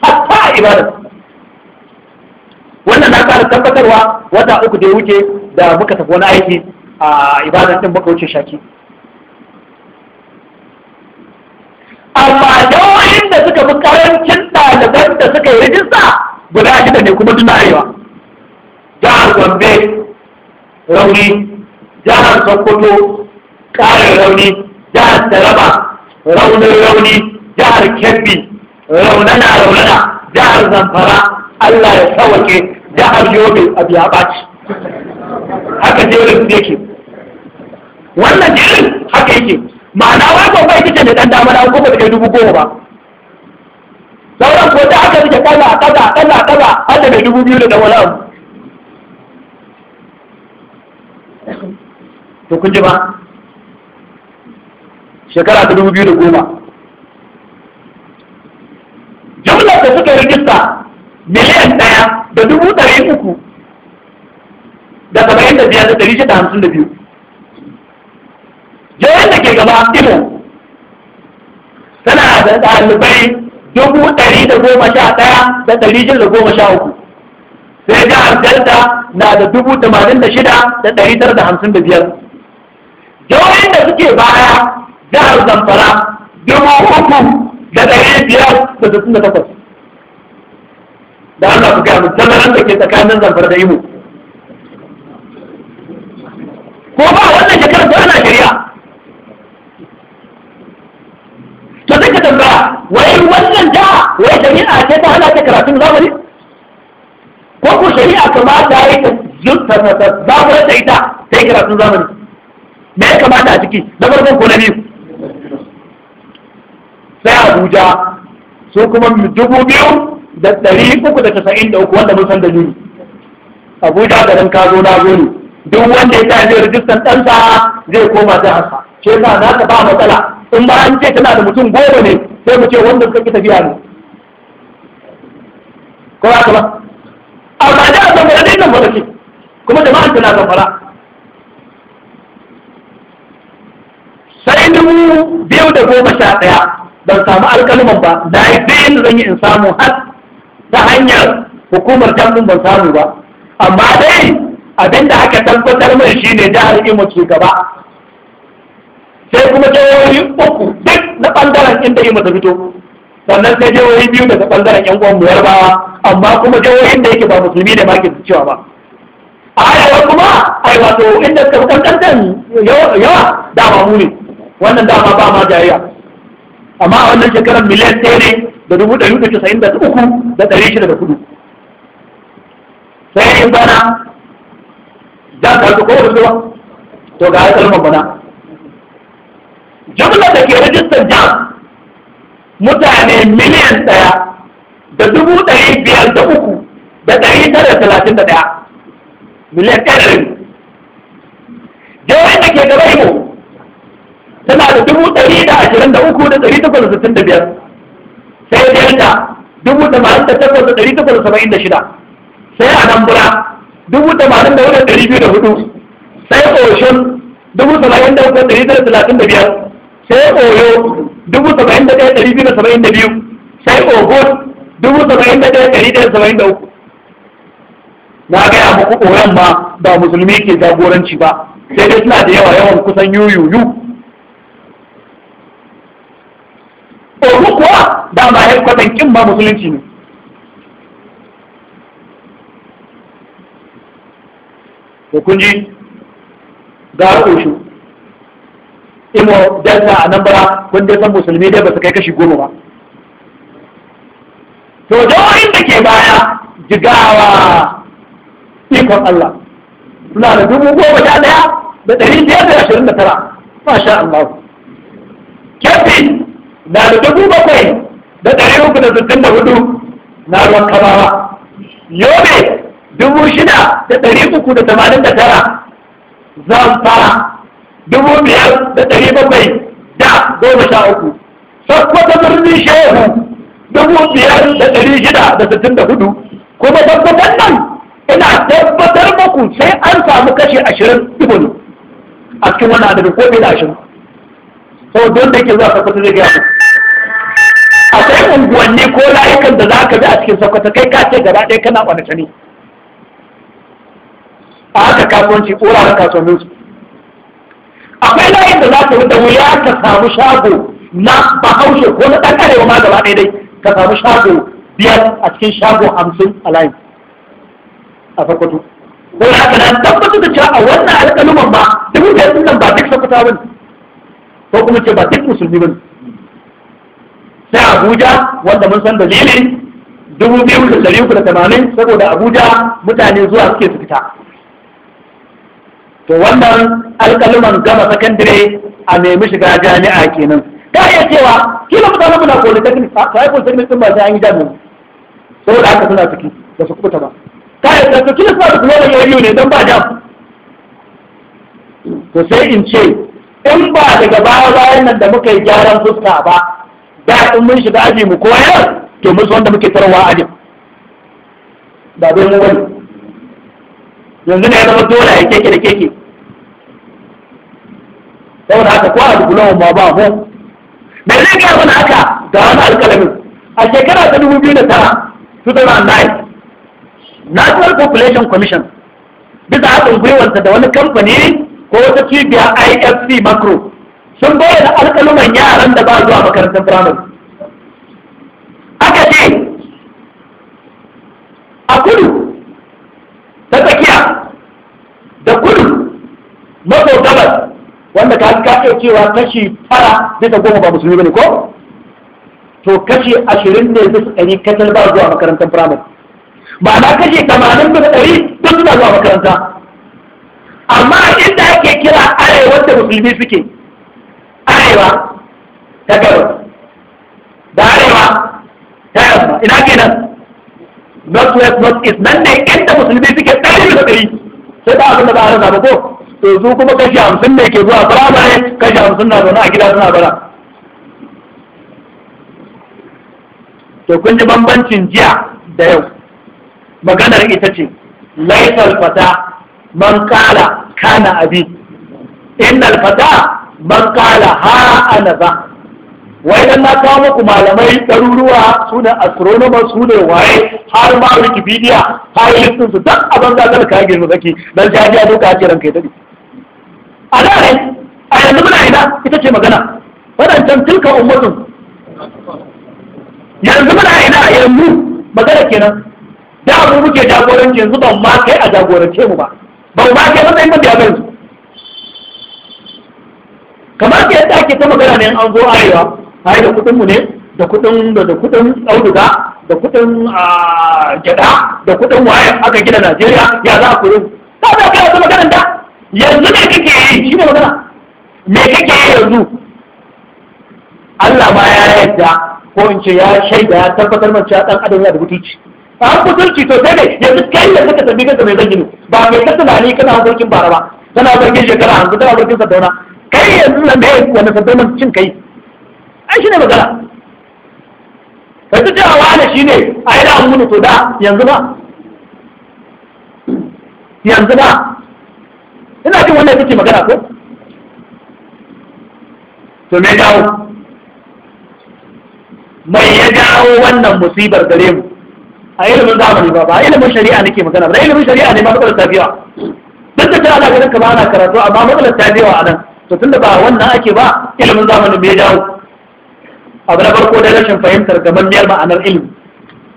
hatta a ibada wannan na ƙara tabbatarwa wata uku da ya wuce da muka tafi wani aiki a ibadar din muka wuce shaki amma yawayin da suka fi karancin ɗaliban da suka yi rijista guda shida ne kuma tuna arewa jihar gombe rauni jihar sokoto ƙarin rauni jihar taraba raunin rauni jihar kebbi raunana raunana jihar zamfara Allah ya sawake jihar yobe a biya ɓaci haka jerin yake wannan jerin haka yake ma'ana wai babbai kike da dan dama na ko da kai dubu goma ba sauran ko da aka rike kaza kaza kaza kaza har da dubu biyu da wani abu to kun ji ba shekara ta dubu biyu da goma da suka rijista miliyan ɗaya da dubu ɗari uku da saba'in da biyar da ɗari shida hamsin da biyu jihar da ke gaba imo tana da ɗalibai dubu ɗari da goma sha ɗaya da ɗari shida da goma sha uku sai jihar delta na da dubu tamanin da shida da ɗari tara da hamsin da biyar jihohin da suke baya jihar zamfara dubu uku da ɗari biyar da sittin da takwas da ana ku gaya musamman tazaran da ke tsakanin zamfara da ibo ko ba wannan shekarar da ana shirya to zai ka tambaya wai wannan da wai shari'a ce ta hana ta karatun zamani ko ko shari'a kamata ya ta zurta ta zamfara ta ita ta yi karatun zamani me ya kamata a ciki na farkon ko na biyu sai abuja su kuma dubu biyu da ɗari uku da casa'in da uku wanda mun san da ni, abuja da garin kazo na zo ne duk wanda ya zai rijistan ɗansa zai koma zai jiharsa ce sa za ka ba matsala in ba an ce tana da mutum goma ne sai mu ce wanda suka ƙi tafiya ne ko ba ba amma da a zamfara dai nan ba take kuma jama'an na zamfara sai dubu biyu da goma sha ɗaya ban samu alƙaluman ba da yi zan yi in samu har ta hanyar hukumar tamun ban samu ba amma dai abinda aka tabbatar mai ne jihar imo ce gaba sai kuma jihohi uku duk na ɓangaren inda imo ta fito sannan sai jihohi biyu daga ɓangaren yan uwan mu yarbawa amma kuma jihohin da yake ba musulmi da ma ke cewa ba a arewa kuma ai wato inda suka fi kankantan yawa dama mu ne wannan dama ba ma jayayya amma wannan shekarar miliyan ɗaya ne da dubu ɗari da casa'in da uku da ɗari shida da kudu sai in bana za ka haka kowar zuwa to ga haifar bana jumla da ke rajistar jam mutane miliyan ɗaya da dubu ɗari biyar da uku da ɗari tara talatin da ɗaya miliyan ɗaya da jawai da ke gaba imo tana da dubu ɗari da ashirin da uku da ɗari takwas da sittin da biyar sai delta dubu tamanin da takwas da ɗari takwas da saba'in da shida sai a nan anambra dubu tamanin da wuta ɗari biyu da hudu sai oshun dubu saba'in da hudu da ɗari tara talatin da biyar sai oyo dubu saba'in da ɗaya ɗari biyu da saba'in da biyu sai ogun dubu saba'in da ɗaya ɗari ɗaya saba'in da uku na gaya muku oyon ma ba musulmi ke jagoranci ba sai dai suna da yawa yawan kusan yuyuyu tsoro kuwa ba ya kwatan kin ba musulunci ne Hukunji ga ƙoshu imo delta a nan bara kun dai san musulmi dai ba su kai kashi goma ba to jawoyin da ke baya jigawa ikon Allah suna da dubu goma sha ɗaya da ɗari biyar da ashirin da tara masha Allah na da dubu bakwai da ɗari uku da sittin da hudu na ruwan kabawa yobe dubu shida da ɗari uku da tamanin da tara zamfara dubu biyar da ɗari bakwai da goma sha uku ta birnin shehu dubu biyar da ɗari shida da sittin da hudu kuma tabbatar nan ina tabbatar muku sai an samu kashi ashirin ibonu a cikin wani adadin ko da ashirin ko don da yake zuwa sakwata zai gaya a kai unguwanni ko layukan da za ka bi a cikin sakwata kai ka ce gaba ɗaya kana ɓanace tani a haka kasuwanci wuraren kasuwannin su akwai layin da za ka da wuya ka samu shago na bahaushe ko na ɗan arewa ma gaba ɗaya dai ka samu shago biyar a cikin shago hamsin a layin a farkwato. Wai haka na tabbatar da cewa a wannan alƙaluman ba duk da sun nan ba duk sakwata wani. ko kuma ce ba duk musulmi ba sai abuja wanda mun san dalilin dubu biyu da ɗari uku da tamanin saboda abuja mutane zuwa suke su fita to wannan alƙaluman gama sakandire a nemi shiga jami'a kenan ta iya cewa kila mutanen muna polytechnic ta yi polytechnic ɗin ba sai an yi jami'a saboda haka suna ciki da su kubuta ba ta iya cewa kila suna da kula da yau ne don ba jam to sai in ce in ba daga baya bayan nan da muka yi gyaran fuska ba da in mun shiga aji mu koyar to musu wanda muke tarwa ajin ba don mu wani yanzu ne ya zama dole ya keke da keke da haka ko a dubulan ma ba mu da zai gaya mana haka ga wani alƙalamin a shekara ta dubu biyu da tara Su 2009 National Population Commission bisa haɗin gwiwarsa da wani kamfani ko wata cibiyar IFC macro sun bayyana alƙaluman yaran da ba zuwa makarantar firamare aka ce a kudu ta tsakiya da kudu maso gabas wanda ka ka cewa kashi fara bisa goma ba musulmi bane ko to kashi ashirin ne bisa ɗari kasar ba zuwa makarantar firamare ma'ana kashi tamanin bisa ɗari duk zuwa makaranta amma inda ake kira arewa da musulmi suke arewa ta gaba da arewa ta yamma ina kenan north west north east nan ne inda musulmi suke tsari da tsari sai ba abin da ba a rasa ba ko to su kuma kashi hamsin ne ke zuwa firamare kashi hamsin na zaune a gida suna bara to kun ji bambancin jiya da yau maganar ita ce laifar fata man kala kana abi innal fata man kala ha ana ba wai na kawo muku malamai ɗaruruwa su ne astronomers su ne waye har ma wikipedia har listin su duk abin da zan kayan girma zaki dan jajiya duka ake ranka kai dade a da a yanzu muna ina ita ce magana wadancan tilka ummatun yanzu muna ina yanzu magana kenan da abu muke jagoranci yanzu ban ma kai a jagorance mu ba ba ke matsayin mabiya kansu kamar ke yadda ake ta magana ne an zo arewa har da kuɗin mu ne da kudin da da kuɗin auduga da kudin ah, gyada da kudin waye aka gina Najeriya ya za a kuɗin ta za ka yasa maganar da yanzu ne kake yi shi ne magana me kake yi yanzu Allah ma ya yarda ko in ce ya shaida ya tabbatar mace cewa dan adam yana da mutunci ba an kusurci to sai ne yanzu kai da suka tabi kanka mai zargin ba mai ka tunani kana sarkin bara ba kana zargin shekara hanzu kana sarkin sadauna kai yanzu nan da wani sadaunan cin kai ai shi ne magana ka ta cewa wani shi ne a yi da muni to da yanzu ba yanzu ba ina jin wannan kake magana ko to me dawo mai ya dawo wannan musibar gare mu a ilimin zamani ba ba ilimin shari'a nake magana ba ilimin shari'a ne ma matsalar tafiya duk da tana ganin kamar ana karatu amma matsalar tafiya a nan to tunda ba wannan ake ba ilimin zamani bai dawo abu na farko da rashin fahimtar gamammiyar ma'anar ilimi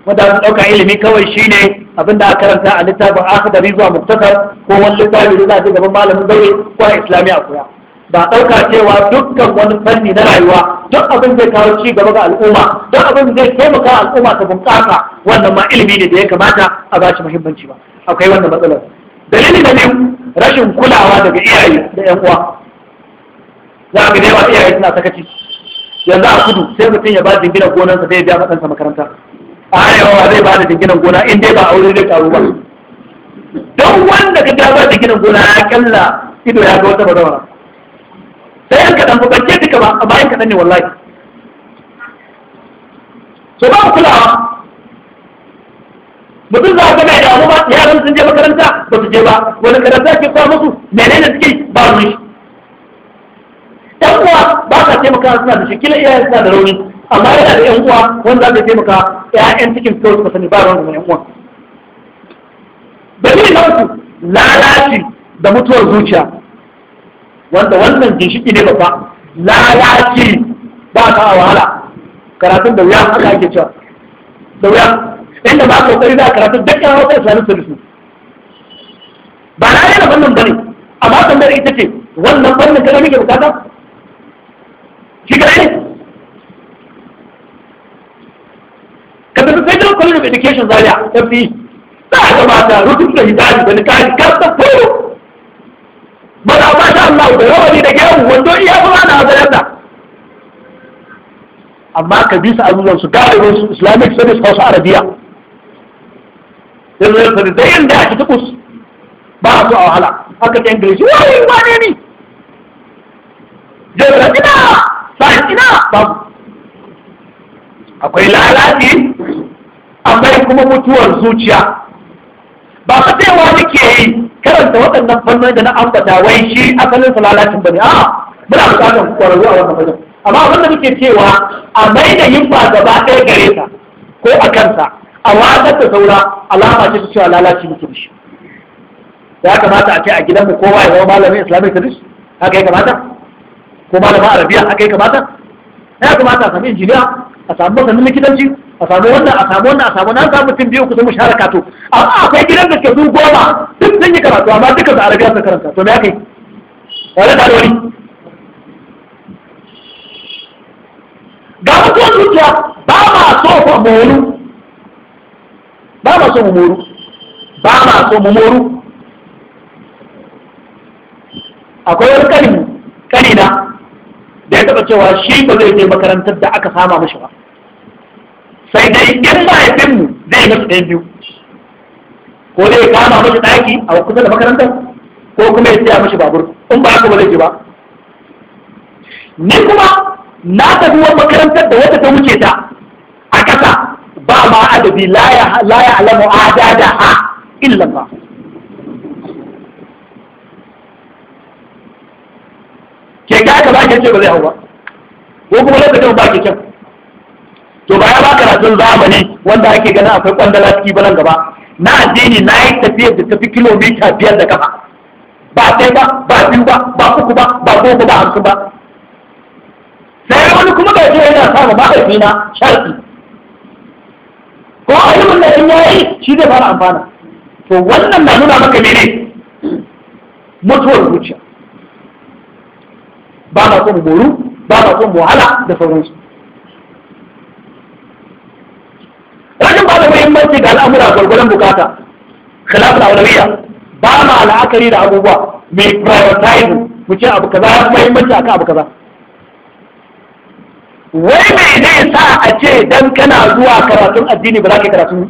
wanda su ɗauka ilimi kawai shine abin da aka karanta a littafin akadari zuwa muktasar ko wani littafi da za a ce gaban malamin daure ko a islamiyya koya ba ɗauka cewa dukkan wani fanni na rayuwa duk abin zai kawo ci gaba ga al'umma duk abin zai taimaka al'umma ta bunƙasa wannan ma ilimi ne da ya kamata a ba shi muhimmanci ba akwai wannan matsalar dalili na biyu rashin kulawa daga iyaye da yan uwa za ga dai iyaye suna sakaci yanzu a kudu sai mutum ya ba jinginan gonarsa zai biya matsansa makaranta a arewa zai ba da jinginan gona in dai ba aure zai karu ba don wanda ka ba jinginan gona ya kalla ido ya ga wata bazawara sai ka dan ban ce duka ba bayan kaɗan ne wallahi so ba kulawa mutum za a ga mai damu ba yaran sun je makaranta ba su je ba wani kadan za ki kwa musu menene suke ba mu shi uwa ba sa taimaka suna da shekila iyayen suna da rauni amma yana da 'yan uwa wanda zai ka taimaka ƴaƴan cikin kawai ba sani ba rauni 'yan ƴan uwa dalilin na wasu lalaci da mutuwar zuciya wanda wannan ginshiki ne babba lalaci ba ta a wahala karatun da wuya aka ake cewa da wuya inda ba ka kokari a karatun duk yan wata islamic service ba na yana wannan bane amma tambayar ita ce wannan wannan kana muke bukata shi gare ne ka tafi federal college of education zaria ta e. fi ta ga mata rukun da hijabi da ni ka ta furo ba da ba sha Allah da rawani da gewu wando iya kuma na hazarin da amma ka bi su azuran su galibin su islamic studies hausa arabiya yanzu yanzu da dai da ake tukus ba su a wahala haka ta ingilishi wani wane ne jirgin ina sa'in ina babu akwai lalaci akwai kuma mutuwar zuciya ba ka cewa nake yi karanta waɗannan fannoni da na ambata wai shi asalin su lalacin ba ne a muna buƙatar ƙwararru a wannan fannin amma abin da muke cewa a mai da yin ba gaba ɗaya gare ka ko a kansa a watsar da saura alama ce ta cewa lalaci muke da shi ya kamata a ce a gidanmu kowa ya zama malamin islamic studies haka ya kamata ko malamin arabiya haka ya kamata ya kamata a sami injiniya a samu masanin likitanci a samu wannan a samu wannan a samu na samu mutum biyu kusa musharaka to amma akwai gidan da ke su goma duk sun yi karatu amma dukkan su arabiya sun karanta to me aka yi wani da wani ga mutuwar zuciya ba ma so mu moru ba ma so mu moru ba ma so mu moru akwai wani kanin kanina da ya taba cewa shi ba zai je makarantar da aka sama mashi ba sai dai in mahaifinmu zai musu ɗaya biyu ko zai kama mashi ɗaki a kusa da makarantar ko kuma ya siya mashi babur in ba haka ba zai ji ba ni kuma na tafi wani makarantar da wata ta wuce ta a ƙasa ba ma adabi la ya alamu adada ha illan ba ke ka ba ke ce ba zai hau ba ko kuma lokacin ba ke can to ba ya ba karatun zamani wanda ake ganin akwai kwandala ciki ba nan gaba na addini na yi tafiyar da tafi kilomita biyar da kafa ba sai ba ba biyu ba ba uku ba ba goma ba hamsin ba sai wani kuma bai ce yana samu mahaifi na sharki ko a yi wanda da in yayi shi zai fara amfana to wannan na nuna maka mene mutuwar zuciya ba na son boru ba na son wahala da sauransu wannan ba da muhimmanci ga al'amura gwargwadon bukata khilafin aulawiyya ba ma la'akari da abubuwa mai prioritize mu ce abu kaza ya muhimmanci akan abu kaza wai mai zai sa a ce dan kana zuwa karatun addini ba za ka karatu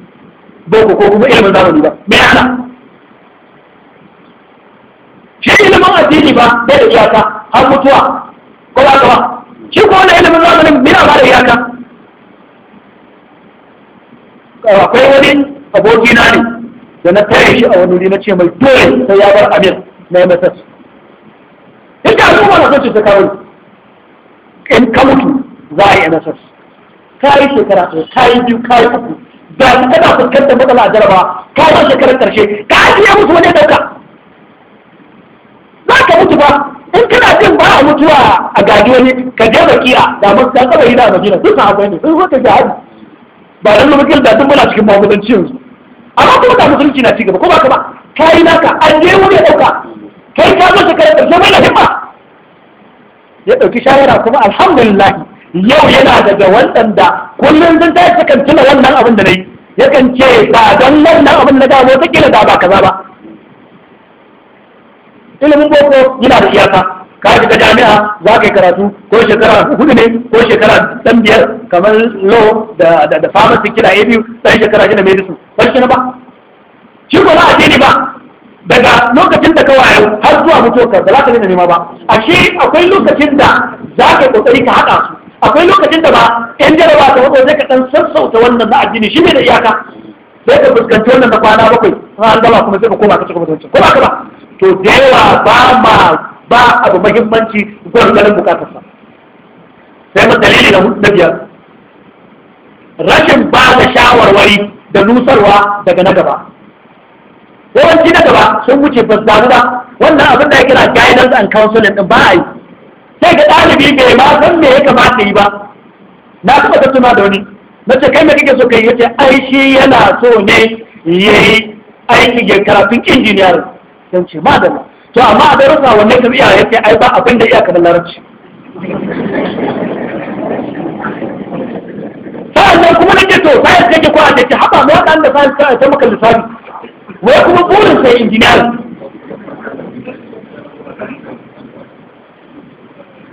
boko ko kuma ilimin zamani ba me ana shi ilimin addini ba bai da iyaka har mutuwa ko ba ka ba shi ko wani ilimin zamani mina ba da iyaka akwai wani abokina ne da na tare shi a wani wuri na ce mai dole sai ya bar abin na MSS yadda zuwa na sun ta kawo in ka mutu za a yi MSS ka yi shekara ta, ka yi biyu ka yi uku da su kana fuskantar matsala a jaraba ka yi shekarar karshe ka ajiye musu wani ɗauka za ka mutu ba in kana jin ba a mutuwa a gaji wani ka je bakiya da masu ta kaba yi da majina duk sa akwai ne sun zo ka jihadi ba dan lokacin da duk muna cikin magudanci yanzu amma kuma da musulunci na cigaba ko ba ka ba yi naka a je wuri ya dauka kai ka zo shekara da zama da himma ya dauki shawara kuma alhamdulillah yau yana daga waɗanda kullum sun tashi sukan tuna wannan abin da na nayi yakan ce ba dan wannan abin na dawo ta kila da ba kaza ba ilimin boko yana da iyaka ka shiga jami'a za ka yi karatu ko shekara hudu ne ko shekara dan biyar kamar law da famasi pharmacy kira a biyu sai shekara shida medicine ba shi ba shi ko ba a ne ba daga lokacin da ka 'yau har zuwa mutuwarka da za ka nema ba A shi akwai lokacin da za ka yi kokari ka haɗa su akwai lokacin da ba yan jaraba ta wato zai ka ɗan sassauta wannan na addini shi ne da iyaka sai ka fuskanci wannan da kwana bakwai an gama kuma sai ka koma ka cika mutunci ko ba ka ba to da yawa ba ma ba abu mahimmanci gwargwaron bukatarsa sai mu dalili na biyar rashin ba da shawarwari da nusarwa daga na gaba yawanci na gaba sun wuce ba zaru ba wannan abin da ya kira guidance and counseling din ba a yi sai ga ɗalibi bai ma san me ya kamata yi ba na taɓa tattuna da wani na ce kai me kake so kai yace ai shi yana so ne yayi aiki ga karatun injiniyar ma ce madalla to amma a darussa wanne ka ya yake ai ba abin da iya kamar larabci sa'annan kuma nake to sai ke ko a tace haba mu wadan da sai ta maka lissafi wai kuma burin sai injiniyar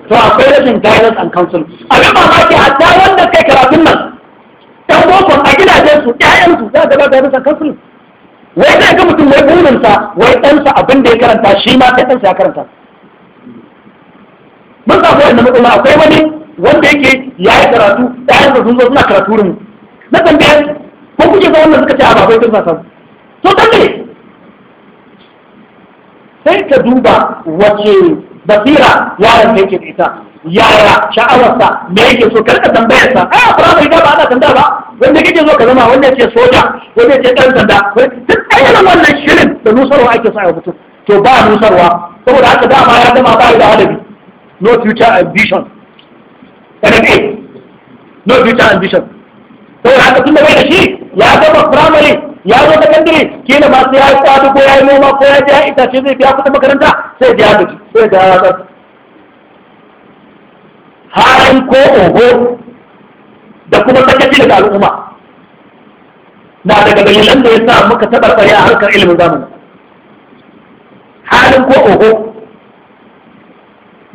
to akwai rashin guidance and counsel abin mamaki hatta wanda kai karatun nan dan bokon a gidajen su ƴaƴan su za ga ba guidance and counsel wai zai ga mutum wai burinsa wai ɗansa abin da ya karanta shi ma sai ɗansa ya karanta mun samu wani matsala akwai wani wanda yake ya yi karatu da sun zo suna karatu wurin na tambaya ko kuke ga wannan suka ce a babai sun samu to tambaye sai ka duba wace basira yaron ka yake da ita yaya sha'awarsa me yake so karka tambayar sa a ah, primary da ba ana tambaya ba wanda kake zo ka zama wanda ce soja wanda ce dan sanda duk ayyana wannan shirin da nusarwa ake sa a mutum to ba nusarwa saboda haka dama ya zama ba da hadabi no future ambition ne no future ambition saboda haka tun da bai da shi ya zama primary ya zo secondary kila ba sai ya yi kwado ko ya yi noma ko ya je itace zai biya kuɗin makaranta sai ya je ya sai ya je halin ko ogo da kuma sakaci daga al'umma na daga dalilan da ya sa muka taɓa tsaye a harkar ilimin zamani halin ko ogo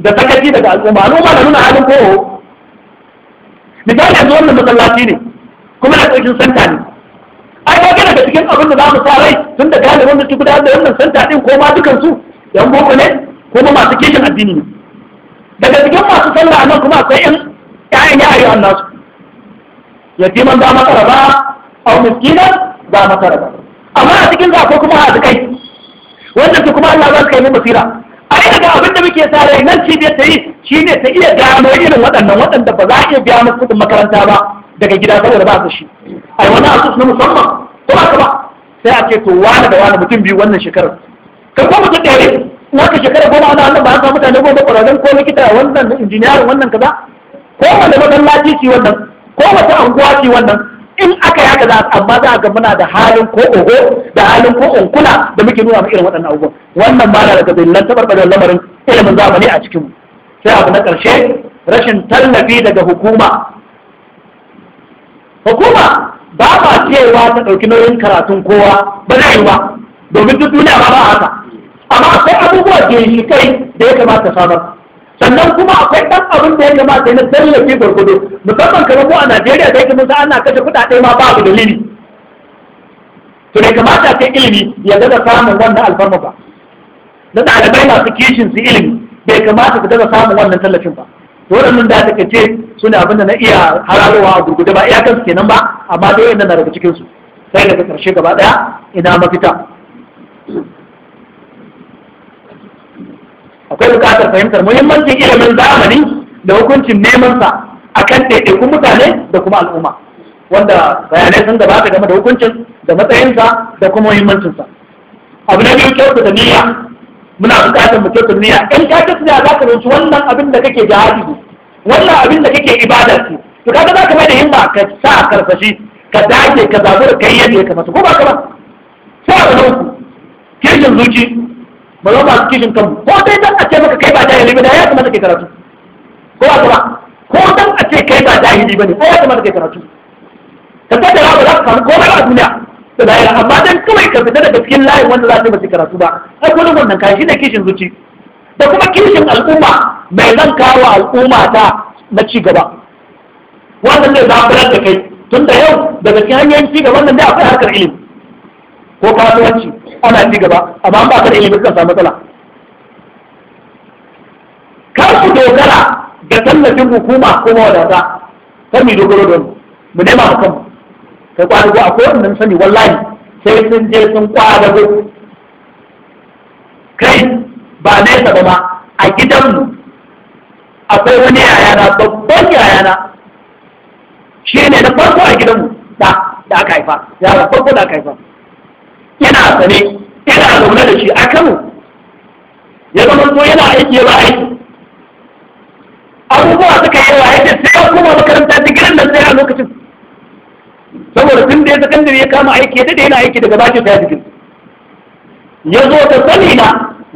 da sakaci daga al'umma al'umma na nuna halin ko ogo misali yanzu wannan masallaci ne kuma na cikin santa ne ai ba daga cikin abin da za mu sa rai tun da galibin da ci gudanar da wannan santa ɗin ko ma dukansu yan boko ne ko ma masu kishin addini ne daga cikin masu sallah nan kuma akwai yan ƴaƴan yayayen nasu yatiman za maka aw miskinan za maka amma a cikin zako kuma a kai wannan su kuma Allah za su kai mu basira ai daga abin da muke sa nan cibiyar ta yi shi ne ta iya gano irin waɗannan waɗanda ba za a iya biya musu kuɗin makaranta ba daga gida saboda ba su shi ai wani asus na musamman ko ba ka ba sai a ce to wani da wani mutum biyu wannan shekarar kan kuma mutum ɗaya Na shekara goma ana wannan ba an samu mutane goma kwararren ko likita wannan injiniyar wannan kaza ko wanda masallaci ci wannan ko wata anguwa ci wannan in aka yi haka za a amma za a ga muna da halin ko oho da halin ko onkula da muke nuna irin waɗannan abubuwan wannan ba na daga dalilan tabarbarar lamarin ilimin zamani a cikinmu sai abu na ƙarshe rashin tallafi daga hukuma hukuma ba ma cewa ta ɗauki nauyin karatun kowa ba zai yi ba domin duk duniya ba ba haka amma akwai abubuwa kai da ya kamata samar sannan kuma akwai ɗan abin da ya kamata na tallafi gwargwado musamman kamar mu a najeriya da yake musa ana kashe kuɗaɗe ma babu dalili to ne kamata kai ilimi ya daga samun wannan alfarma ba na ɗalibai masu kishin su ilimi bai kamata ka daga samun wannan tallafin ba to waɗannan da ta kace su ne abin na iya hararowa a gurgude ba su kenan ba amma dai yadda na daga cikinsu sai daga ƙarshe gaba ɗaya ina mafita akwai bukatar fahimtar muhimmancin ilimin zamani da hukuncin neman sa akan ɗaiɗaikun mutane da kuma al'umma wanda bayanai sun gabata game da hukuncin da matsayin sa, da kuma sa abu na biyu kyautu da niyya muna bukatar mu kyautu da niyya in ka kyautu da za ka rinci wannan abin da kake jihadi ne wannan abin da kake ibadar ki? to kaga za ka mai da himma ka sa karfashi ka dace ka zabi ka kai yadda ya kamata ko ba ka ba sai abu na uku kirkin zuci ba za su kishin kanmu ko dai dan a ce maka kai ba jahili ba da ya kamata kai karatu ko ba ba ko dan a ce kai ba jahili ba ne ko ya kamata kai karatu ka tattara ba za ka samu ba a duniya da lahira amma dan kawai ka fita daga cikin layin wanda za su ba karatu ba ai gudun wannan kayan shi ne kishin zuci da kuma kishin al'umma mai zan kawo al'umma ta na ci gaba wannan zai zafirar da kai tun da yau daga cikin hanyoyin ci nan da akwai harkar ilimi ko kasuwanci ana ci gaba amma an ba ka ilimi kan samu matsala kar ku dogara ga tallafin hukuma ko mawadata kar mu dogara da mu mu nema mu kanmu kai kwadago a kowannan sani wallahi sai sun je sun kwadago kai ba ka ba ma a gidanmu akwai wani yayana babban yayana shi ne na farko a gidanmu da da aka haifa yara farko da aka haifa yana ne yana zaune da shi a kano ya zama so yana aiki ya ba aiki abubuwa suka yi wa yake sai ya koma makaranta digirin nan sai a lokacin saboda tun da ya sakandare ya kama aiki ya daɗe yana aiki daga bakin ta jikin ya zo ta sani na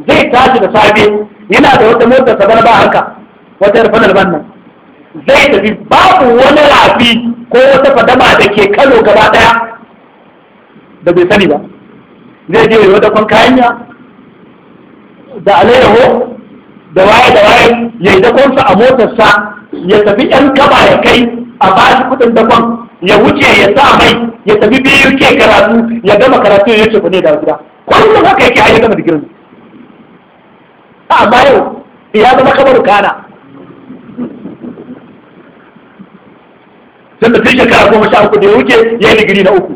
zai tashi da safe yana da wata motsa sabar ba haka wata rufanar ban nan zai tafi babu wani rafi ko wata fadama da ke kano gaba daya da bai sani ba zai je wata kwan kayanya, da alayyaho da waye da waye ya yi dakonsa a motarsa ya tafi yan kaba ya kai a ba shi kudin dakon ya wuce ya sa mai ya tafi biyu ke karatu ya gama karatu ya ce ne da gida da haka yake ya gama girma amma yau ya zama kamar kana sun da tun shekara goma sha uku da ya wuce ya yi digiri na uku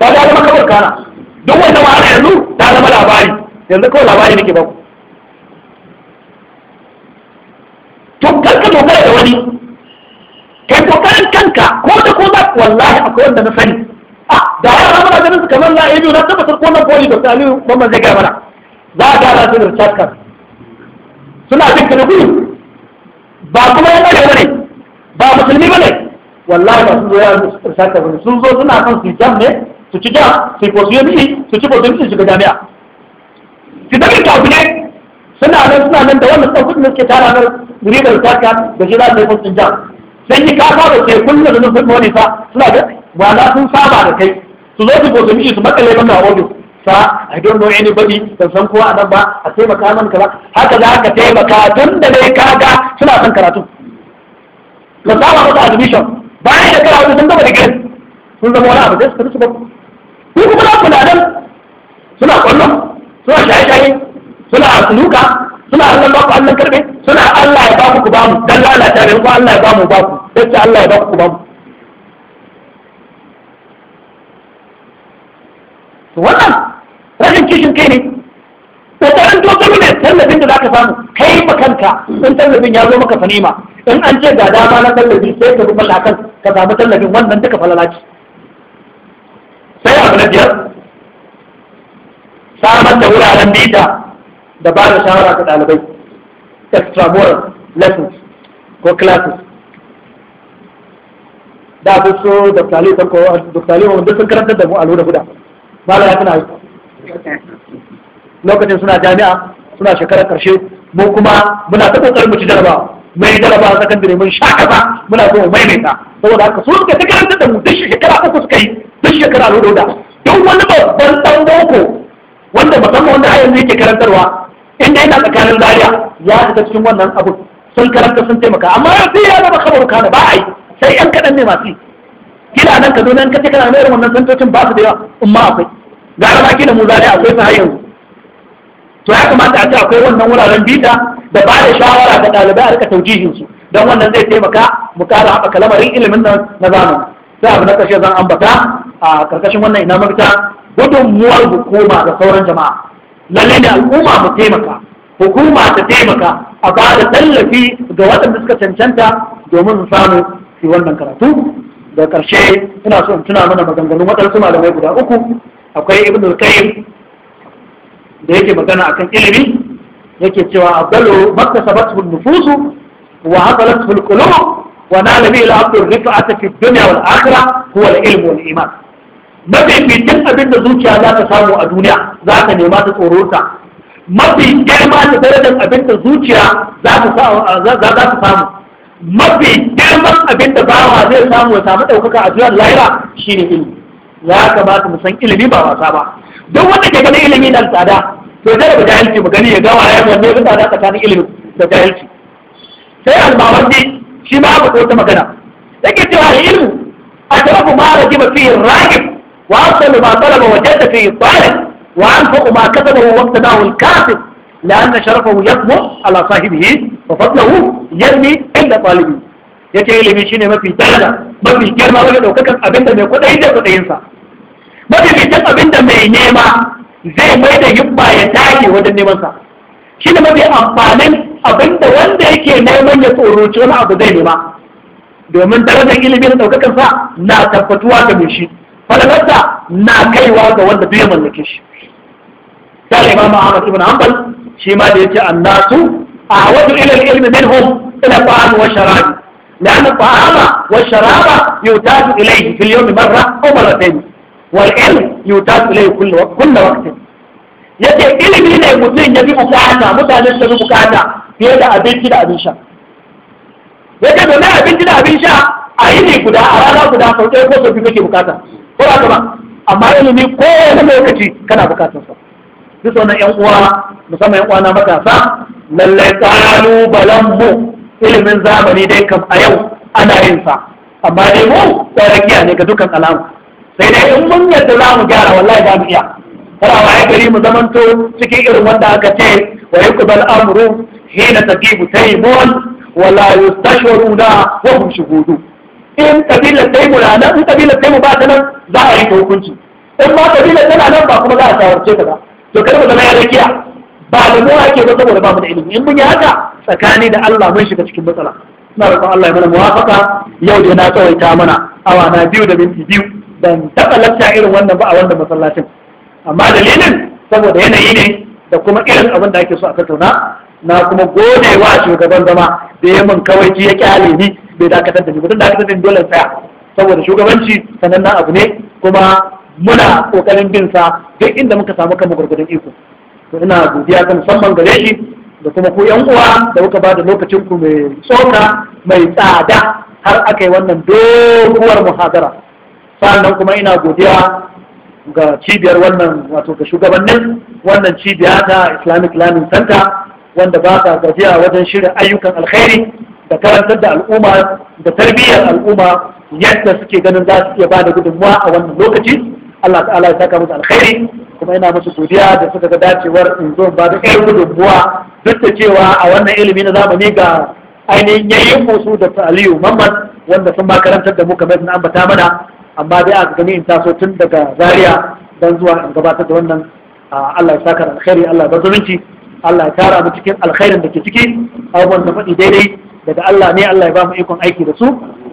ba a zama kamar kana duk wata wahala yanzu ta zama labari yanzu kawai labari nake ba ku to kanka dogara da wani kai kokarin kanka ko da ko ba wallahi akwai wanda na sani ah, da yara mana ganin su kamar la'ayi biyu na tabbatar ko nan poli dr aliyu mamman zai gaya mana za a gara su da rishakar suna bin ka gudu ba kuma ya tsare ba ne ba musulmi ba ne wallahi ba su zo yara rishakar ba ne sun zo suna kan su jam ne su ci ja su ko su yi su ci ko su yi shiga jami'a ki da kika ne suna nan suna nan da wannan dan kudin da suke tara nan ribar taka da shi za su yi kudin sai ki ka fara sai kullum da nan kudin wani fa suna da wala sun saba da kai su zo su ko su yi su makale mana audio fa I don't know anybody ban san kowa a nan ba a taimaka man kaza haka za ka taimaka tun da dai ga suna son karatu ka saba masa admission bayan da karatu sun zama da digiri sun zama wani abu da su ba ku kuma za ku na nan suna kwallon suna shaye-shaye suna luka suna Allah ba ku Allah karbe suna Allah ya ba ku ba mu dan lalata ne ko Allah ya ba mu ba ku dace Allah ya ba ku ba mu wannan rashin kishin kai ne kokarin dogaro ne tallafin da ka samu kai ba kanka in tallafin ya zo maka fanima in an ce ga dama na tallafi sai ka rubuta kan ka samu tallafin wannan duka falala ce abu na biyar samar da wuraren bita da ba da shawara ga ɗalibai extramural lessons ko classes da su so da tali ko da wanda sun karanta da mu a lura guda ba da tana lokacin suna jami'a suna shekarar karshe mu kuma muna ta kokarin mu ci jarabawa mai jaraba a sakandare mun sha kaza muna so maimaita saboda haka so suka ta karanta da mu duk shekara uku suka yi duk shekara hudu da duk wani babban dan boko wanda musamman wanda a yanzu yake karantarwa in yana na tsakanin zaria ya shiga cikin wannan abu sun karanta sun taimaka amma sai ya zama kamar kana ba a yi sai yan kaɗan ne masu yi nan ka zo nan ce kana mayar wannan santocin ba su da yawa in ma akwai gara ma kila mu zaria akwai su har yanzu to ya kamata a ce akwai wannan wuraren bita da ba da shawara ga ɗalibai a rika taujihinsu don wannan zai taimaka mu kara haɓaka lamarin ilimin nan na zamani sai abu na ƙarshe zan ambata a ƙarƙashin wannan ina mafita gudunmuwar hukuma da sauran jama'a lalle ne al'umma mu taimaka hukuma ta taimaka a ba da tallafi ga waɗanda suka cancanta domin su samu su wannan karatu da ƙarshe ina so in tuna mana maganganun waɗansu malamai guda uku akwai ibn al da yake magana akan ilimi yake cewa abdalu maktasabat nufusu wa asalat qulub wa nala bi al-abdu rifa'ata fi dunya wal akhirah huwa al-ilm wal iman mafi fitin abin da zuciya za ta samu a duniya za ta nema ta tsorota mafi girma da darajar abin da zuciya za ta samu mafi girman abin da bawa zai samu ya samu ɗaukaka a duniyar lahira shine ilimi ya kamata mu san ilimi ba wasa ba duk wanda ke ganin ilimi nan tsada to da ba jahilci mu gani ya ga wa ya wanne rubuta da tsakanin ilimi da jahilci sai al-mawardi shi ma abu wata magana yake cewa al-ilmu atrafu ma rajiba fihi ar-ragib wa asalu ma talaba wajada fihi talib wa anfaqu ma kasabahu waqtadahu al-kasib لأن شرفه يكبر على صاحبه وفضله يرمي إلا طالبه yake ilimi shine mafi daraja mafi girma wajen daukakan abinda mai kudayi da kudayinsa mafi fitan abinda mai nema zai mai da himma ya tashi wajen neman sa shi ne mafi amfanin abinda wanda yake neman ya tsoro tsoroci wani abu zai nema domin darajar ilimi da daukakar sa na tabbatuwa ga mai shi falalarsa na kaiwa ga wanda bai mallake shi sai imamu ahmad ibn hanbal shi ma da yake annasu a wajen ilil ilmi minhum ila ta'am wa sharabi لأن الطعام والشراب يحتاج إليه في اليوم مرة أو مرتين yau ta yutas ilai kullu kullu Ya yace ilimi ne mutum ya bi bukata mutanen su bi bukata fiye da abinci da abin sha yace domin abinci da abin sha a yi ne guda a rana guda sau ɗaya ko sau biyu kake bukata ko ba ba amma ilimi ko wani lokaci kana bukatar sa duk wannan yan uwa musamman yan uwa na matasa lallai balan mu ilimin zamani dai kam a yau ana yin sa amma dai mu tsarakiya ne ga dukkan alamu sai dai in mun yadda za mu gyara wallahi za mu iya kada wa ya gari mu zamanto cikin irin wanda aka ce wa yuqbal amru hina taqibu taybun wa la wa hum shuhudu in kabilar taimu na nan in kabilar taimu ba ta nan za a yi hukunci in ma kabilar tana nan ba kuma za a shawarce ta ba to kar mu zama ya rakiya ba da mu ake ba saboda ba mu da ilimi in mun yi haka tsakani da Allah mun shiga cikin matsala ina roƙon Allah ya mana muwafaka yau da na tsawaita mana awa na biyu da minti biyu ban taɓa lafta irin wannan ba a wannan masallacin amma dalilin saboda yanayi ne da kuma irin abin da ake so a tattauna na kuma gode wa shugaban zama da ya min kawai ya kyale ni bai dakatar da ni mutum dakatar da ni dole tsaya saboda shugabanci sanannen abu ne kuma muna kokarin bin sa duk inda muka samu kanmu gurgurdan iko to ina godiya kan musamman gare shi da kuma ku yan uwa da kuka ba da lokacin ku mai tsoka mai tsada har aka yi wannan doguwar muhadara sannan kuma ina godiya ga cibiyar wannan wato ga shugabannin wannan cibiya ta Islamic Learning Center wanda ba ta gajiya wajen shirya ayyukan alkhairi da karantar da al'umma da tarbiyyar al'umma yadda suke ganin za su iya ba da gudunmuwa a wannan lokaci Allah ta'ala ya saka musu alkhairi kuma ina musu godiya da suka ga dacewar in zo ba da irin gudunmuwa duk da cewa a wannan ilimi na zamani ga ainihin yayin musu da Aliyu Mamman wanda sun ma karantar da mu kamar na ambata mana amma dai a gani in taso tun daga Zariya don zuwa in gabatar da wannan Allah ya saka alkhairi Allah ya zumunci Allah ya tara mu cikin alkhairin da ke ciki abubuwan da faɗi daidai daga Allah ne Allah ya ba mu ikon aiki da su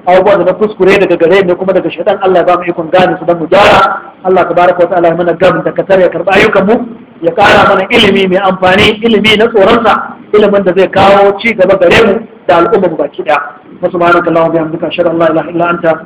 abubuwan da na kuskure daga gare ne kuma daga shaitan Allah ya ba mu ikon gane su don mu gyara Allah tabaraka wa ta'ala ya mana gamin da katar ya karba ayyukan mu ya kara mana ilimi mai amfani ilimi na tsoronsa ilimin da zai kawo ci gaba gare mu da al'umma mu baki ɗaya. wasu ma'anakallahu duka shar Allah ilaha illa anta